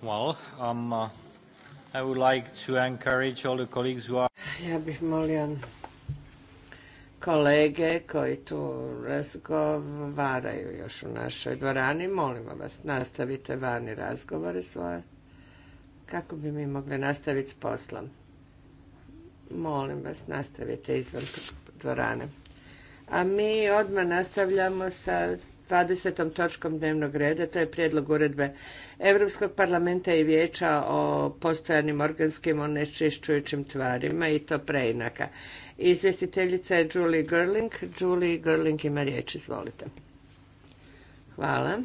Well, um, uh, I would like to encourage all the colleagues who Ja bih molio kolege koji tu razgovaraju još u našoj dvorani. Molimo vas, nastavite vani razgovore svoje kako bi mi mogli nastaviti s poslom. Molim vas, nastavite izvan dvorane. A mi odmah nastavljamo sa 20. točkom dnevnog reda, to je prijedlog uredbe Europskog parlamenta i vijeća o postojanim organskim onečišćujućim tvarima i to preinaka. Izvjestiteljica je Julie Gerling. Julie Gerling ima riječ, izvolite. Hvala.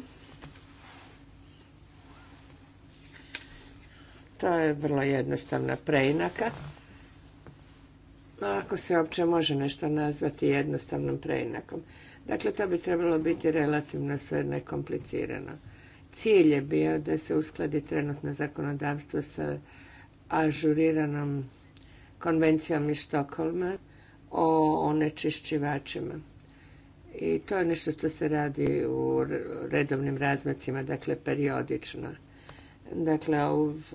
To je vrlo jednostavna preinaka. Ako se uopće može nešto nazvati jednostavnom preinakom. Dakle, to bi trebalo biti relativno sve nekomplicirano. Cilj je bio da se uskladi trenutno zakonodavstvo sa ažuriranom konvencijom iz Štokholma o onečišćivačima. I to je nešto što se radi u redovnim razmacima, dakle periodično. Dakle,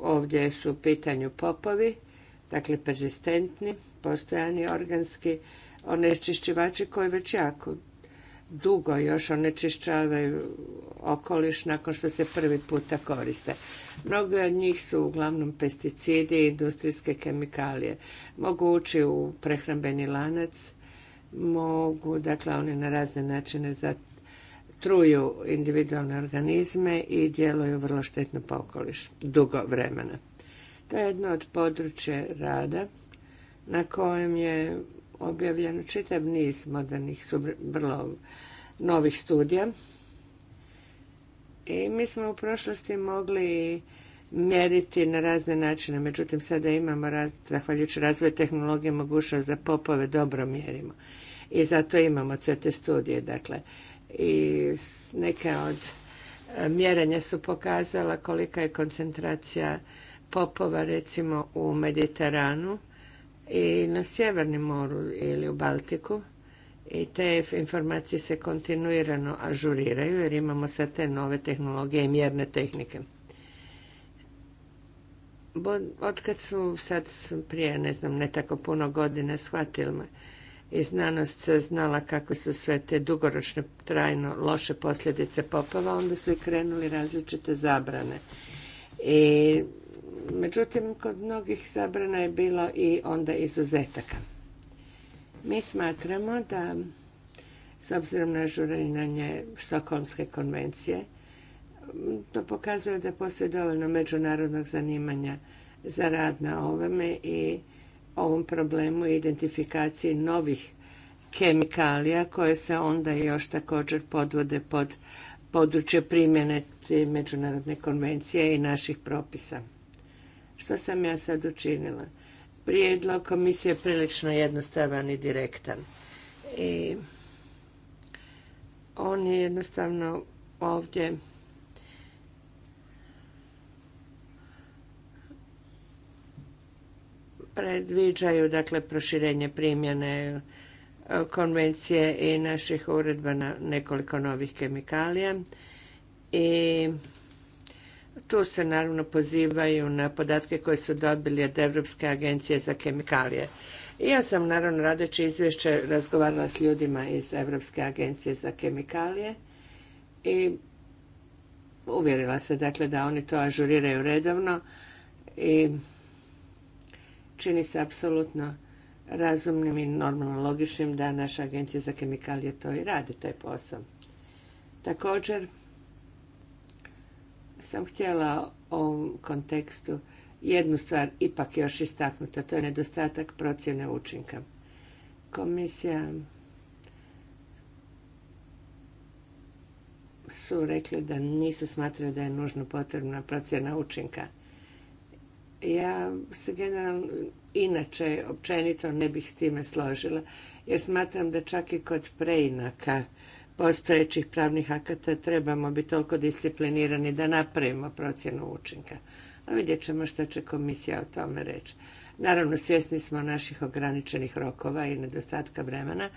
ovdje su u pitanju popovi, dakle persistentni, postojani organski onečišćivači koji već jako dugo još onečišćavaju okoliš nakon što se prvi puta koriste. Mnogi od njih su uglavnom pesticidi i industrijske kemikalije. Mogu ući u prehrambeni lanac, mogu, dakle, oni na razne načine truju individualne organizme i djeluju vrlo štetno po okoliš dugo vremena. To je jedno od područja rada na kojem je objavljeno čitav niz modernih, vrlo novih studija. I mi smo u prošlosti mogli mjeriti na razne načine, međutim sada imamo, zahvaljujući razvoju tehnologije, mogućnost da popove dobro mjerimo. I zato imamo te studije, dakle. I neke od e, mjerenja su pokazala kolika je koncentracija popova recimo u Mediteranu i na Sjevernim moru ili u Baltiku i te informacije se kontinuirano ažuriraju jer imamo sve te nove tehnologije i mjerne tehnike. Otkad su sad prije, ne znam, ne tako puno godina shvatili me i znanost se znala kako su sve te dugoročne, trajno loše posljedice popova, onda su i krenuli različite zabrane. I Međutim, kod mnogih zabrana je bilo i onda izuzetaka. Mi smatramo da, s obzirom na žuriranje Štokholmske konvencije, to pokazuje da postoji dovoljno međunarodnog zanimanja za rad na ovome i ovom problemu identifikaciji novih kemikalija koje se onda još također podvode pod područje primjene međunarodne konvencije i naših propisa. Što sam ja sad učinila? Prijedlog komisije je prilično jednostavan i direktan. I on je jednostavno ovdje predviđaju dakle proširenje primjene e, konvencije i naših uredba na nekoliko novih kemikalija i tu se naravno pozivaju na podatke koje su dobili od Europske agencije za kemikalije. I ja sam naravno radeći izvješće razgovarala s ljudima iz Europske agencije za kemikalije i uvjerila se dakle da oni to ažuriraju redovno i čini se apsolutno razumnim i normalno logičnim da naša agencija za kemikalije to i radi, taj posao. Također, sam htjela u ovom kontekstu jednu stvar ipak još istaknuti, a to je nedostatak procjene učinka. Komisija su rekli da nisu smatrali da je nužno potrebna procjena učinka. Ja se generalno, inače, općenito ne bih s time složila, jer smatram da čak i kod preinaka postojećih pravnih akata trebamo biti toliko disciplinirani da napravimo procjenu učinka. A vidjet ćemo što će komisija o tome reći. Naravno, svjesni smo naših ograničenih rokova i nedostatka vremena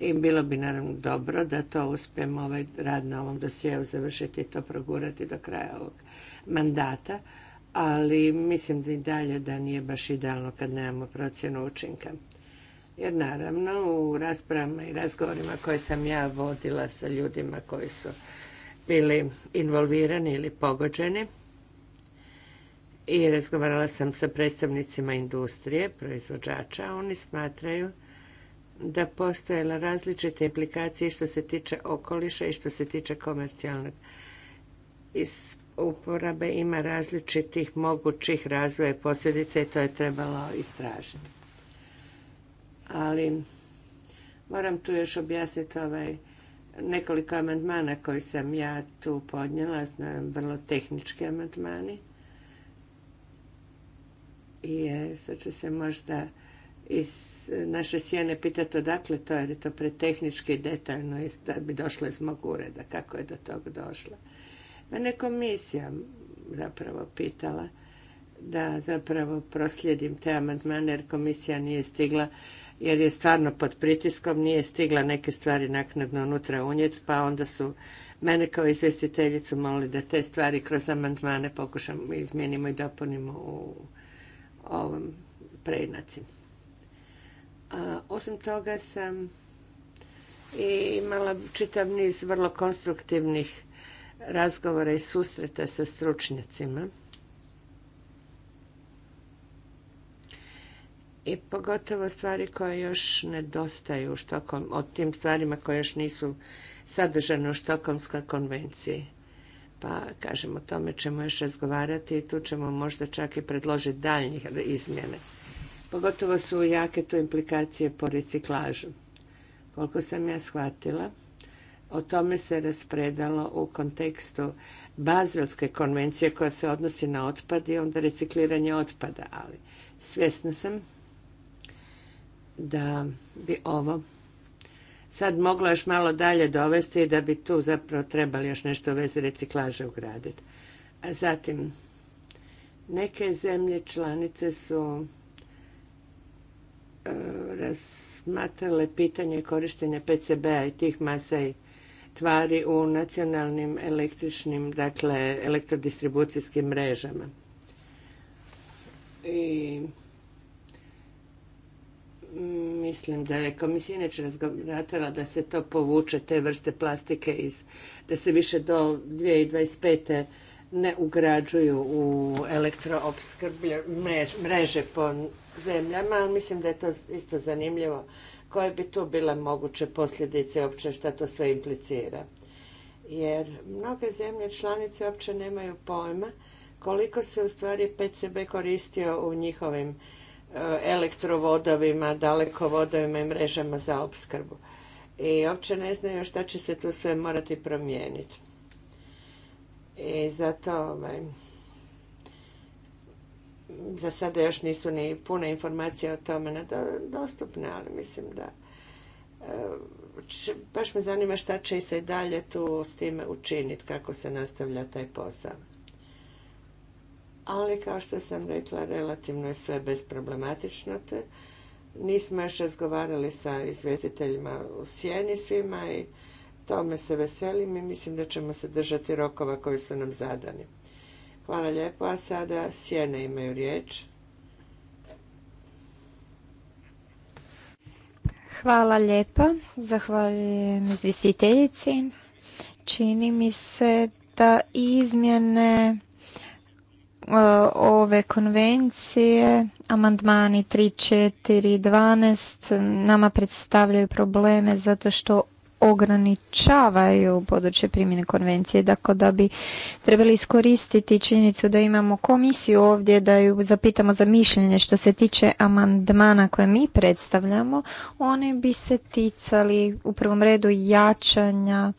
i bilo bi naravno dobro da to uspijemo ovaj rad na ovom dosjeu završiti i to progurati do kraja ovog mandata, ali mislim da i dalje da nije baš idealno kad nemamo procjenu učinka. Jer naravno u raspravama i razgovorima koje sam ja vodila sa ljudima koji su bili involvirani ili pogođeni i razgovarala sam sa predstavnicima industrije, proizvođača, oni smatraju da postojala različite implikacije što se tiče okoliša i što se tiče komercijalnog uporabe ima različitih mogućih razvoja i posljedica i to je trebalo istražiti ali moram tu još objasniti ovaj nekoliko amandmana koji sam ja tu podnijela, vrlo tehnički amandmani. I e, sad će se možda iz naše sjene pitati odakle to, jer je to pretehnički detaljno da bi došlo iz mog ureda, kako je do tog došlo. Mene komisija zapravo pitala da zapravo proslijedim te amandmane jer komisija nije stigla jer je stvarno pod pritiskom, nije stigla neke stvari naknadno unutra unijeti, pa onda su mene kao izvjestiteljicu molili da te stvari kroz amandmane pokušamo, izmijenimo i dopunimo u ovom preinaci. osim toga sam i imala čitav niz vrlo konstruktivnih razgovora i susreta sa stručnjacima i pogotovo stvari koje još nedostaju štokom, o tim stvarima koje još nisu sadržane u Štokomskoj konvenciji. Pa, kažem, o tome ćemo još razgovarati i tu ćemo možda čak i predložiti daljnjih izmjene. Pogotovo su jake tu implikacije po reciklažu. Koliko sam ja shvatila, o tome se raspredalo u kontekstu Bazelske konvencije koja se odnosi na otpad i onda recikliranje otpada, ali svjesna sam da bi ovo sad moglo još malo dalje dovesti i da bi tu zapravo trebali još nešto u vezi reciklaže ugraditi. A zatim, neke zemlje članice su e, razmatrale pitanje korištenja PCB-a i tih masa i tvari u nacionalnim električnim, dakle elektrodistribucijskim mrežama. I Mislim da je komisija inače razgovaratela da se to povuče, te vrste plastike, iz, da se više do 2025. ne ugrađuju u elektroopskrblje mreže po zemljama, ali mislim da je to isto zanimljivo koje bi tu bile moguće posljedice uopće šta to sve implicira. Jer mnoge zemlje članice uopće nemaju pojma koliko se u stvari PCB koristio u njihovim elektrovodovima, dalekovodovima i mrežama za opskrbu. I uopće ne znaju šta će se tu sve morati promijeniti. I zato ovaj, za sada još nisu ni pune informacije o tome na dostupne, ali mislim da e, baš me zanima šta će se dalje tu s time učiniti, kako se nastavlja taj posao ali kao što sam rekla, relativno je sve bezproblematično. Nismo još razgovarali sa izvjestiteljima u sjeni svima i tome se veselim i mislim da ćemo se držati rokova koji su nam zadani. Hvala lijepo, a sada sjene imaju riječ. Hvala lijepa, zahvaljujem izvjestiteljici. Čini mi se da izmjene ove konvencije, amandmani 3, 4 12 nama predstavljaju probleme zato što ograničavaju područje primjene konvencije. Dakle, da bi trebali iskoristiti činjenicu da imamo komisiju ovdje, da ju zapitamo za mišljenje što se tiče amandmana koje mi predstavljamo, one bi se ticali u prvom redu jačanja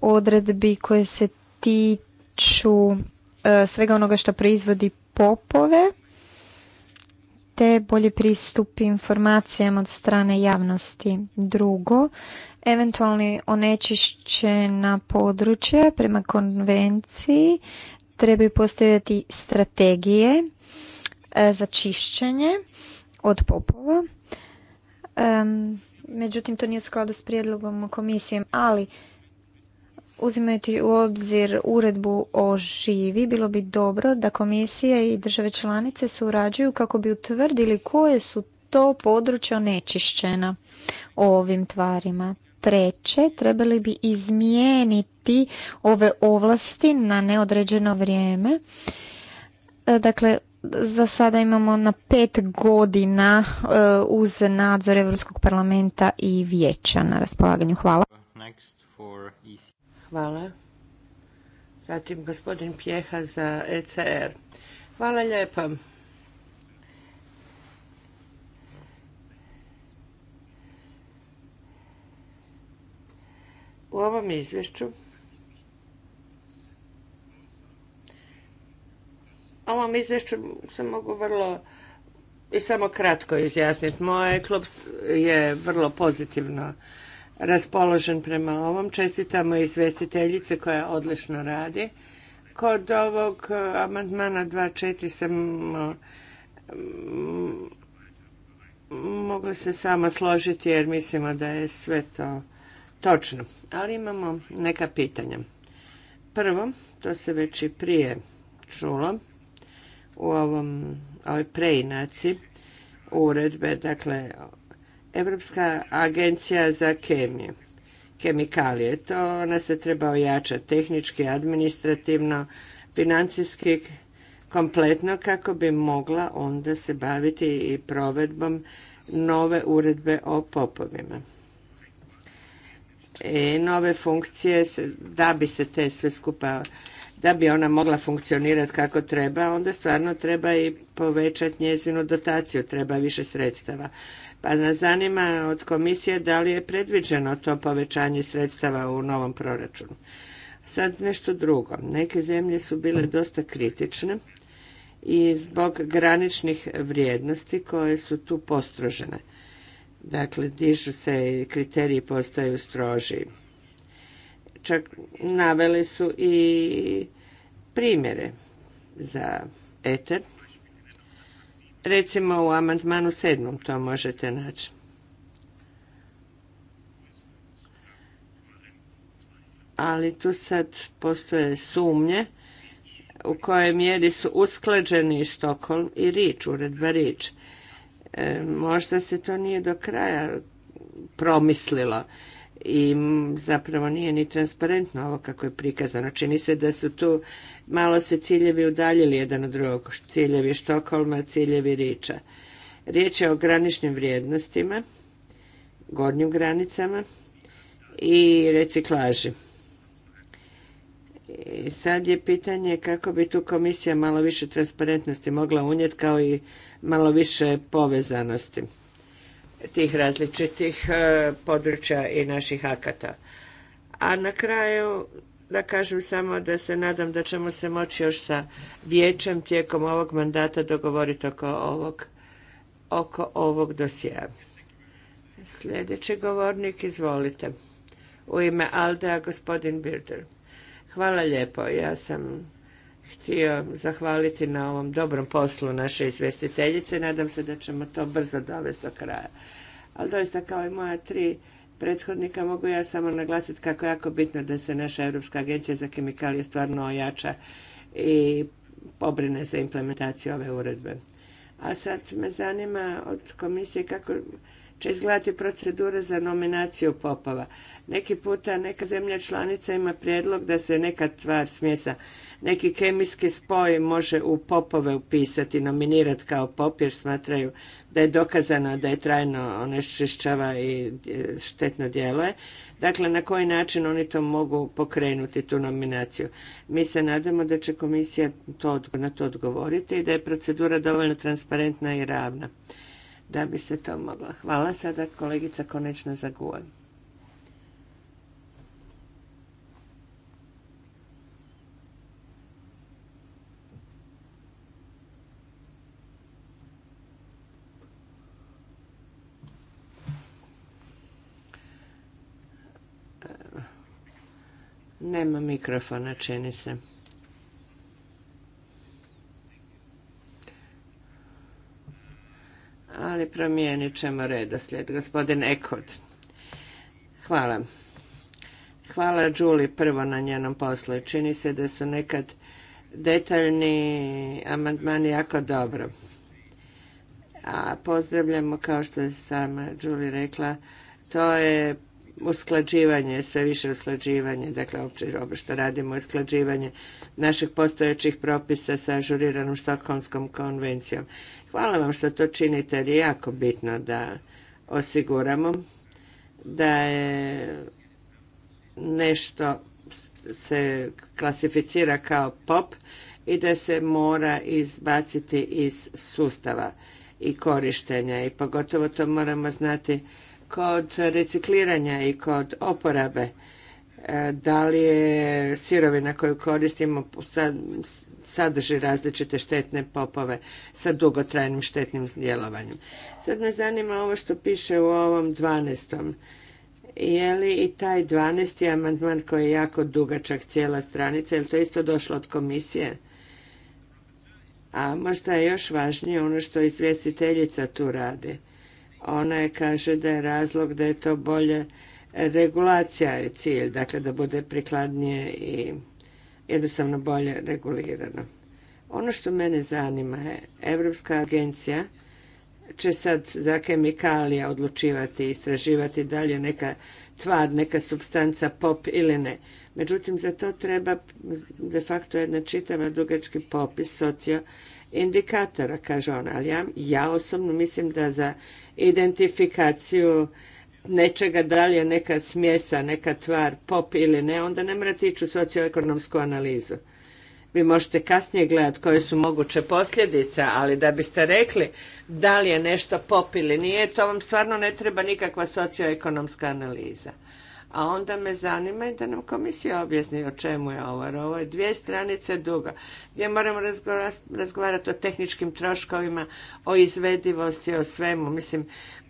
odredbi koje se tiču E, svega onoga što proizvodi popove, te bolji pristup informacijama od strane javnosti. Drugo, eventualni onečišćena područja prema konvenciji trebaju postojati strategije e, za čišćenje od popova. Međutim, to nije u skladu s prijedlogom komisije, ali uzimajući u obzir uredbu o živi, bilo bi dobro da komisija i države članice surađuju kako bi utvrdili koje su to područja onečišćena ovim tvarima. Treće, trebali bi izmijeniti ove ovlasti na neodređeno vrijeme. E, dakle, za sada imamo na pet godina e, uz nadzor Europskog parlamenta i vijeća na raspolaganju. Hvala. E Hvala. Zatim gospodin Pjeha za ECR. Hvala lijepa. U ovom izvješću ovom izvješću se mogu vrlo i samo kratko izjasniti. Moje klub je vrlo pozitivno raspoložen prema ovom. Čestitamo izvjestiteljice koja odlično radi. Kod ovog e, amandmana 2.4 sam mm, mm, mogla se sama složiti jer mislimo da je sve to točno. Ali imamo neka pitanja. Prvo, to se već i prije čulo u ovom, ovoj preinaci uredbe, dakle Europska agencija za kemiju, kemikalije. To ona se treba ojačati tehnički, administrativno, financijski, kompletno kako bi mogla onda se baviti i provedbom nove uredbe o popovima. I e, nove funkcije, da bi se te sve skupa da bi ona mogla funkcionirati kako treba, onda stvarno treba i povećati njezinu dotaciju, treba više sredstava. Pa nas zanima od komisije da li je predviđeno to povećanje sredstava u novom proračunu. Sad nešto drugo. Neke zemlje su bile dosta kritične i zbog graničnih vrijednosti koje su tu postrožene. Dakle, dižu se i kriteriji postaju strožiji. Čak naveli su i primjere za eter Recimo u amandmanu sedmom to možete naći. Ali tu sad postoje sumnje u kojoj mjeri su usklađeni Stokholm i Rič, uredba Rič. E, možda se to nije do kraja promislilo i zapravo nije ni transparentno ovo kako je prikazano. Čini se da su tu malo se ciljevi udaljili jedan od drugog, ciljevi Štokolma, ciljevi Riča. Riječ je o graničnim vrijednostima, gornjim granicama i reciklaži. sad je pitanje kako bi tu komisija malo više transparentnosti mogla unijeti kao i malo više povezanosti tih različitih e, područja i naših akata. A na kraju da kažem samo da se nadam da ćemo se moći još sa vijećem tijekom ovog mandata dogovoriti oko ovog, oko ovog dosjea. Sljedeći govornik, izvolite. U ime Aldea, gospodin Birder. Hvala lijepo, ja sam htio zahvaliti na ovom dobrom poslu naše izvjestiteljice. Nadam se da ćemo to brzo dovesti do kraja. Ali doista kao i moja tri prethodnika mogu ja samo naglasiti kako je jako bitno da se naša Europska agencija za kemikalije stvarno ojača i pobrine za implementaciju ove uredbe. A sad me zanima od komisije kako će izgledati procedure za nominaciju popova. Neki puta neka zemlja članica ima prijedlog da se neka tvar smjesa neki kemijski spoj može u popove upisati, nominirati kao pop jer smatraju da je dokazano da je trajno onečišćava i e, štetno djeluje. Dakle, na koji način oni to mogu pokrenuti, tu nominaciju. Mi se nadamo da će komisija to, na to odgovoriti i da je procedura dovoljno transparentna i ravna da bi se to moglo. Hvala sada kolegica Konečna za Nema mikrofona, čini se. Ali promijenit ćemo redoslijed. Gospodin Ekot. Hvala. Hvala Đuli prvo na njenom poslu. Čini se da su nekad detaljni amandmani jako dobro. A pozdravljamo, kao što je sama Đuli rekla, to je usklađivanje, sve više usklađivanje, dakle opće što radimo usklađivanje naših postojećih propisa sa ažuriranom Stokholmskom konvencijom. Hvala vam što to činite jer je jako bitno da osiguramo da je nešto se klasificira kao pop i da se mora izbaciti iz sustava i korištenja i pogotovo to moramo znati kod recikliranja i kod oporabe, e, da li je sirovina koju koristimo sadrži različite štetne popove sa dugotrajnim štetnim djelovanjem. Sad me zanima ovo što piše u ovom 12. Je li i taj 12. amandman koji je jako dugačak cijela stranica, je li to isto došlo od komisije? A možda je još važnije ono što izvjestiteljica tu radi ona je kaže da je razlog da je to bolje regulacija je cilj, dakle da bude prikladnije i jednostavno bolje regulirano. Ono što mene zanima je, Evropska agencija će sad za kemikalije odlučivati i istraživati da li je neka tvar, neka substanca pop ili ne. Međutim, za to treba de facto jedna čitava dugački popis socija indikatora, kaže on, ali ja, ja osobno mislim da za identifikaciju nečega da li je neka smjesa, neka tvar, pop ili ne, onda ne morate ići u socioekonomsku analizu. Vi možete kasnije gledati koje su moguće posljedice, ali da biste rekli da li je nešto pop ili nije, to vam stvarno ne treba nikakva socioekonomska analiza a onda me zanima i da nam komisija objasni o čemu je ovo. ovo je dvije stranice duga gdje moramo razgovarati o tehničkim troškovima, o izvedivosti, o svemu. Mislim,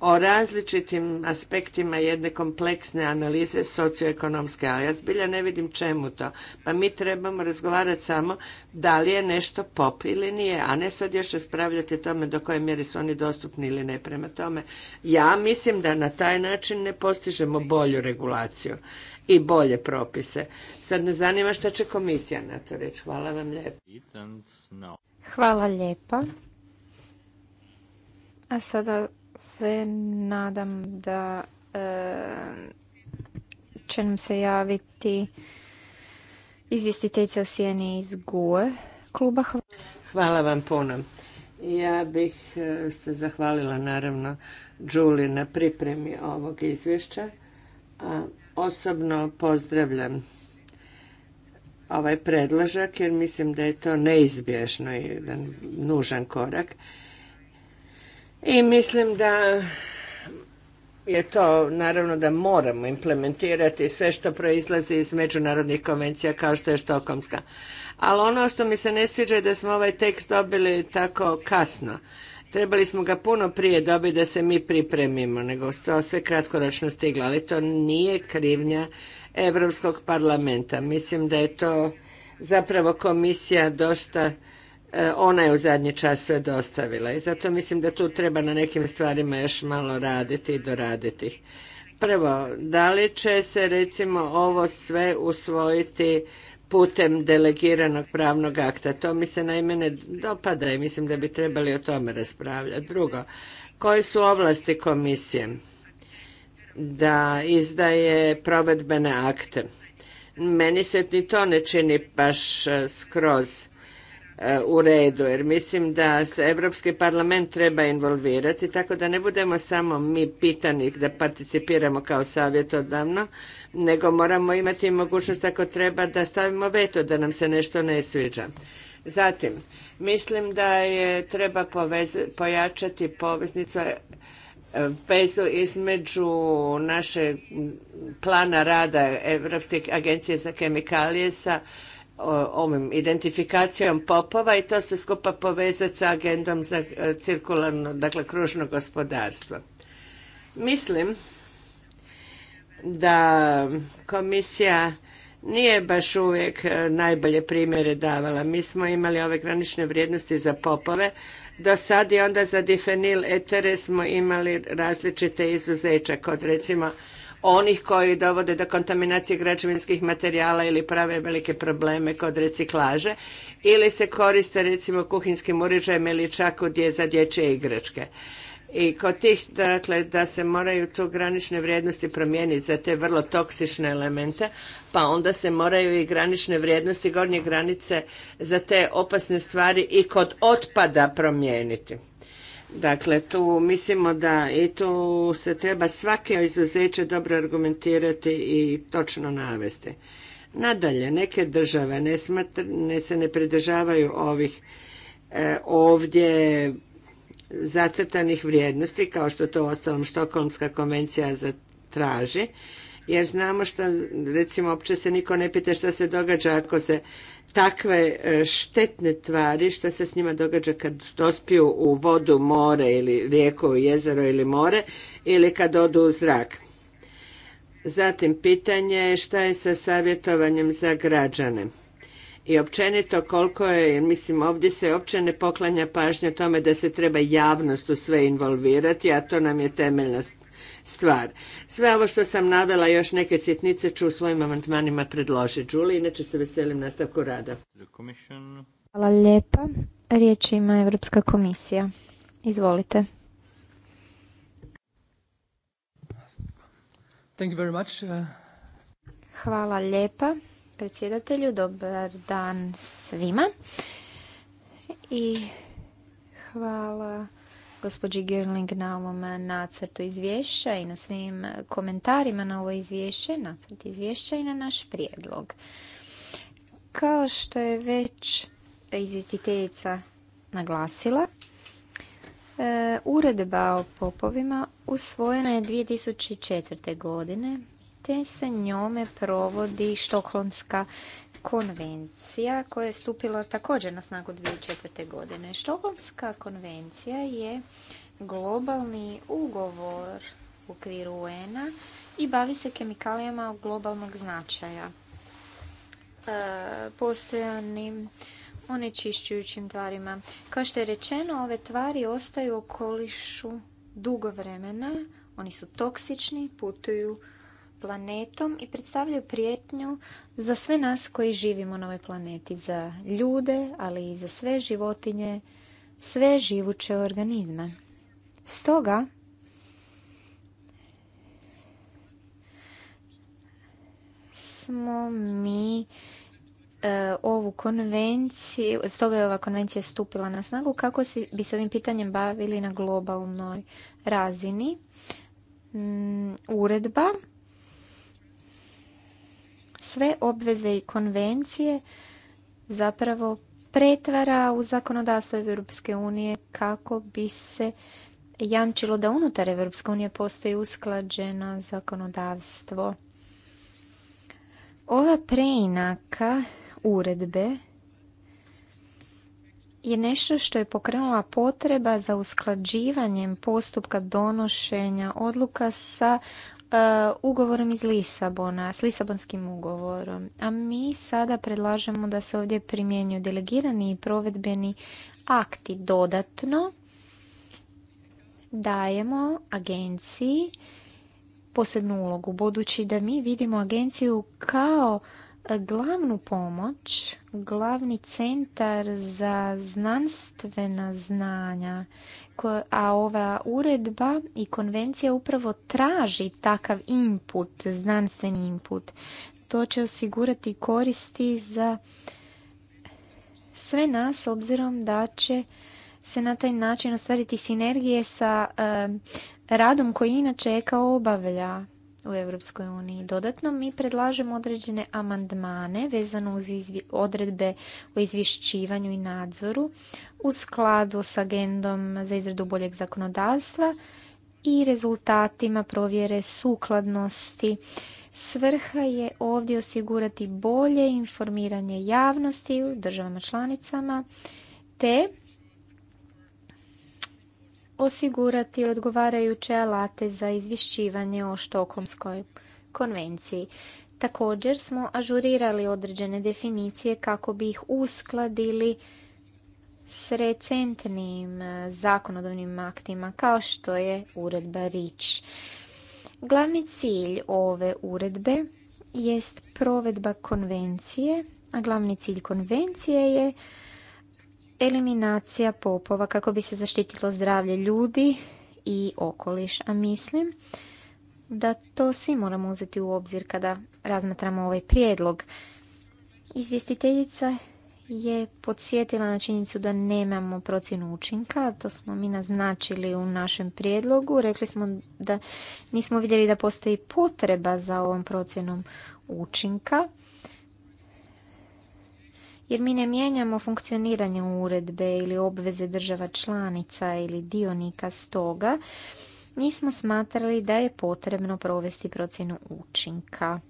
o različitim aspektima jedne kompleksne analize socioekonomske, ali ja zbilja ne vidim čemu to. Pa mi trebamo razgovarati samo da li je nešto pop ili nije, a ne sad još raspravljati tome do koje mjeri su oni dostupni ili ne. Prema tome, ja mislim da na taj način ne postižemo bolju regulaciju i bolje propise. Sad ne zanima što će komisija na to reći. Hvala vam lijepo. Hvala A sada se nadam da e, će nam se javiti izvjestiteljica u sjeni iz GUE kluba. Hvala vam puno. Ja bih e, se zahvalila naravno Đuli na pripremi ovog izvješća. A osobno pozdravljam ovaj predlažak jer mislim da je to neizbježno i jedan nužan korak i mislim da je to naravno da moramo implementirati sve što proizlazi iz međunarodnih konvencija kao što je Štokomska. Ali ono što mi se ne sviđa je da smo ovaj tekst dobili tako kasno. Trebali smo ga puno prije dobiti da se mi pripremimo, nego to sve kratkoročno stiglo, ali to nije krivnja Europskog parlamenta. Mislim da je to zapravo komisija dosta E, ona je u zadnji čas sve dostavila i zato mislim da tu treba na nekim stvarima još malo raditi i doraditi. Prvo, da li će se recimo ovo sve usvojiti putem delegiranog pravnog akta? To mi se naime ne dopada i mislim da bi trebali o tome raspravljati. Drugo, koje su ovlasti komisije? Da izdaje provedbene akte. Meni se ni to ne čini baš e, skroz E, u redu, jer mislim da se Europski parlament treba involvirati, tako da ne budemo samo mi pitani da participiramo kao savjetodavno, nego moramo imati mogućnost ako treba da stavimo veto da nam se nešto ne sviđa. Zatim, mislim da je treba pojačati poveznicu e, vezu između naše plana rada Europske agencije za kemikalije sa ovim identifikacijom popova i to se skupa povezati sa agendom za e, cirkularno, dakle kružno gospodarstvo. Mislim da komisija nije baš uvijek e, najbolje primjere davala. Mi smo imali ove granične vrijednosti za popove. Do sad i onda za difenil etere smo imali različite izuzeća kod recimo onih koji dovode do kontaminacije građevinskih materijala ili prave velike probleme kod reciklaže ili se koriste recimo kuhinskim uređajem ili čak je za dječje igračke. I kod tih, dakle, da se moraju tu granične vrijednosti promijeniti za te vrlo toksične elemente, pa onda se moraju i granične vrijednosti, gornje granice za te opasne stvari i kod otpada promijeniti. Dakle, tu mislimo da i tu se treba svake izuzeće dobro argumentirati i točno navesti. Nadalje, neke države ne ne, se ne pridržavaju ovih e, ovdje zacrtanih vrijednosti, kao što to ostalom Štokholmska konvencija zatraži, jer znamo što, recimo, opće se niko ne pita što se događa ako se takve e, štetne tvari, što se s njima događa kad dospiju u vodu, more ili rijeku, jezero ili more ili kad odu u zrak. Zatim pitanje je šta je sa savjetovanjem za građane i općenito koliko je, mislim ovdje se uopće ne poklanja pažnja tome da se treba javnost u sve involvirati, a to nam je temeljna stvar. Sve ovo što sam navela, još neke sitnice ću u svojim amantmanima predložiti. Julie, inače se veselim nastavku rada. Hvala lijepa. Riječ ima Evropska komisija. Izvolite. Thank uh, Hvala lijepa predsjedatelju. Dobar dan svima. I hvala gospođi Girling na ovom nacrtu izvješća i na svim komentarima na ovo izvješće, nacrt izvješća i na naš prijedlog. Kao što je već izvjestiteljica naglasila, e, uredba o popovima usvojena je 2004. godine te se njome provodi štoklonska konvencija koja je stupila također na snagu 2004. godine. Štokholmska konvencija je globalni ugovor u okviru un i bavi se kemikalijama globalnog značaja. E, postojanim onečišćujućim tvarima. Kao što je rečeno, ove tvari ostaju u okolišu dugo vremena, oni su toksični, putuju planetom i predstavljaju prijetnju za sve nas koji živimo na ovoj planeti, za ljude, ali i za sve životinje, sve živuće organizme. Stoga, smo mi e, ovu konvenciju, stoga je ova konvencija stupila na snagu, kako bi se ovim pitanjem bavili na globalnoj razini. Mm, uredba sve obveze i konvencije zapravo pretvara u zakonodavstvo Europske unije kako bi se jamčilo da unutar Europske unije postoji usklađeno zakonodavstvo. Ova preinaka uredbe je nešto što je pokrenula potreba za usklađivanjem postupka donošenja odluka sa E, ugovorom iz Lisabona, s Lisabonskim ugovorom. A mi sada predlažemo da se ovdje primjenju delegirani i provedbeni akti dodatno dajemo agenciji posebnu ulogu, budući da mi vidimo agenciju kao glavnu pomoć, glavni centar za znanstvena znanja, a ova uredba i konvencija upravo traži takav input, znanstveni input. To će osigurati koristi za sve nas, obzirom da će se na taj način ostvariti sinergije sa eh, radom koji inače EKA obavlja u Europskoj uniji. Dodatno mi predlažemo određene amandmane vezano uz odredbe o izvješćivanju i nadzoru u skladu s agendom za izradu boljeg zakonodavstva i rezultatima provjere sukladnosti. Svrha je ovdje osigurati bolje informiranje javnosti u državama članicama te osigurati odgovarajuće alate za izvješćivanje o Štokomskoj konvenciji. Također smo ažurirali određene definicije kako bi ih uskladili s recentnim eh, zakonodavnim aktima kao što je uredba RIČ. Glavni cilj ove uredbe jest provedba konvencije, a glavni cilj konvencije je eliminacija popova kako bi se zaštitilo zdravlje ljudi i okoliš. A mislim da to svi moramo uzeti u obzir kada razmatramo ovaj prijedlog. Izvjestiteljica je podsjetila na činjenicu da nemamo procjenu učinka, to smo mi naznačili u našem prijedlogu. Rekli smo da nismo vidjeli da postoji potreba za ovom procjenom učinka jer mi ne mijenjamo funkcioniranje uredbe ili obveze država članica ili dionika stoga, mi smo smatrali da je potrebno provesti procjenu učinka.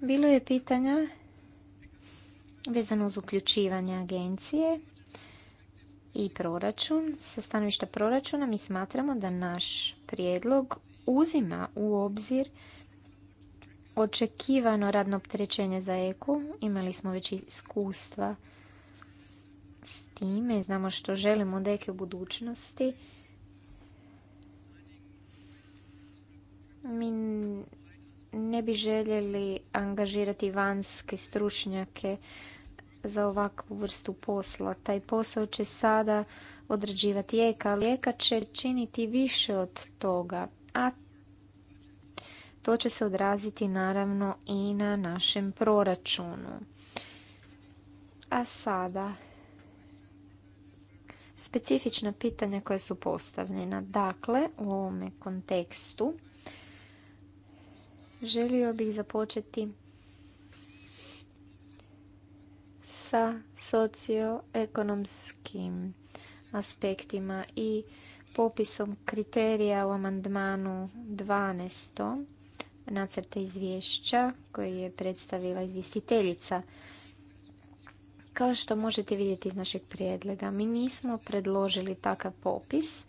Bilo je pitanja vezano uz uključivanje agencije i proračun. Sa stanovišta proračuna mi smatramo da naš prijedlog uzima u obzir očekivano radno opterećenje za eku. Imali smo već iskustva s time, znamo što želimo od eke u budućnosti. Mi ne bi željeli angažirati vanjske stručnjake za ovakvu vrstu posla. Taj posao će sada odrađivati Eka, ali Eka će činiti više od toga, a to će se odraziti naravno i na našem proračunu. A sada specifična pitanja koja su postavljena. Dakle, u ovome kontekstu želio bih započeti sa socioekonomskim aspektima i popisom kriterija u amandmanu 12 nacrte izvješća koje je predstavila izvjestiteljica. Kao što možete vidjeti iz našeg prijedloga, mi nismo predložili takav popis.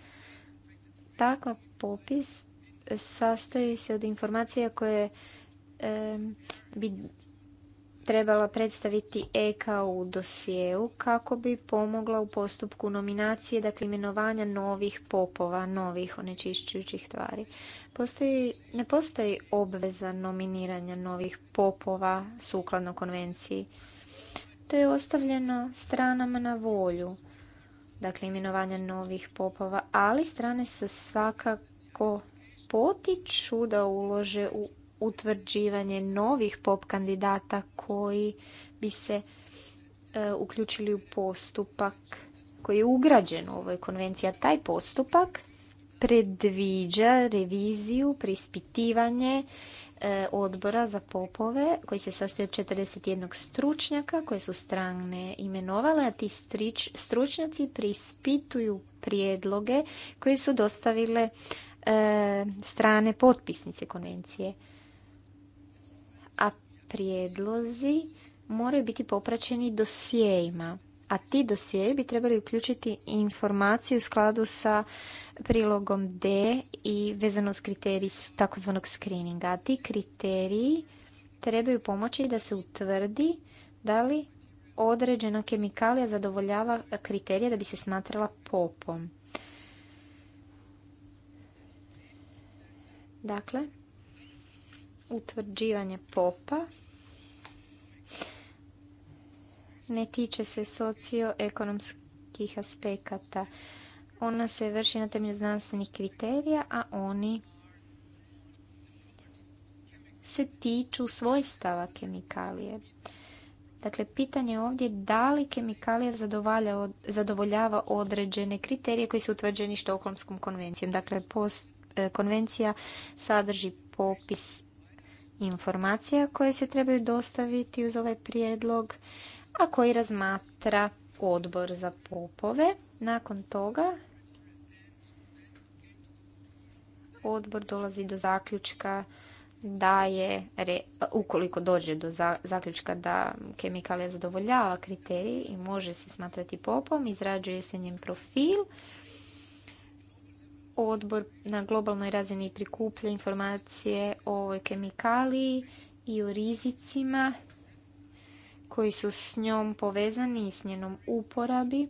Takav popis sastoji se od informacija koje bi trebala predstaviti EKA u dosjeu kako bi pomogla u postupku nominacije, dakle imenovanja novih popova, novih onečišćujućih tvari. Postoji, ne postoji obveza nominiranja novih popova sukladno konvenciji. To je ostavljeno stranama na volju, dakle imenovanja novih popova, ali strane se svakako potiču da ulože u utvrđivanje novih pop kandidata koji bi se e, uključili u postupak koji je ugrađen u ovoj konvenciji. A taj postupak predviđa reviziju, prispitivanje e, odbora za popove koji se sastoji od 41 stručnjaka koje su strane imenovale, a ti stručnjaci prispituju prijedloge koje su dostavile e, strane potpisnice konvencije prijedlozi moraju biti popraćeni dosijejima, a ti dosijeji bi trebali uključiti informacije u skladu sa prilogom D i vezano s kriterij takozvanog screeninga. A ti kriteriji trebaju pomoći da se utvrdi da li određena kemikalija zadovoljava kriterije da bi se smatrala popom. Dakle, utvrđivanje popa ne tiče se socioekonomskih aspekata. Ona se vrši na temelju znanstvenih kriterija, a oni se tiču svojstava kemikalije. Dakle, pitanje je ovdje da li kemikalija zadovoljava određene kriterije koji su utvrđeni Štokholmskom konvencijom. Dakle, e, konvencija sadrži popis informacija koje se trebaju dostaviti uz ovaj prijedlog a koji razmatra odbor za popove. Nakon toga odbor dolazi do zaključka da je, ukoliko dođe do zaključka da kemikalija zadovoljava kriterij i može se smatrati popom, izrađuje se njen profil. Odbor na globalnoj razini prikuplja informacije o ovoj kemikaliji i o rizicima koji su s njom povezani i s njenom uporabi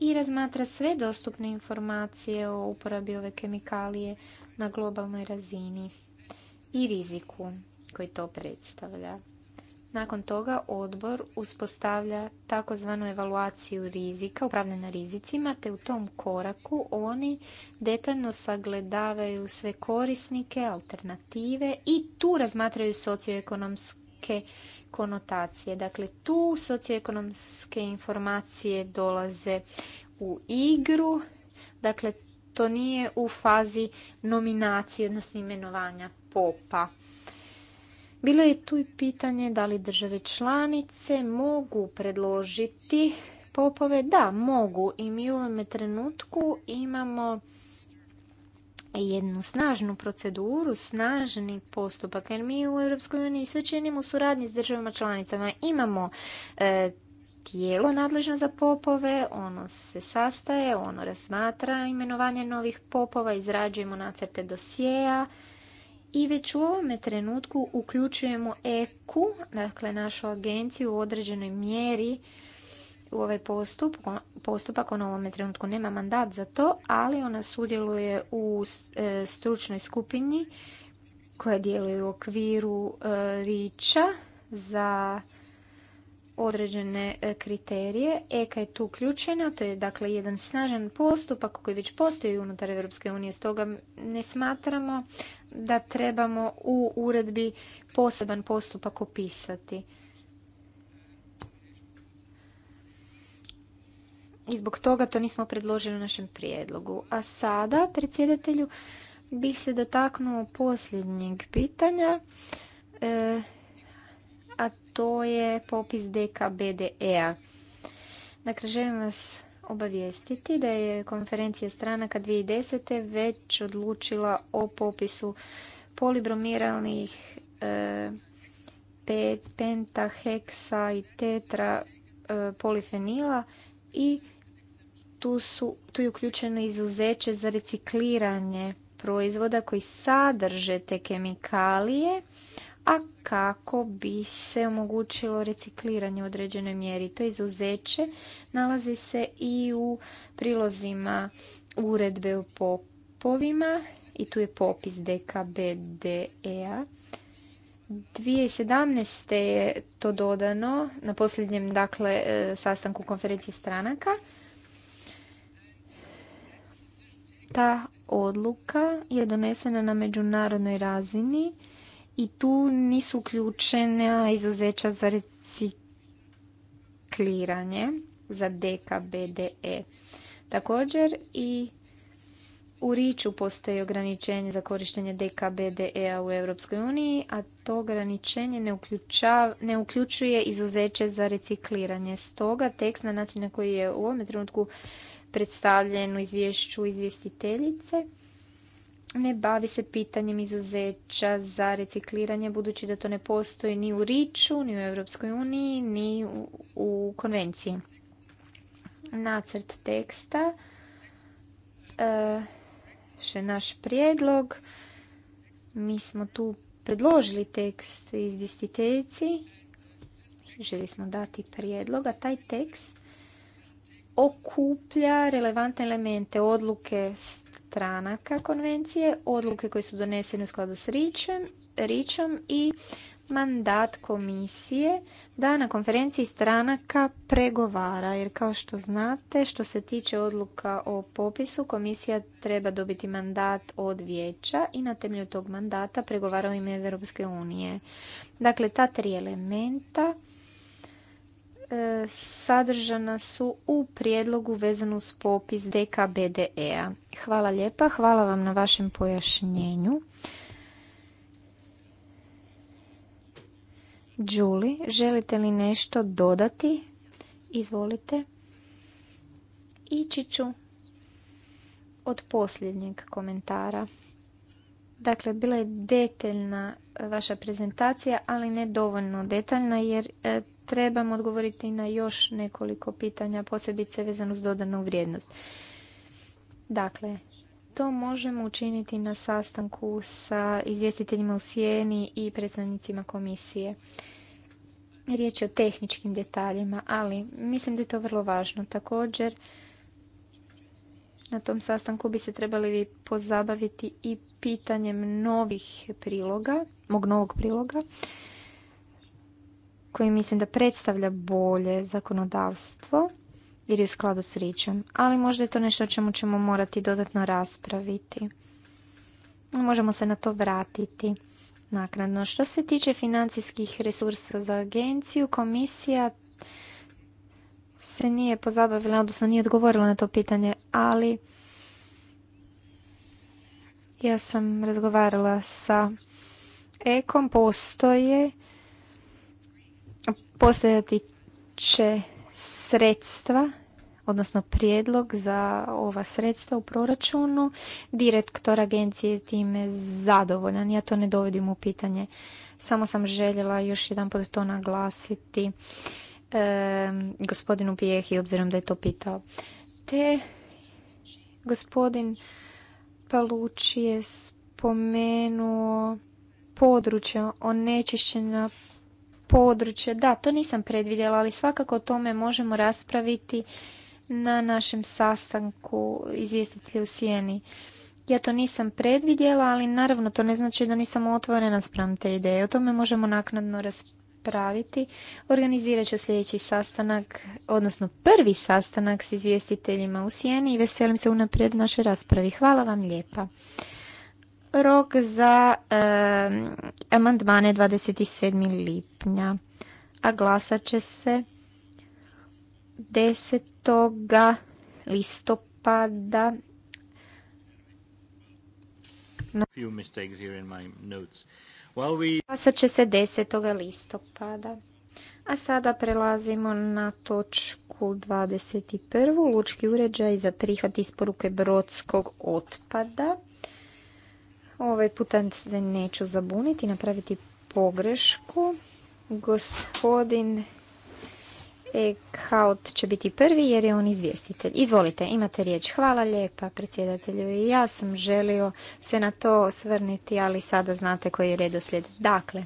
i razmatra sve dostupne informacije o uporabi ove kemikalije na globalnoj razini i riziku koji to predstavlja. Nakon toga odbor uspostavlja takozvanu evaluaciju rizika, upravljanja rizicima, te u tom koraku oni detaljno sagledavaju sve korisnike, alternative i tu razmatraju socioekonomske konotacije. Dakle, tu socioekonomske informacije dolaze u igru. Dakle, to nije u fazi nominacije, odnosno imenovanja popa. Bilo je tu i pitanje da li države članice mogu predložiti popove. Da, mogu i mi u ovome trenutku imamo jednu snažnu proceduru, snažni postupak, jer mi u EU sve činimo u suradnji s državama članicama. Imamo e, tijelo nadležno za popove, ono se sastaje, ono razmatra imenovanje novih popova, izrađujemo nacrte dosijeja i već u ovome trenutku uključujemo EKU, dakle našu agenciju u određenoj mjeri u ovaj postupak. Ona u ovome trenutku nema mandat za to, ali ona sudjeluje u e, stručnoj skupini koja djeluje u okviru e, riča za određene e, kriterije. EKA je tu uključena, to je dakle jedan snažan postupak koji već postoji unutar Europske unije, stoga ne smatramo da trebamo u uredbi poseban postupak opisati. i zbog toga to nismo predložili u našem prijedlogu. A sada, predsjedatelju, bih se dotaknuo posljednjeg pitanja, e, a to je popis DKBDE-a. Dakle, želim vas obavijestiti da je konferencija stranaka 2010. već odlučila o popisu polibromiralnih e, penta, i tetra e, polifenila i tu, su, tu je uključeno izuzeće za recikliranje proizvoda koji sadrže te kemikalije, a kako bi se omogućilo recikliranje u određenoj mjeri. To izuzeće nalazi se i u prilozima uredbe o popovima i tu je popis DKBDE-a. 2017. je to dodano na posljednjem dakle, e, sastanku konferencije stranaka Ta odluka je donesena na međunarodnoj razini i tu nisu uključena izuzeća za recikliranje za DKBDE. Također i u Riču postoji ograničenje za korištenje DKBDE-a u uniji, a to ograničenje ne, ne uključuje izuzeće za recikliranje. Stoga tekst na način na koji je u ovom trenutku predstavljen u izvješću izvjestiteljice ne bavi se pitanjem izuzeća za recikliranje budući da to ne postoji ni u Riču, ni u Europskoj uniji, ni u konvenciji. Nacrt teksta eh, što je naš prijedlog. Mi smo tu predložili tekst izvjestiteljici. Želi smo dati prijedlog, a taj tekst okuplja relevantne elemente odluke stranaka konvencije, odluke koje su donesene u skladu s Ričem, Ričom i mandat komisije da na konferenciji stranaka pregovara. Jer kao što znate, što se tiče odluka o popisu, komisija treba dobiti mandat od vijeća i na temelju tog mandata pregovara u ime Europske unije. Dakle, ta tri elementa sadržana su u prijedlogu vezanu uz popis DKBDE-a. Hvala lijepa, hvala vam na vašem pojašnjenju. Julie, želite li nešto dodati? Izvolite. Ići ću od posljednjeg komentara. Dakle, bila je detaljna vaša prezentacija, ali ne dovoljno detaljna jer e, trebamo odgovoriti na još nekoliko pitanja, posebice vezano s dodanu vrijednost. Dakle, to možemo učiniti na sastanku sa izvjestiteljima u sjeni i predstavnicima komisije. Riječ je o tehničkim detaljima, ali mislim da je to vrlo važno. Također, na tom sastanku bi se trebali vi pozabaviti i pitanjem novih priloga, mog novog priloga koji mislim da predstavlja bolje zakonodavstvo jer je u skladu s ričom, ali možda je to nešto o čemu ćemo morati dodatno raspraviti. Možemo se na to vratiti naknadno. Što se tiče financijskih resursa za agenciju, komisija se nije pozabavila, odnosno nije odgovorila na to pitanje, ali ja sam razgovarala sa Ekom, postoje postojati će sredstva odnosno prijedlog za ova sredstva u proračunu. Direktor agencije time zadovoljan. Ja to ne dovodim u pitanje. Samo sam željela još jedanput to naglasiti e, gospodinu Pijehi, obzirom da je to pitao. Te gospodin Paluči je spomenuo područja onečišćena područje. Da, to nisam predvidjela, ali svakako o tome možemo raspraviti na našem sastanku izvjestitelja u Sijeni. Ja to nisam predvidjela, ali naravno to ne znači da nisam otvorena spram te ideje. O tome možemo naknadno raspraviti. Organizirat ću sljedeći sastanak, odnosno prvi sastanak s izvjestiteljima u Sijeni i veselim se unaprijed naše raspravi. Hvala vam lijepa. Rok za amandmane 27. lip a glasat će se 10. listopada. Glasat će se 10. listopada. A sada prelazimo na točku 21. Lučki uređaj za prihvat isporuke brodskog otpada. Ovaj puta se neću zabuniti, napraviti pogrešku. Gospodin Eckhout će biti prvi jer je on izvjestitelj. Izvolite, imate riječ. Hvala lijepa predsjedatelju i ja sam želio se na to osvrniti, ali sada znate koji je redoslijed. Dakle,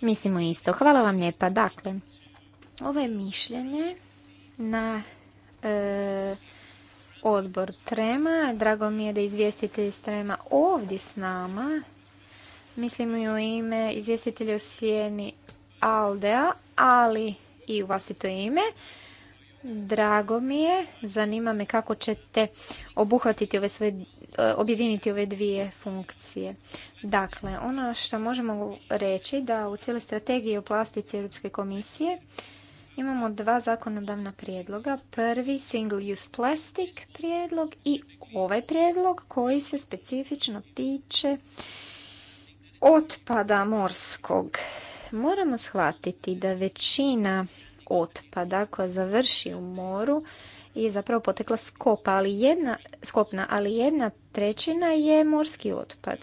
mislimo isto. Hvala vam lijepa. Dakle, ovo je mišljenje na e, odbor Trema. Drago mi je da izvjestitelj iz Trema ovdje s nama mislim i u ime izvjestitelja u sjeni Aldea, ali i u vlastito ime. Drago mi je, zanima me kako ćete obuhvatiti ove sve, e, objediniti ove dvije funkcije. Dakle, ono što možemo reći da u cijeloj strategiji o plastici Europske komisije imamo dva zakonodavna prijedloga. Prvi single use plastic prijedlog i ovaj prijedlog koji se specifično tiče otpada morskog. Moramo shvatiti da većina otpada koja završi u moru je zapravo potekla skopa, ali jedna, skopna, ali jedna trećina je morski otpad.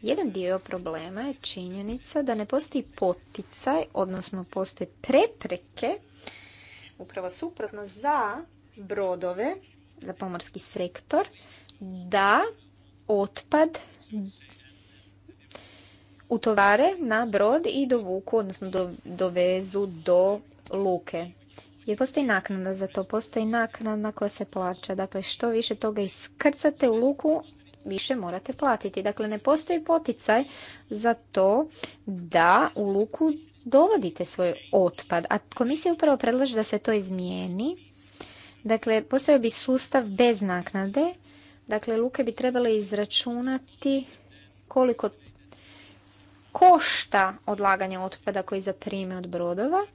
Jedan dio problema je činjenica da ne postoji poticaj, odnosno postoje prepreke, upravo suprotno za brodove, za pomorski sektor, da otpad utovare na brod i dovuku, odnosno dovezu do luke. Jer postoji naknada za to, postoji naknada koja se plaća. Dakle, što više toga iskrcate u luku, više morate platiti. Dakle, ne postoji poticaj za to da u luku dovodite svoj otpad. A komisija upravo predlaže da se to izmijeni. Dakle, postoji bi sustav bez naknade Dakle, luke bi trebale izračunati koliko košta odlaganje otpada koji zaprime od brodova.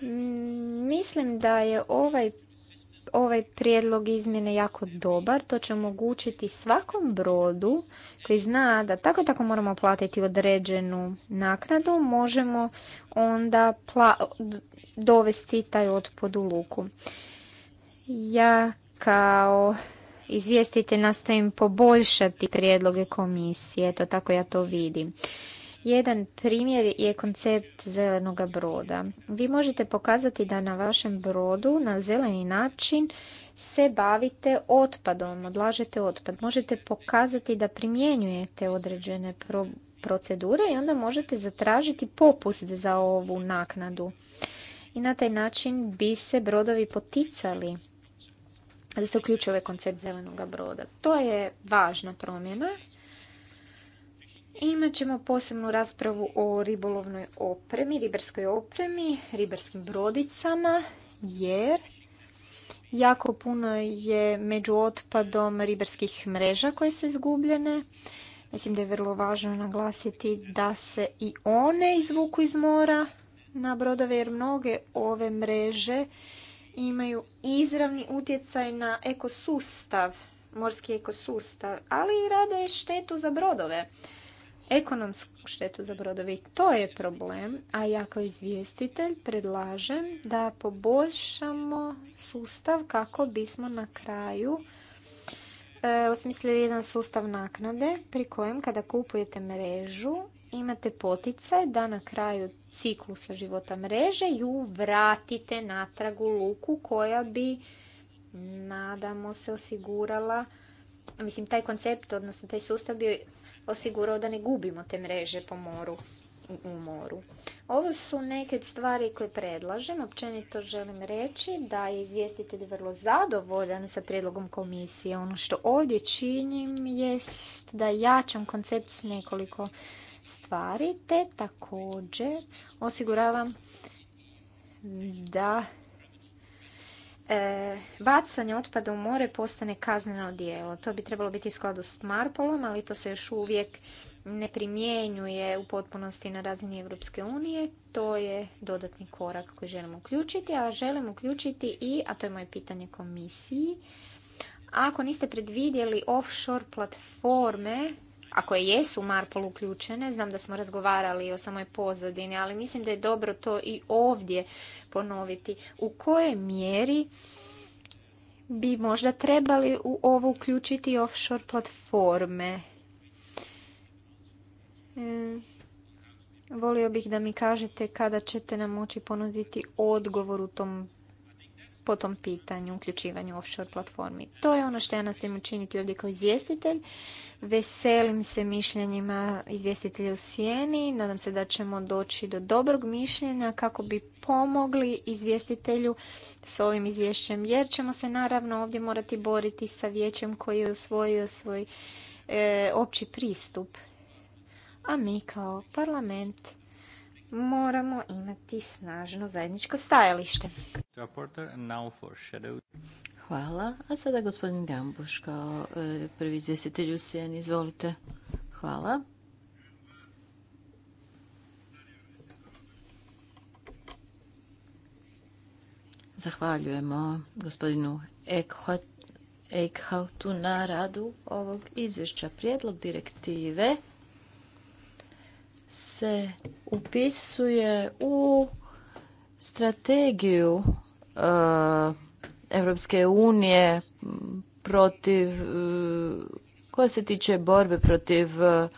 Mm, mislim da je ovaj, ovaj prijedlog izmjene jako dobar. To će omogućiti svakom brodu koji zna da tako i tako moramo platiti određenu naknadu, možemo onda dovesti taj otpad u luku. Ja kao izvijestite nastojim poboljšati prijedloge komisije, to tako ja to vidim. Jedan primjer je koncept zelenog broda. Vi možete pokazati da na vašem brodu na zeleni način se bavite otpadom, odlažete otpad. Možete pokazati da primjenjujete određene procedure i onda možete zatražiti popust za ovu naknadu. I na taj način bi se brodovi poticali da se uključi ovaj koncept zelenog broda. To je važna promjena. Imat ćemo posebnu raspravu o ribolovnoj opremi, ribarskoj opremi, ribarskim brodicama, jer jako puno je među otpadom ribarskih mreža koje su izgubljene. Mislim da je vrlo važno naglasiti da se i one izvuku iz mora na brodove jer mnoge ove mreže imaju izravni utjecaj na ekosustav, morski ekosustav, ali i rade štetu za brodove. Ekonomsku štetu za brodove. to je problem, a ja kao izvjestitelj predlažem da poboljšamo sustav kako bismo na kraju e, osmislili jedan sustav naknade pri kojem kada kupujete mrežu imate poticaj da na kraju ciklusa života mreže ju vratite natrag u luku koja bi, nadamo se, osigurala Mislim, taj koncept, odnosno taj sustav bi osigurao da ne gubimo te mreže po moru, u moru. Ovo su neke stvari koje predlažem. Općenito želim reći da je izvjestitelj vrlo zadovoljan sa prijedlogom komisije. Ono što ovdje činim jest da jačam koncept s nekoliko stvari, te također osiguravam da e, bacanje otpada u more postane kazneno djelo. To bi trebalo biti u skladu s Marpolom, ali to se još uvijek ne primjenjuje u potpunosti na razini Europske unije. To je dodatni korak koji želim uključiti, a želim uključiti i, a to je moje pitanje komisiji, ako niste predvidjeli offshore platforme ako je jesu u Marpolu uključene. Znam da smo razgovarali o samoj pozadini, ali mislim da je dobro to i ovdje ponoviti. U kojoj mjeri bi možda trebali u ovo uključiti offshore platforme? E, volio bih da mi kažete kada ćete nam moći ponuditi odgovor u tom po tom pitanju, uključivanju offshore platformi. To je ono što ja nastojim učiniti ovdje kao izvjestitelj. Veselim se mišljenjima izvjestitelja u sjeni. Nadam se da ćemo doći do dobrog mišljenja kako bi pomogli izvjestitelju s ovim izvješćem, jer ćemo se naravno ovdje morati boriti sa vijećem koji je usvojio svoj e, opći pristup. A mi kao parlament moramo imati snažno zajedničko stajalište. Hvala. A sada gospodin Gambuš kao e, prvi izvjestitelj u Izvolite. Hvala. Zahvaljujemo gospodinu Eckhoutu na radu ovog izvješća. Prijedlog direktive se upisuje u strategiju Europske unije protiv e, koja se tiče borbe protiv e,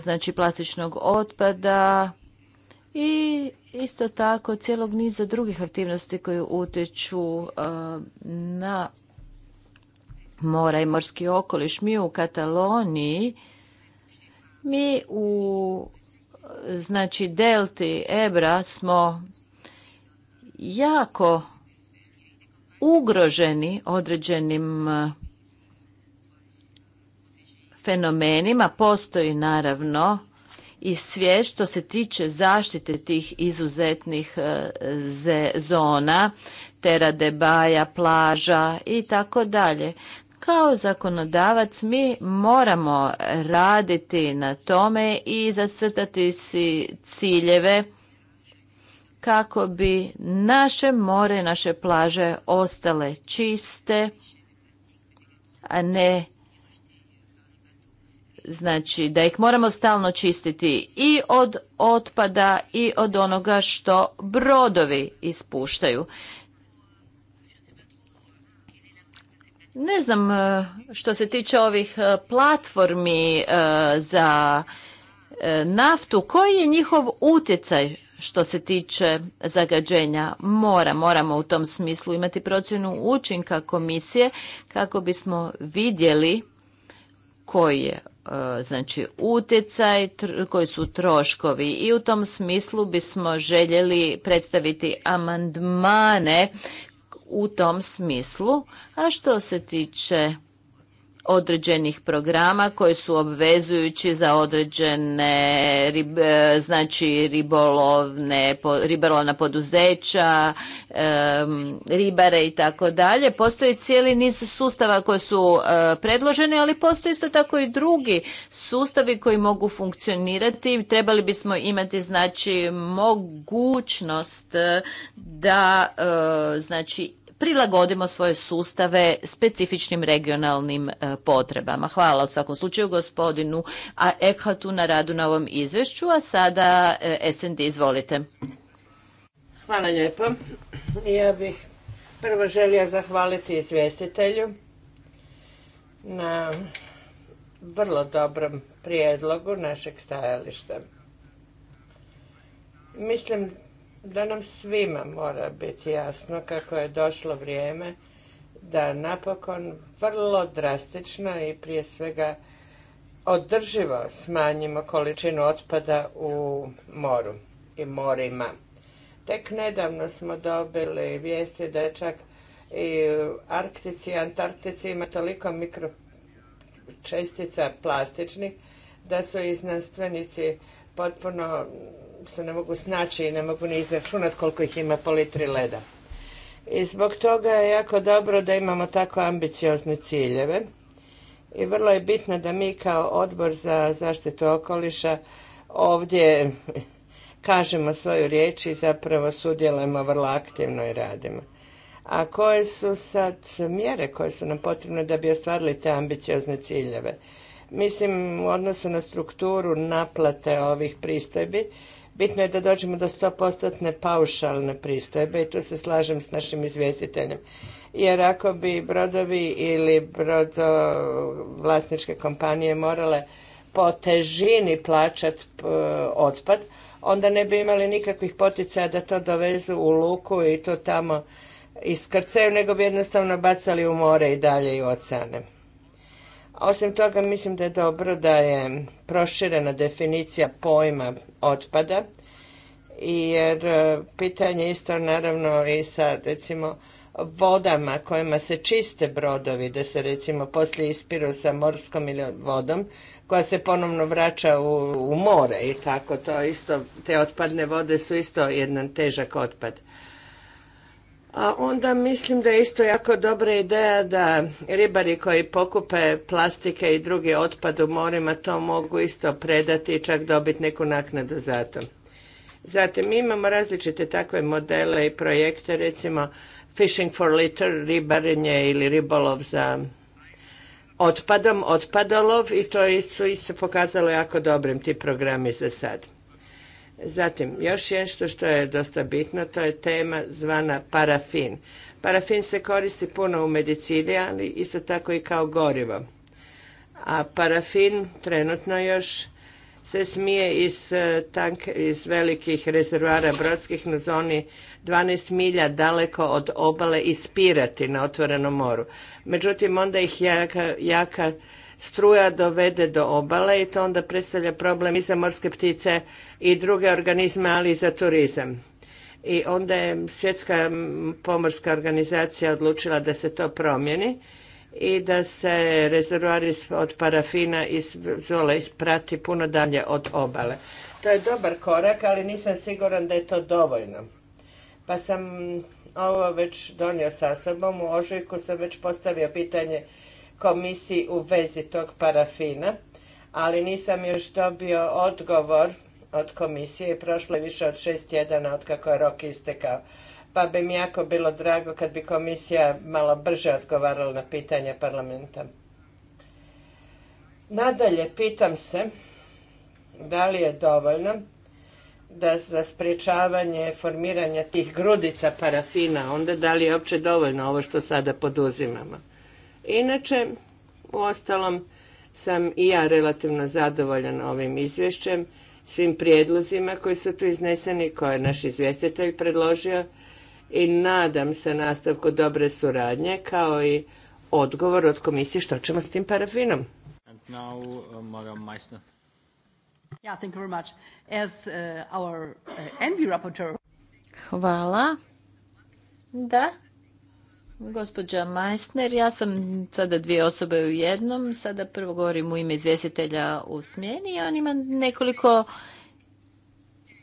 znači plastičnog otpada i isto tako cijelog niza drugih aktivnosti koje utječu e, na mora i morski okoliš. Mi u Kataloniji mi u znači delti Ebra smo jako ugroženi određenim e, fenomenima. Postoji naravno i svijest što se tiče zaštite tih izuzetnih e, zona, teradebaja, plaža i tako dalje. Kao zakonodavac mi moramo raditi na tome i zacrtati si ciljeve kako bi naše more i naše plaže ostale čiste, a ne znači da ih moramo stalno čistiti i od otpada i od onoga što brodovi ispuštaju. Ne znam e, što se tiče ovih e, platformi e, za naftu, koji je njihov utjecaj što se tiče zagađenja mora. Moramo u tom smislu imati procjenu učinka komisije kako bismo vidjeli koji je znači utjecaj, koji su troškovi i u tom smislu bismo željeli predstaviti amandmane u tom smislu. A što se tiče određenih programa koji su obvezujući za određene rib, e, znači ribolovne ribolovna poduzeća ribare i tako dalje postoji cijeli niz sustava koji su e, predloženi ali postoje isto tako i drugi sustavi koji mogu funkcionirati trebali bismo imati znači mogućnost e, da znači prilagodimo svoje sustave specifičnim regionalnim e, potrebama. Hvala u svakom slučaju gospodinu Ekhatu na radu na ovom izvješću, a sada e, SND izvolite. Hvala lijepo. Ja bih prvo želio zahvaliti izvjestitelju na vrlo dobrom prijedlogu našeg stajališta. Mislim da nam svima mora biti jasno kako je došlo vrijeme da napokon vrlo drastično i prije svega održivo smanjimo količinu otpada u moru i morima. Tek nedavno smo dobili vijesti da je čak i Arktici i Antarktici ima toliko mikročestica plastičnih da su i znanstvenici potpuno se ne mogu snaći i ne mogu ni izračunati koliko ih ima po litri leda. I zbog toga je jako dobro da imamo tako ambiciozne ciljeve i vrlo je bitno da mi kao odbor za zaštitu okoliša ovdje kažemo svoju riječ i zapravo sudjelujemo vrlo aktivno i radimo. A koje su sad mjere koje su nam potrebne da bi ostvarili te ambiciozne ciljeve? Mislim, u odnosu na strukturu naplate ovih pristojbi, Bitno je da dođemo do 100% paušalne pristojbe i tu se slažem s našim izvjestiteljem. Jer ako bi brodovi ili brodovlasničke kompanije morale po težini plaćati e, otpad, onda ne bi imali nikakvih poticaja da to dovezu u luku i to tamo iskrcaju, nego bi jednostavno bacali u more i dalje i u oceane. Osim toga, mislim da je dobro da je proširena definicija pojma otpada, jer e, pitanje isto naravno i sa recimo vodama kojima se čiste brodovi, da se recimo poslije ispiru sa morskom ili vodom, koja se ponovno vraća u, u more i tako to isto, te otpadne vode su isto jedan težak otpad. A onda mislim da je isto jako dobra ideja da ribari koji pokupe plastike i drugi otpad u morima to mogu isto predati i čak dobiti neku naknadu za to. Zatim mi imamo različite takve modele i projekte, recimo Fishing for Litter, ribarenje ili ribolov za otpadom, otpadolov i to su isto pokazalo jako dobrim ti programi za sad. Zatim, još nešto što je dosta bitno, to je tema zvana parafin. Parafin se koristi puno u medicini, ali isto tako i kao gorivo. A parafin trenutno još se smije iz, e, tank, iz velikih rezervara brodskih na zoni 12 milja daleko od obale ispirati na otvorenom moru. Međutim, onda ih jaka, jaka struja dovede do obale i to onda predstavlja problem i za morske ptice i druge organizme, ali i za turizam. I onda je Svjetska pomorska organizacija odlučila da se to promijeni i da se rezervoari od parafina i zole isprati puno dalje od obale. To je dobar korak, ali nisam siguran da je to dovoljno. Pa sam ovo već donio sa sobom. U ožujku sam već postavio pitanje komisiji u vezi tog parafina, ali nisam još dobio odgovor od komisije. Prošlo je više od šest tjedana od kako je rok istekao. Pa bi mi jako bilo drago kad bi komisija malo brže odgovarala na pitanja parlamenta. Nadalje, pitam se da li je dovoljno da za sprječavanje formiranja tih grudica parafina, onda da li je uopće dovoljno ovo što sada poduzimamo. Inače, uostalom sam i ja relativno zadovoljan ovim izvješćem, svim prijedlozima koji su tu izneseni, koje je naš izvjestitelj predložio i nadam se nastavku dobre suradnje kao i odgovor od komisije što ćemo s tim parafinom. Uh, Hvala. Da, Gospođa Majsner, ja sam sada dvije osobe u jednom, sada prvo govorim u ime izvjestitelja u smjeni i on ima nekoliko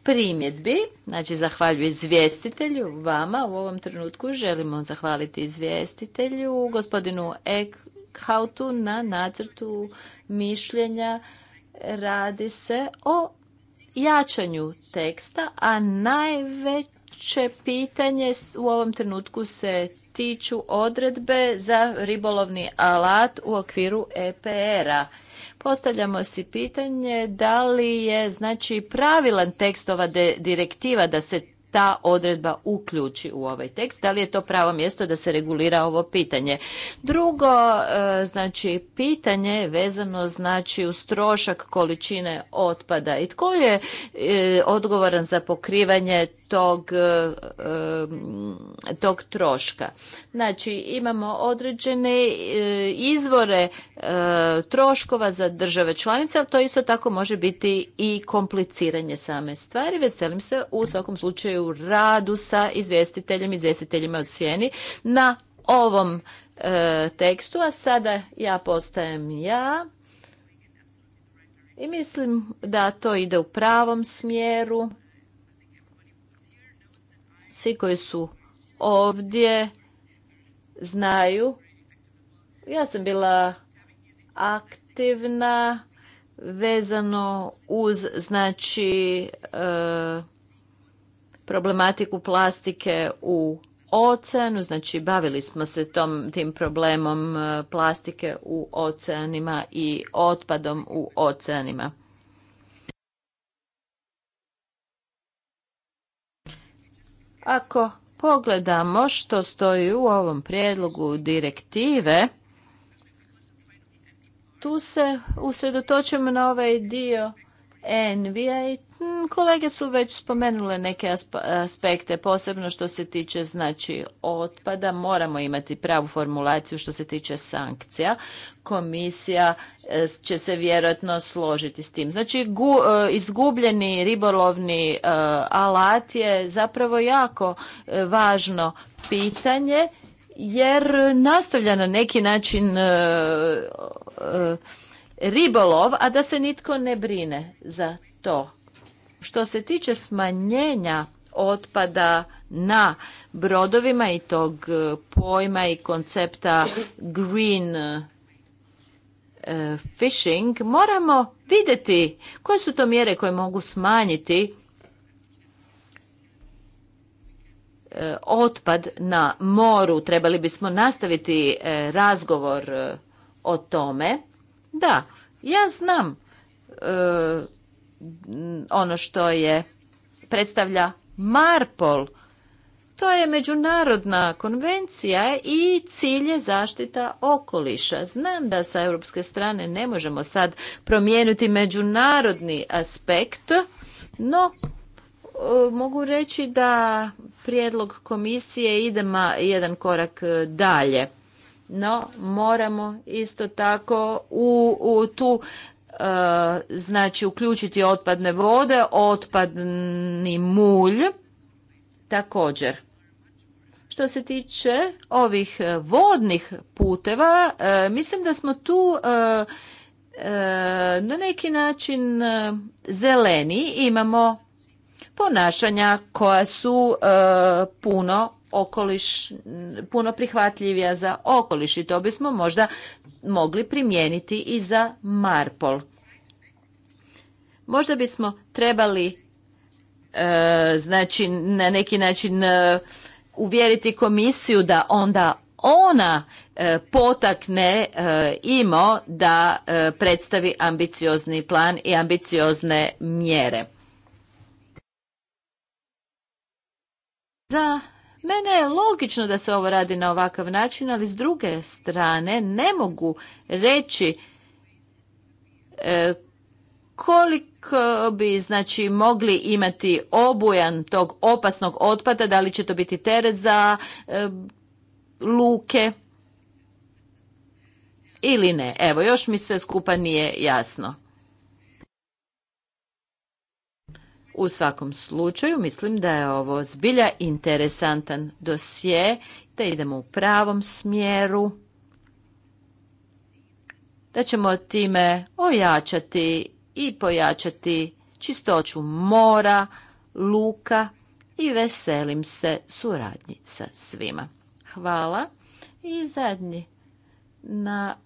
primjedbi, znači zahvaljujem izvjestitelju, vama u ovom trenutku želimo zahvaliti izvjestitelju, gospodinu Ekhautu na nacrtu mišljenja radi se o jačanju teksta, a najveće pitanje u ovom trenutku se tiču odredbe za ribolovni alat u okviru EPR-a. Postavljamo si pitanje da li je znači pravilan tekst ova direktiva da se ta odredba uključi u ovaj tekst, da li je to pravo mjesto da se regulira ovo pitanje. Drugo, e, znači, pitanje je vezano znači uz trošak količine otpada i tko je e, odgovoran za pokrivanje tog, e, tog troška. Znači, imamo određene izvore troškova za države članice, ali to isto tako može biti i kompliciranje same stvari. Veselim se u svakom slučaju radu sa izvjestiteljem, izvjestiteljima u sjeni na ovom e, tekstu, a sada ja postajem ja. I mislim da to ide u pravom smjeru. Svi koji su ovdje znaju. Ja sam bila aktivna vezano uz znači e, problematiku plastike u oceanu, znači bavili smo se tom, tim problemom e, plastike u oceanima i otpadom u oceanima. Ako pogledamo što stoji u ovom prijedlogu direktive, tu se usredotočimo na ovaj dio NVA. Mm, kolege su već spomenule neke aspekte, posebno što se tiče znači otpada. Moramo imati pravu formulaciju što se tiče sankcija. Komisija e, će se vjerojatno složiti s tim. Znači, e, izgubljeni ribolovni e, alat je zapravo jako važno pitanje jer nastavlja na neki način ribolov, a da se nitko ne brine za to. Što se tiče smanjenja otpada na brodovima i tog e, pojma i koncepta green e, fishing, moramo vidjeti koje su to mjere koje mogu smanjiti e, otpad na moru. Trebali bismo nastaviti razgovor o tome. Da, ja znam ono što je predstavlja Marpol. To je međunarodna konvencija i cilj je zaštita okoliša. Znam da sa europske strane ne možemo sad promijeniti međunarodni aspekt, no e, mogu reći da prijedlog komisije ide jedan korak e, dalje. No, moramo isto tako u, u tu E, znači uključiti otpadne vode, otpadni mulj također. Što se tiče ovih e, vodnih puteva, e, mislim da smo tu na neki način zeleni, imamo ponašanja koja su puno okoliš, puno prihvatljivija za okoliš i to bismo možda mogli primijeniti i za Marpol. Možda bismo trebali e, znači na neki način e, uvjeriti komisiju da onda ona e, potakne IMO da predstavi ambiciozni plan i ambiciozne mjere. Za Mene je logično da se ovo radi na ovakav način, ali s druge strane ne mogu reći e, koliko bi znači mogli imati obujan tog opasnog otpada, da li će to biti teret za e, luke ili ne. Evo, još mi sve skupa nije jasno. U svakom slučaju mislim da je ovo zbilja interesantan dosje, da idemo u pravom smjeru, da ćemo time ojačati i pojačati čistoću mora, luka i veselim se suradnji sa svima. Hvala i zadnji na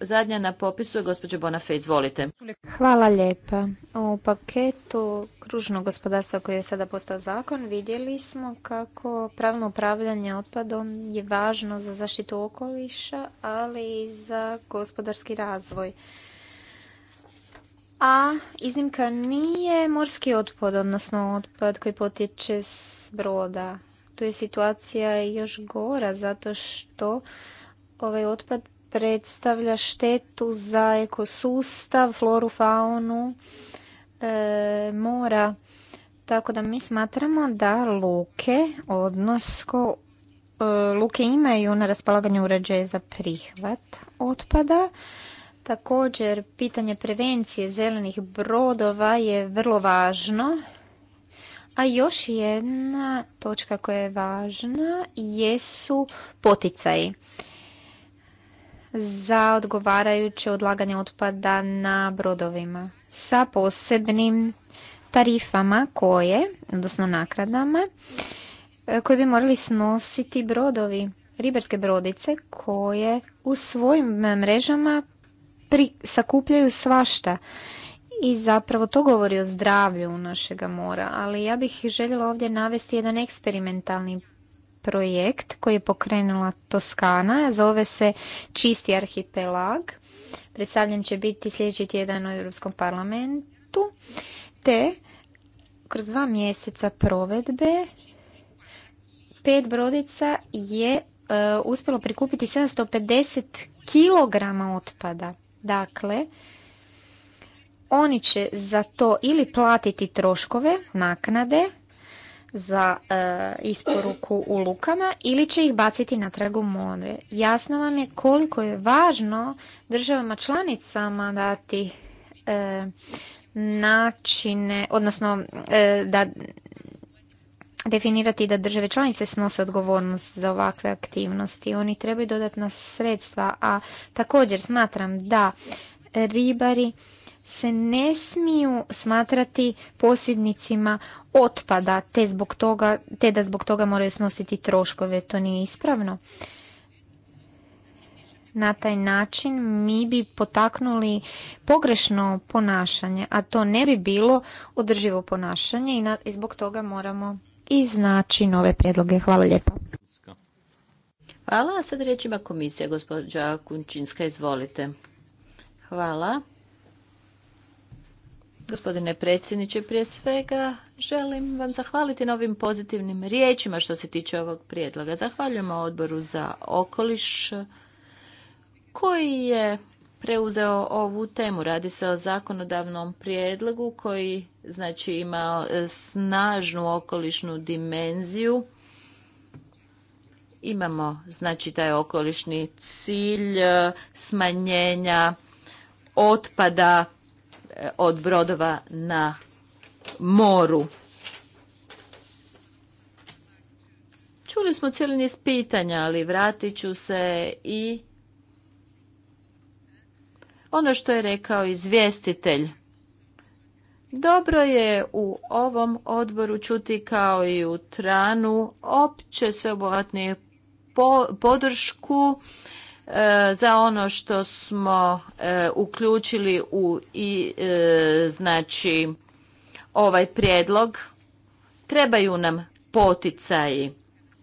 zadnja na popisu je gospođa Bonafe, izvolite. Hvala lijepa. U paketu kružnog gospodarstva koji je sada postao zakon vidjeli smo kako pravno upravljanje otpadom je važno za zaštitu okoliša, ali i za gospodarski razvoj. A iznimka nije morski otpad, odnosno otpad koji potječe s broda. Tu je situacija još gora zato što ovaj otpad predstavlja štetu za ekosustav, floru, faunu, e, mora. Tako da mi smatramo da luke, odnosno e, luke imaju na raspolaganju uređaje za prihvat otpada. Također, pitanje prevencije zelenih brodova je vrlo važno. A još jedna točka koja je važna jesu poticaji za odgovarajuće odlaganje otpada na brodovima sa posebnim tarifama koje, odnosno nakradama, e, koje bi morali snositi brodovi, riberske brodice koje u svojim mrežama sakupljaju svašta. I zapravo to govori o zdravlju našega mora, ali ja bih željela ovdje navesti jedan eksperimentalni projekt koji je pokrenula Toskana, zove se Čisti arhipelag. Predstavljen će biti sljedeći tjedan u Europskom parlamentu, te kroz dva mjeseca provedbe pet brodica je uh, uspjelo prikupiti 750 kg otpada. Dakle, oni će za to ili platiti troškove, naknade, za e, isporuku u lukama ili će ih baciti na tragu more. Jasno vam je koliko je važno državama članicama dati e, načine, odnosno e, da definirati da države članice snose odgovornost za ovakve aktivnosti. Oni trebaju dodatna sredstva, a također smatram da ribari se ne smiju smatrati posjednicima otpada te, zbog toga, te da zbog toga moraju snositi troškove. To nije ispravno. Na taj način mi bi potaknuli pogrešno ponašanje, a to ne bi bilo održivo ponašanje i, zbog toga moramo iznaći nove prijedloge. Hvala lijepo. Hvala, a sad ima komisija, gospođa Kunčinska, izvolite. Hvala. Gospodine predsjedniče, prije svega želim vam zahvaliti na ovim pozitivnim riječima što se tiče ovog prijedloga. Zahvaljujemo odboru za okoliš koji je preuzeo ovu temu. Radi se o zakonodavnom prijedlogu koji znači ima e, snažnu okolišnu dimenziju. Imamo znači taj okolišni cilj e, smanjenja otpada Eh, od brodova na moru. Čuli smo cijeli niz pitanja, ali vratit ću se i ono što je rekao izvjestitelj. Dobro je u ovom odboru čuti kao i u tranu opće sveobuhvatnije podršku E, za ono što smo e, uključili u i e, znači ovaj prijedlog trebaju nam poticaji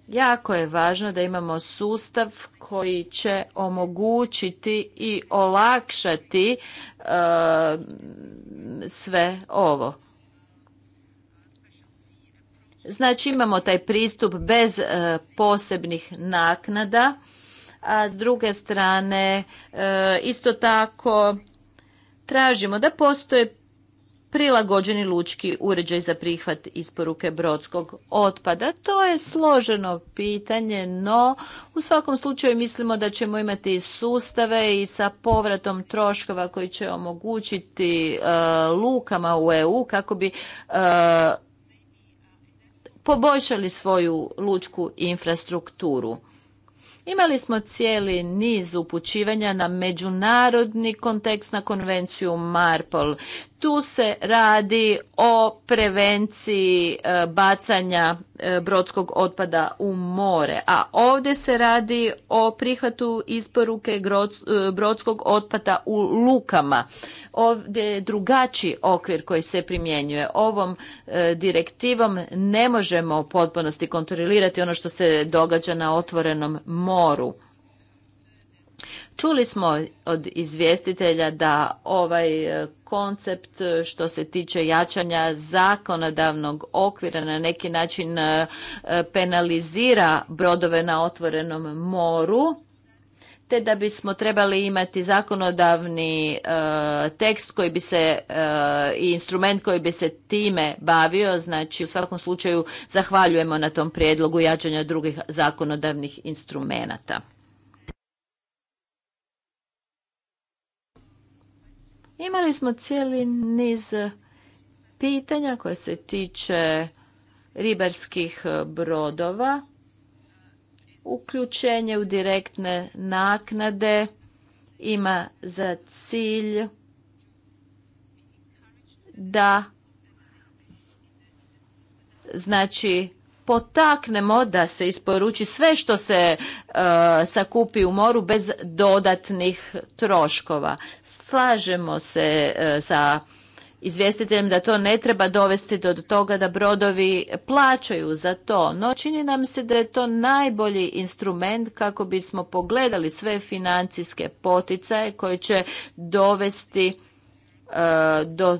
Jako je važno da imamo sustav koji će omogućiti i olakšati sve ovo. Znači imamo taj pristup bez posebnih naknada a s druge strane e, isto tako tražimo da postoje prilagođeni lučki uređaj za prihvat isporuke brodskog otpada. To je složeno pitanje, no u svakom slučaju mislimo da ćemo imati sustave i sa povratom troškova koji će omogućiti e, lukama u EU kako bi e, poboljšali svoju lučku infrastrukturu. Imali smo cijeli niz upućivanja na međunarodni kontekst na konvenciju Marpol. Tu se radi o prevenciji e, bacanja E, brodskog otpada u more. A ovdje se radi o prihvatu isporuke e, brodskog otpada u lukama. Ovdje je drugačiji okvir koji se primjenjuje. Ovom e, direktivom ne možemo u potpunosti kontrolirati ono što se događa na otvorenom moru. Čuli smo od izvjestitelja da ovaj e, koncept e, što se tiče jačanja zakonodavnog okvira na neki način e, penalizira brodove na otvorenom moru te da bismo trebali imati zakonodavni tekst koji bi se i instrument koji bi se time bavio, znači u svakom slučaju zahvaljujemo na tom prijedlogu jačanja drugih zakonodavnih instrumenata. Imali smo cijeli niz pitanja koje se tiče ribarskih brodova, uključenje u direktne naknade ima za cilj da znači potaknemo da se isporuči sve što se e, sakupi u moru bez dodatnih troškova. Slažemo se e, sa izvjestiteljem da to ne treba dovesti do toga da brodovi plaćaju za to, no čini nam se da je to najbolji instrument kako bismo pogledali sve financijske poticaje koje će dovesti E, do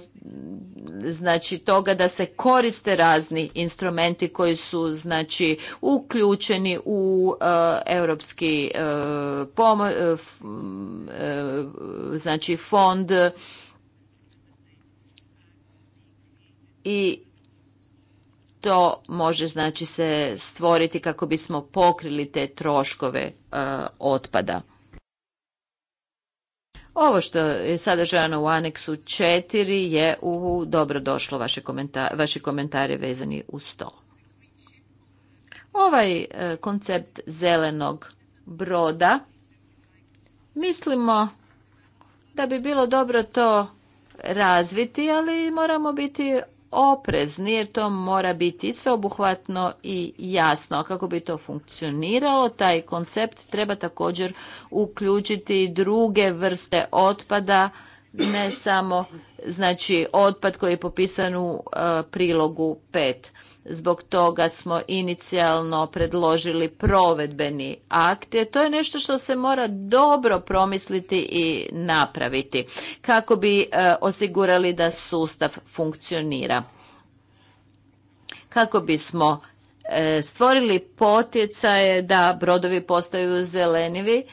znači toga da se koriste razni instrumenti koji su znači uključeni u e, europski e, znači fond i to može znači se stvoriti kako bismo pokrili te troškove otpada ovo što je sadržano u aneksu 4 je u dobro došlo vaše vaši komentari vezani uz to. Ovaj e, koncept zelenog broda mislimo da bi bilo dobro to razviti, ali moramo biti oprezni jer to mora biti sveobuhvatno i jasno. A kako bi to funkcioniralo, taj koncept treba također uključiti druge vrste otpada, ne samo znači otpad koji je popisan u e, prilogu 5. Zbog toga smo inicijalno predložili provedbeni akt. To je nešto što se mora dobro promisliti i napraviti kako bi e, osigurali da sustav funkcionira. Kako bismo e, stvorili potjecaje da brodovi postaju zelenivi,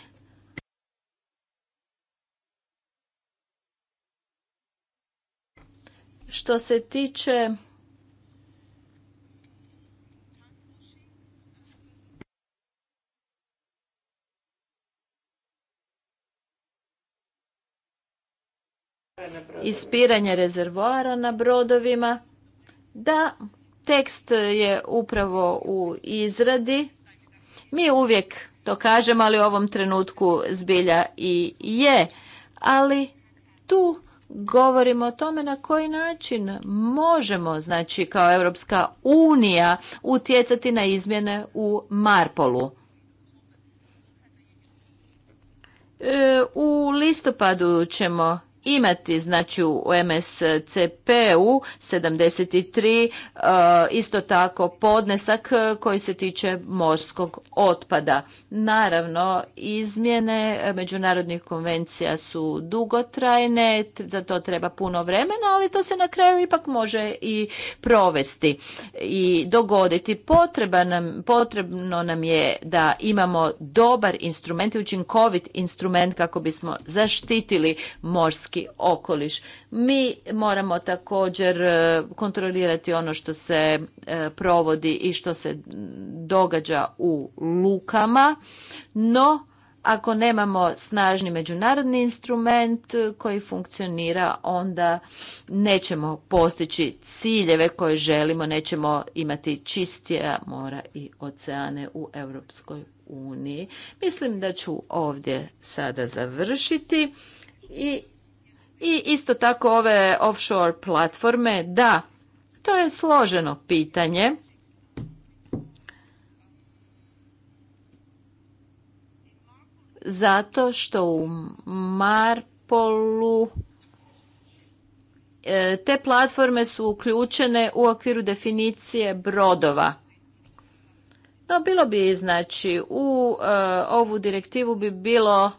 Što se tiče ispiranje rezervoara na brodovima. Da, tekst je upravo u izradi. Mi uvijek to kažemo, ali u ovom trenutku zbilja i je. Ali tu govorimo o tome na koji način možemo, znači kao Europska unija, utjecati na izmjene u Marpolu. E, u listopadu ćemo imati znači u MSCP-u 73 e, isto tako podnesak e, koji se tiče morskog otpada. Naravno, izmjene međunarodnih konvencija su dugotrajne, za to treba puno vremena, ali to se na kraju ipak može i provesti i dogoditi. Potreba nam, potrebno nam je da imamo dobar instrument i učinkovit instrument kako bismo zaštitili morski okoliš. Mi moramo također e, kontrolirati ono što se e, provodi i što se događa u lukama, no ako nemamo snažni međunarodni instrument koji funkcionira, onda nećemo postići ciljeve koje želimo, nećemo imati čistije mora i oceane u Europskoj uniji. Mislim da ću ovdje sada završiti i i isto tako ove offshore platforme, da, to je složeno pitanje. Zato što u Marpolu e, te platforme su uključene u okviru definicije brodova. No, bilo bi, znači, u e, ovu direktivu bi bilo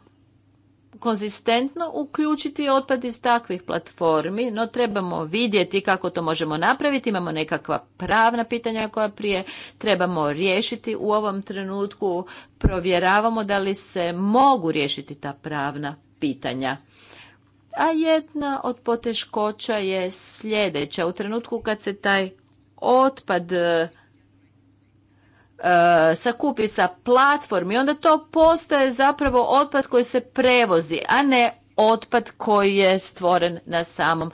konzistentno uključiti otpad iz takvih platformi, no trebamo vidjeti kako to možemo napraviti, imamo nekakva pravna pitanja koja prije trebamo riješiti. U ovom trenutku provjeravamo da li se mogu riješiti ta pravna pitanja. A jedna od poteškoća je sljedeća. U trenutku kad se taj otpad E, sakupi sa platformi, onda to postaje zapravo otpad koji se prevozi, a ne otpad koji je stvoren na samom,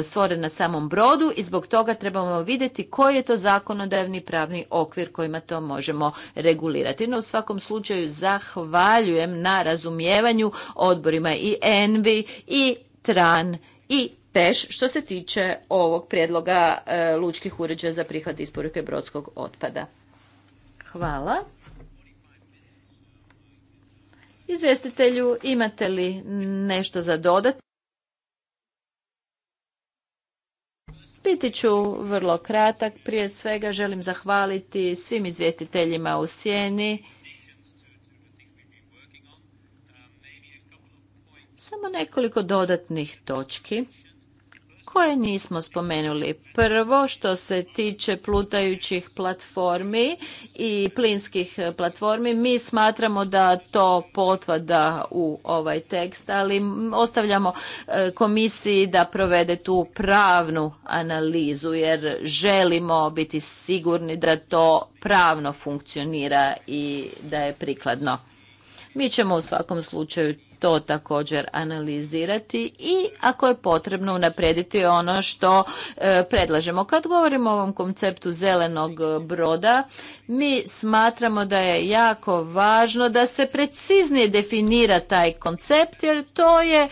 e, stvoren na samom brodu i zbog toga trebamo vidjeti koji je to zakonodavni pravni okvir kojima to možemo regulirati. No u svakom slučaju zahvaljujem na razumijevanju odborima i Envi i Tran i Peš što se tiče ovog prijedloga e, lučkih uređaja za prihvat isporuke brodskog otpada. Hvala. Izvjestitelju, imate li nešto za dodati? Biti ću vrlo kratak. Prije svega želim zahvaliti svim izvjestiteljima u Sjeni. Samo nekoliko dodatnih točki koje nismo spomenuli. Prvo što se tiče plutajućih platformi i plinskih platformi, mi smatramo da to potvada u ovaj tekst, ali ostavljamo e, komisiji da provede tu pravnu analizu jer želimo biti sigurni da to pravno funkcionira i da je prikladno. Mi ćemo u svakom slučaju to također analizirati i ako je potrebno unaprijediti ono što e, predlažemo. Kad govorimo o ovom konceptu zelenog broda, mi smatramo da je jako važno da se preciznije definira taj koncept jer to je e,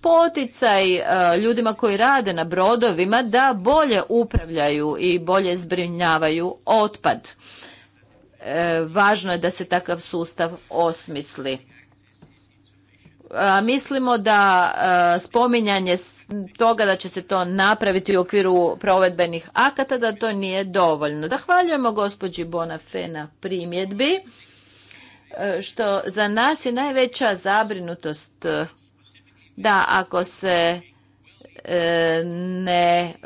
poticaj e, ljudima koji rade na brodovima da bolje upravljaju i bolje zbrinjavaju otpad. Važno je da se takav sustav osmisli mislimo da spominjanje toga da će se to napraviti u okviru provedbenih akata da to nije dovoljno. Zahvaljujemo gospođi Bona na primjedbi e, što za nas je najveća zabrinutost e, da ako se E, ne e,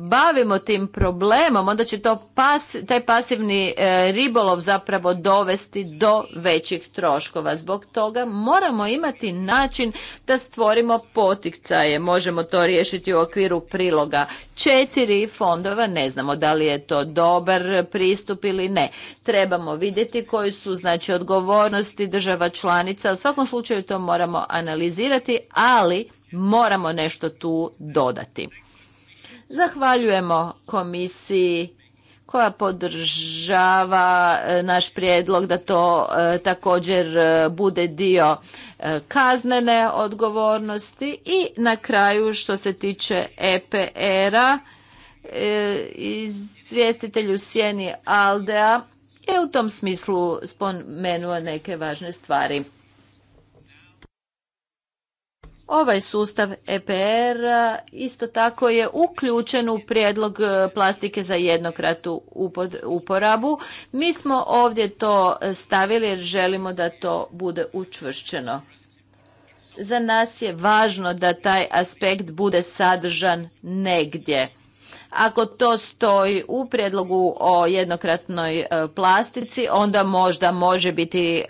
bavimo tim problemom, onda će to pas, taj pasivni e, ribolov zapravo dovesti do većih troškova. Zbog toga moramo imati način da stvorimo poticaje. Možemo to riješiti u okviru priloga četiri fondova. Ne znamo da li je to dobar pristup ili ne. Trebamo vidjeti koji su znači odgovornosti država članica. U svakom slučaju to moramo analizirati, ali moramo nešto tu dodati. Zahvaljujemo komisiji koja podržava e, naš prijedlog da to e, također e, bude dio kaznene odgovornosti i na kraju što se tiče EPR-a izvjestitelj u sjeni Aldea je u tom smislu spomenuo neke važne stvari. Ovaj sustav EPR isto tako je uključen u prijedlog e, plastike za jednokratu uporabu. Mi smo ovdje to stavili jer želimo da to bude učvršćeno. Za nas je važno da taj aspekt bude sadržan negdje. Ako to stoji u prijedlogu o jednokratnoj e, plastici, onda možda može biti e,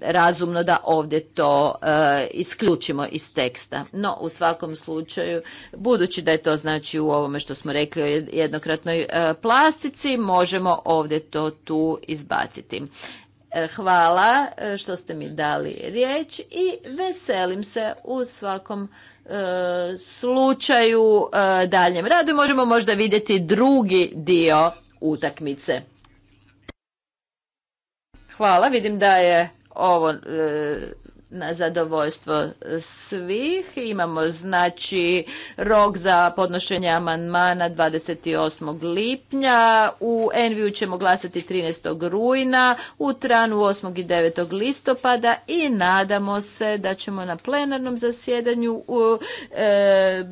razumno da ovdje to e, isključimo iz teksta. No, u svakom slučaju, budući da je to znači u ovome što smo rekli o jednokratnoj e, plastici, možemo ovdje to tu izbaciti. E, hvala što ste mi dali riječ i veselim se u svakom slučaju daljem radu. Možemo možda vidjeti drugi dio utakmice. Hvala, vidim da je ovo e, na zadovoljstvo svih. Imamo znači rok za podnošenje amandmana 28. lipnja. U Enviju ćemo glasati 13. rujna, u Tranu 8. i 9. listopada i nadamo se da ćemo na plenarnom zasjedanju u, e,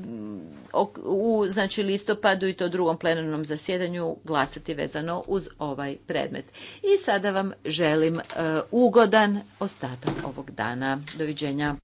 u znači listopadu i to drugom plenarnom zasjedanju glasati vezano uz ovaj predmet. I sada vam želim e, ugodan ostatak ovog dana. Doviđenja.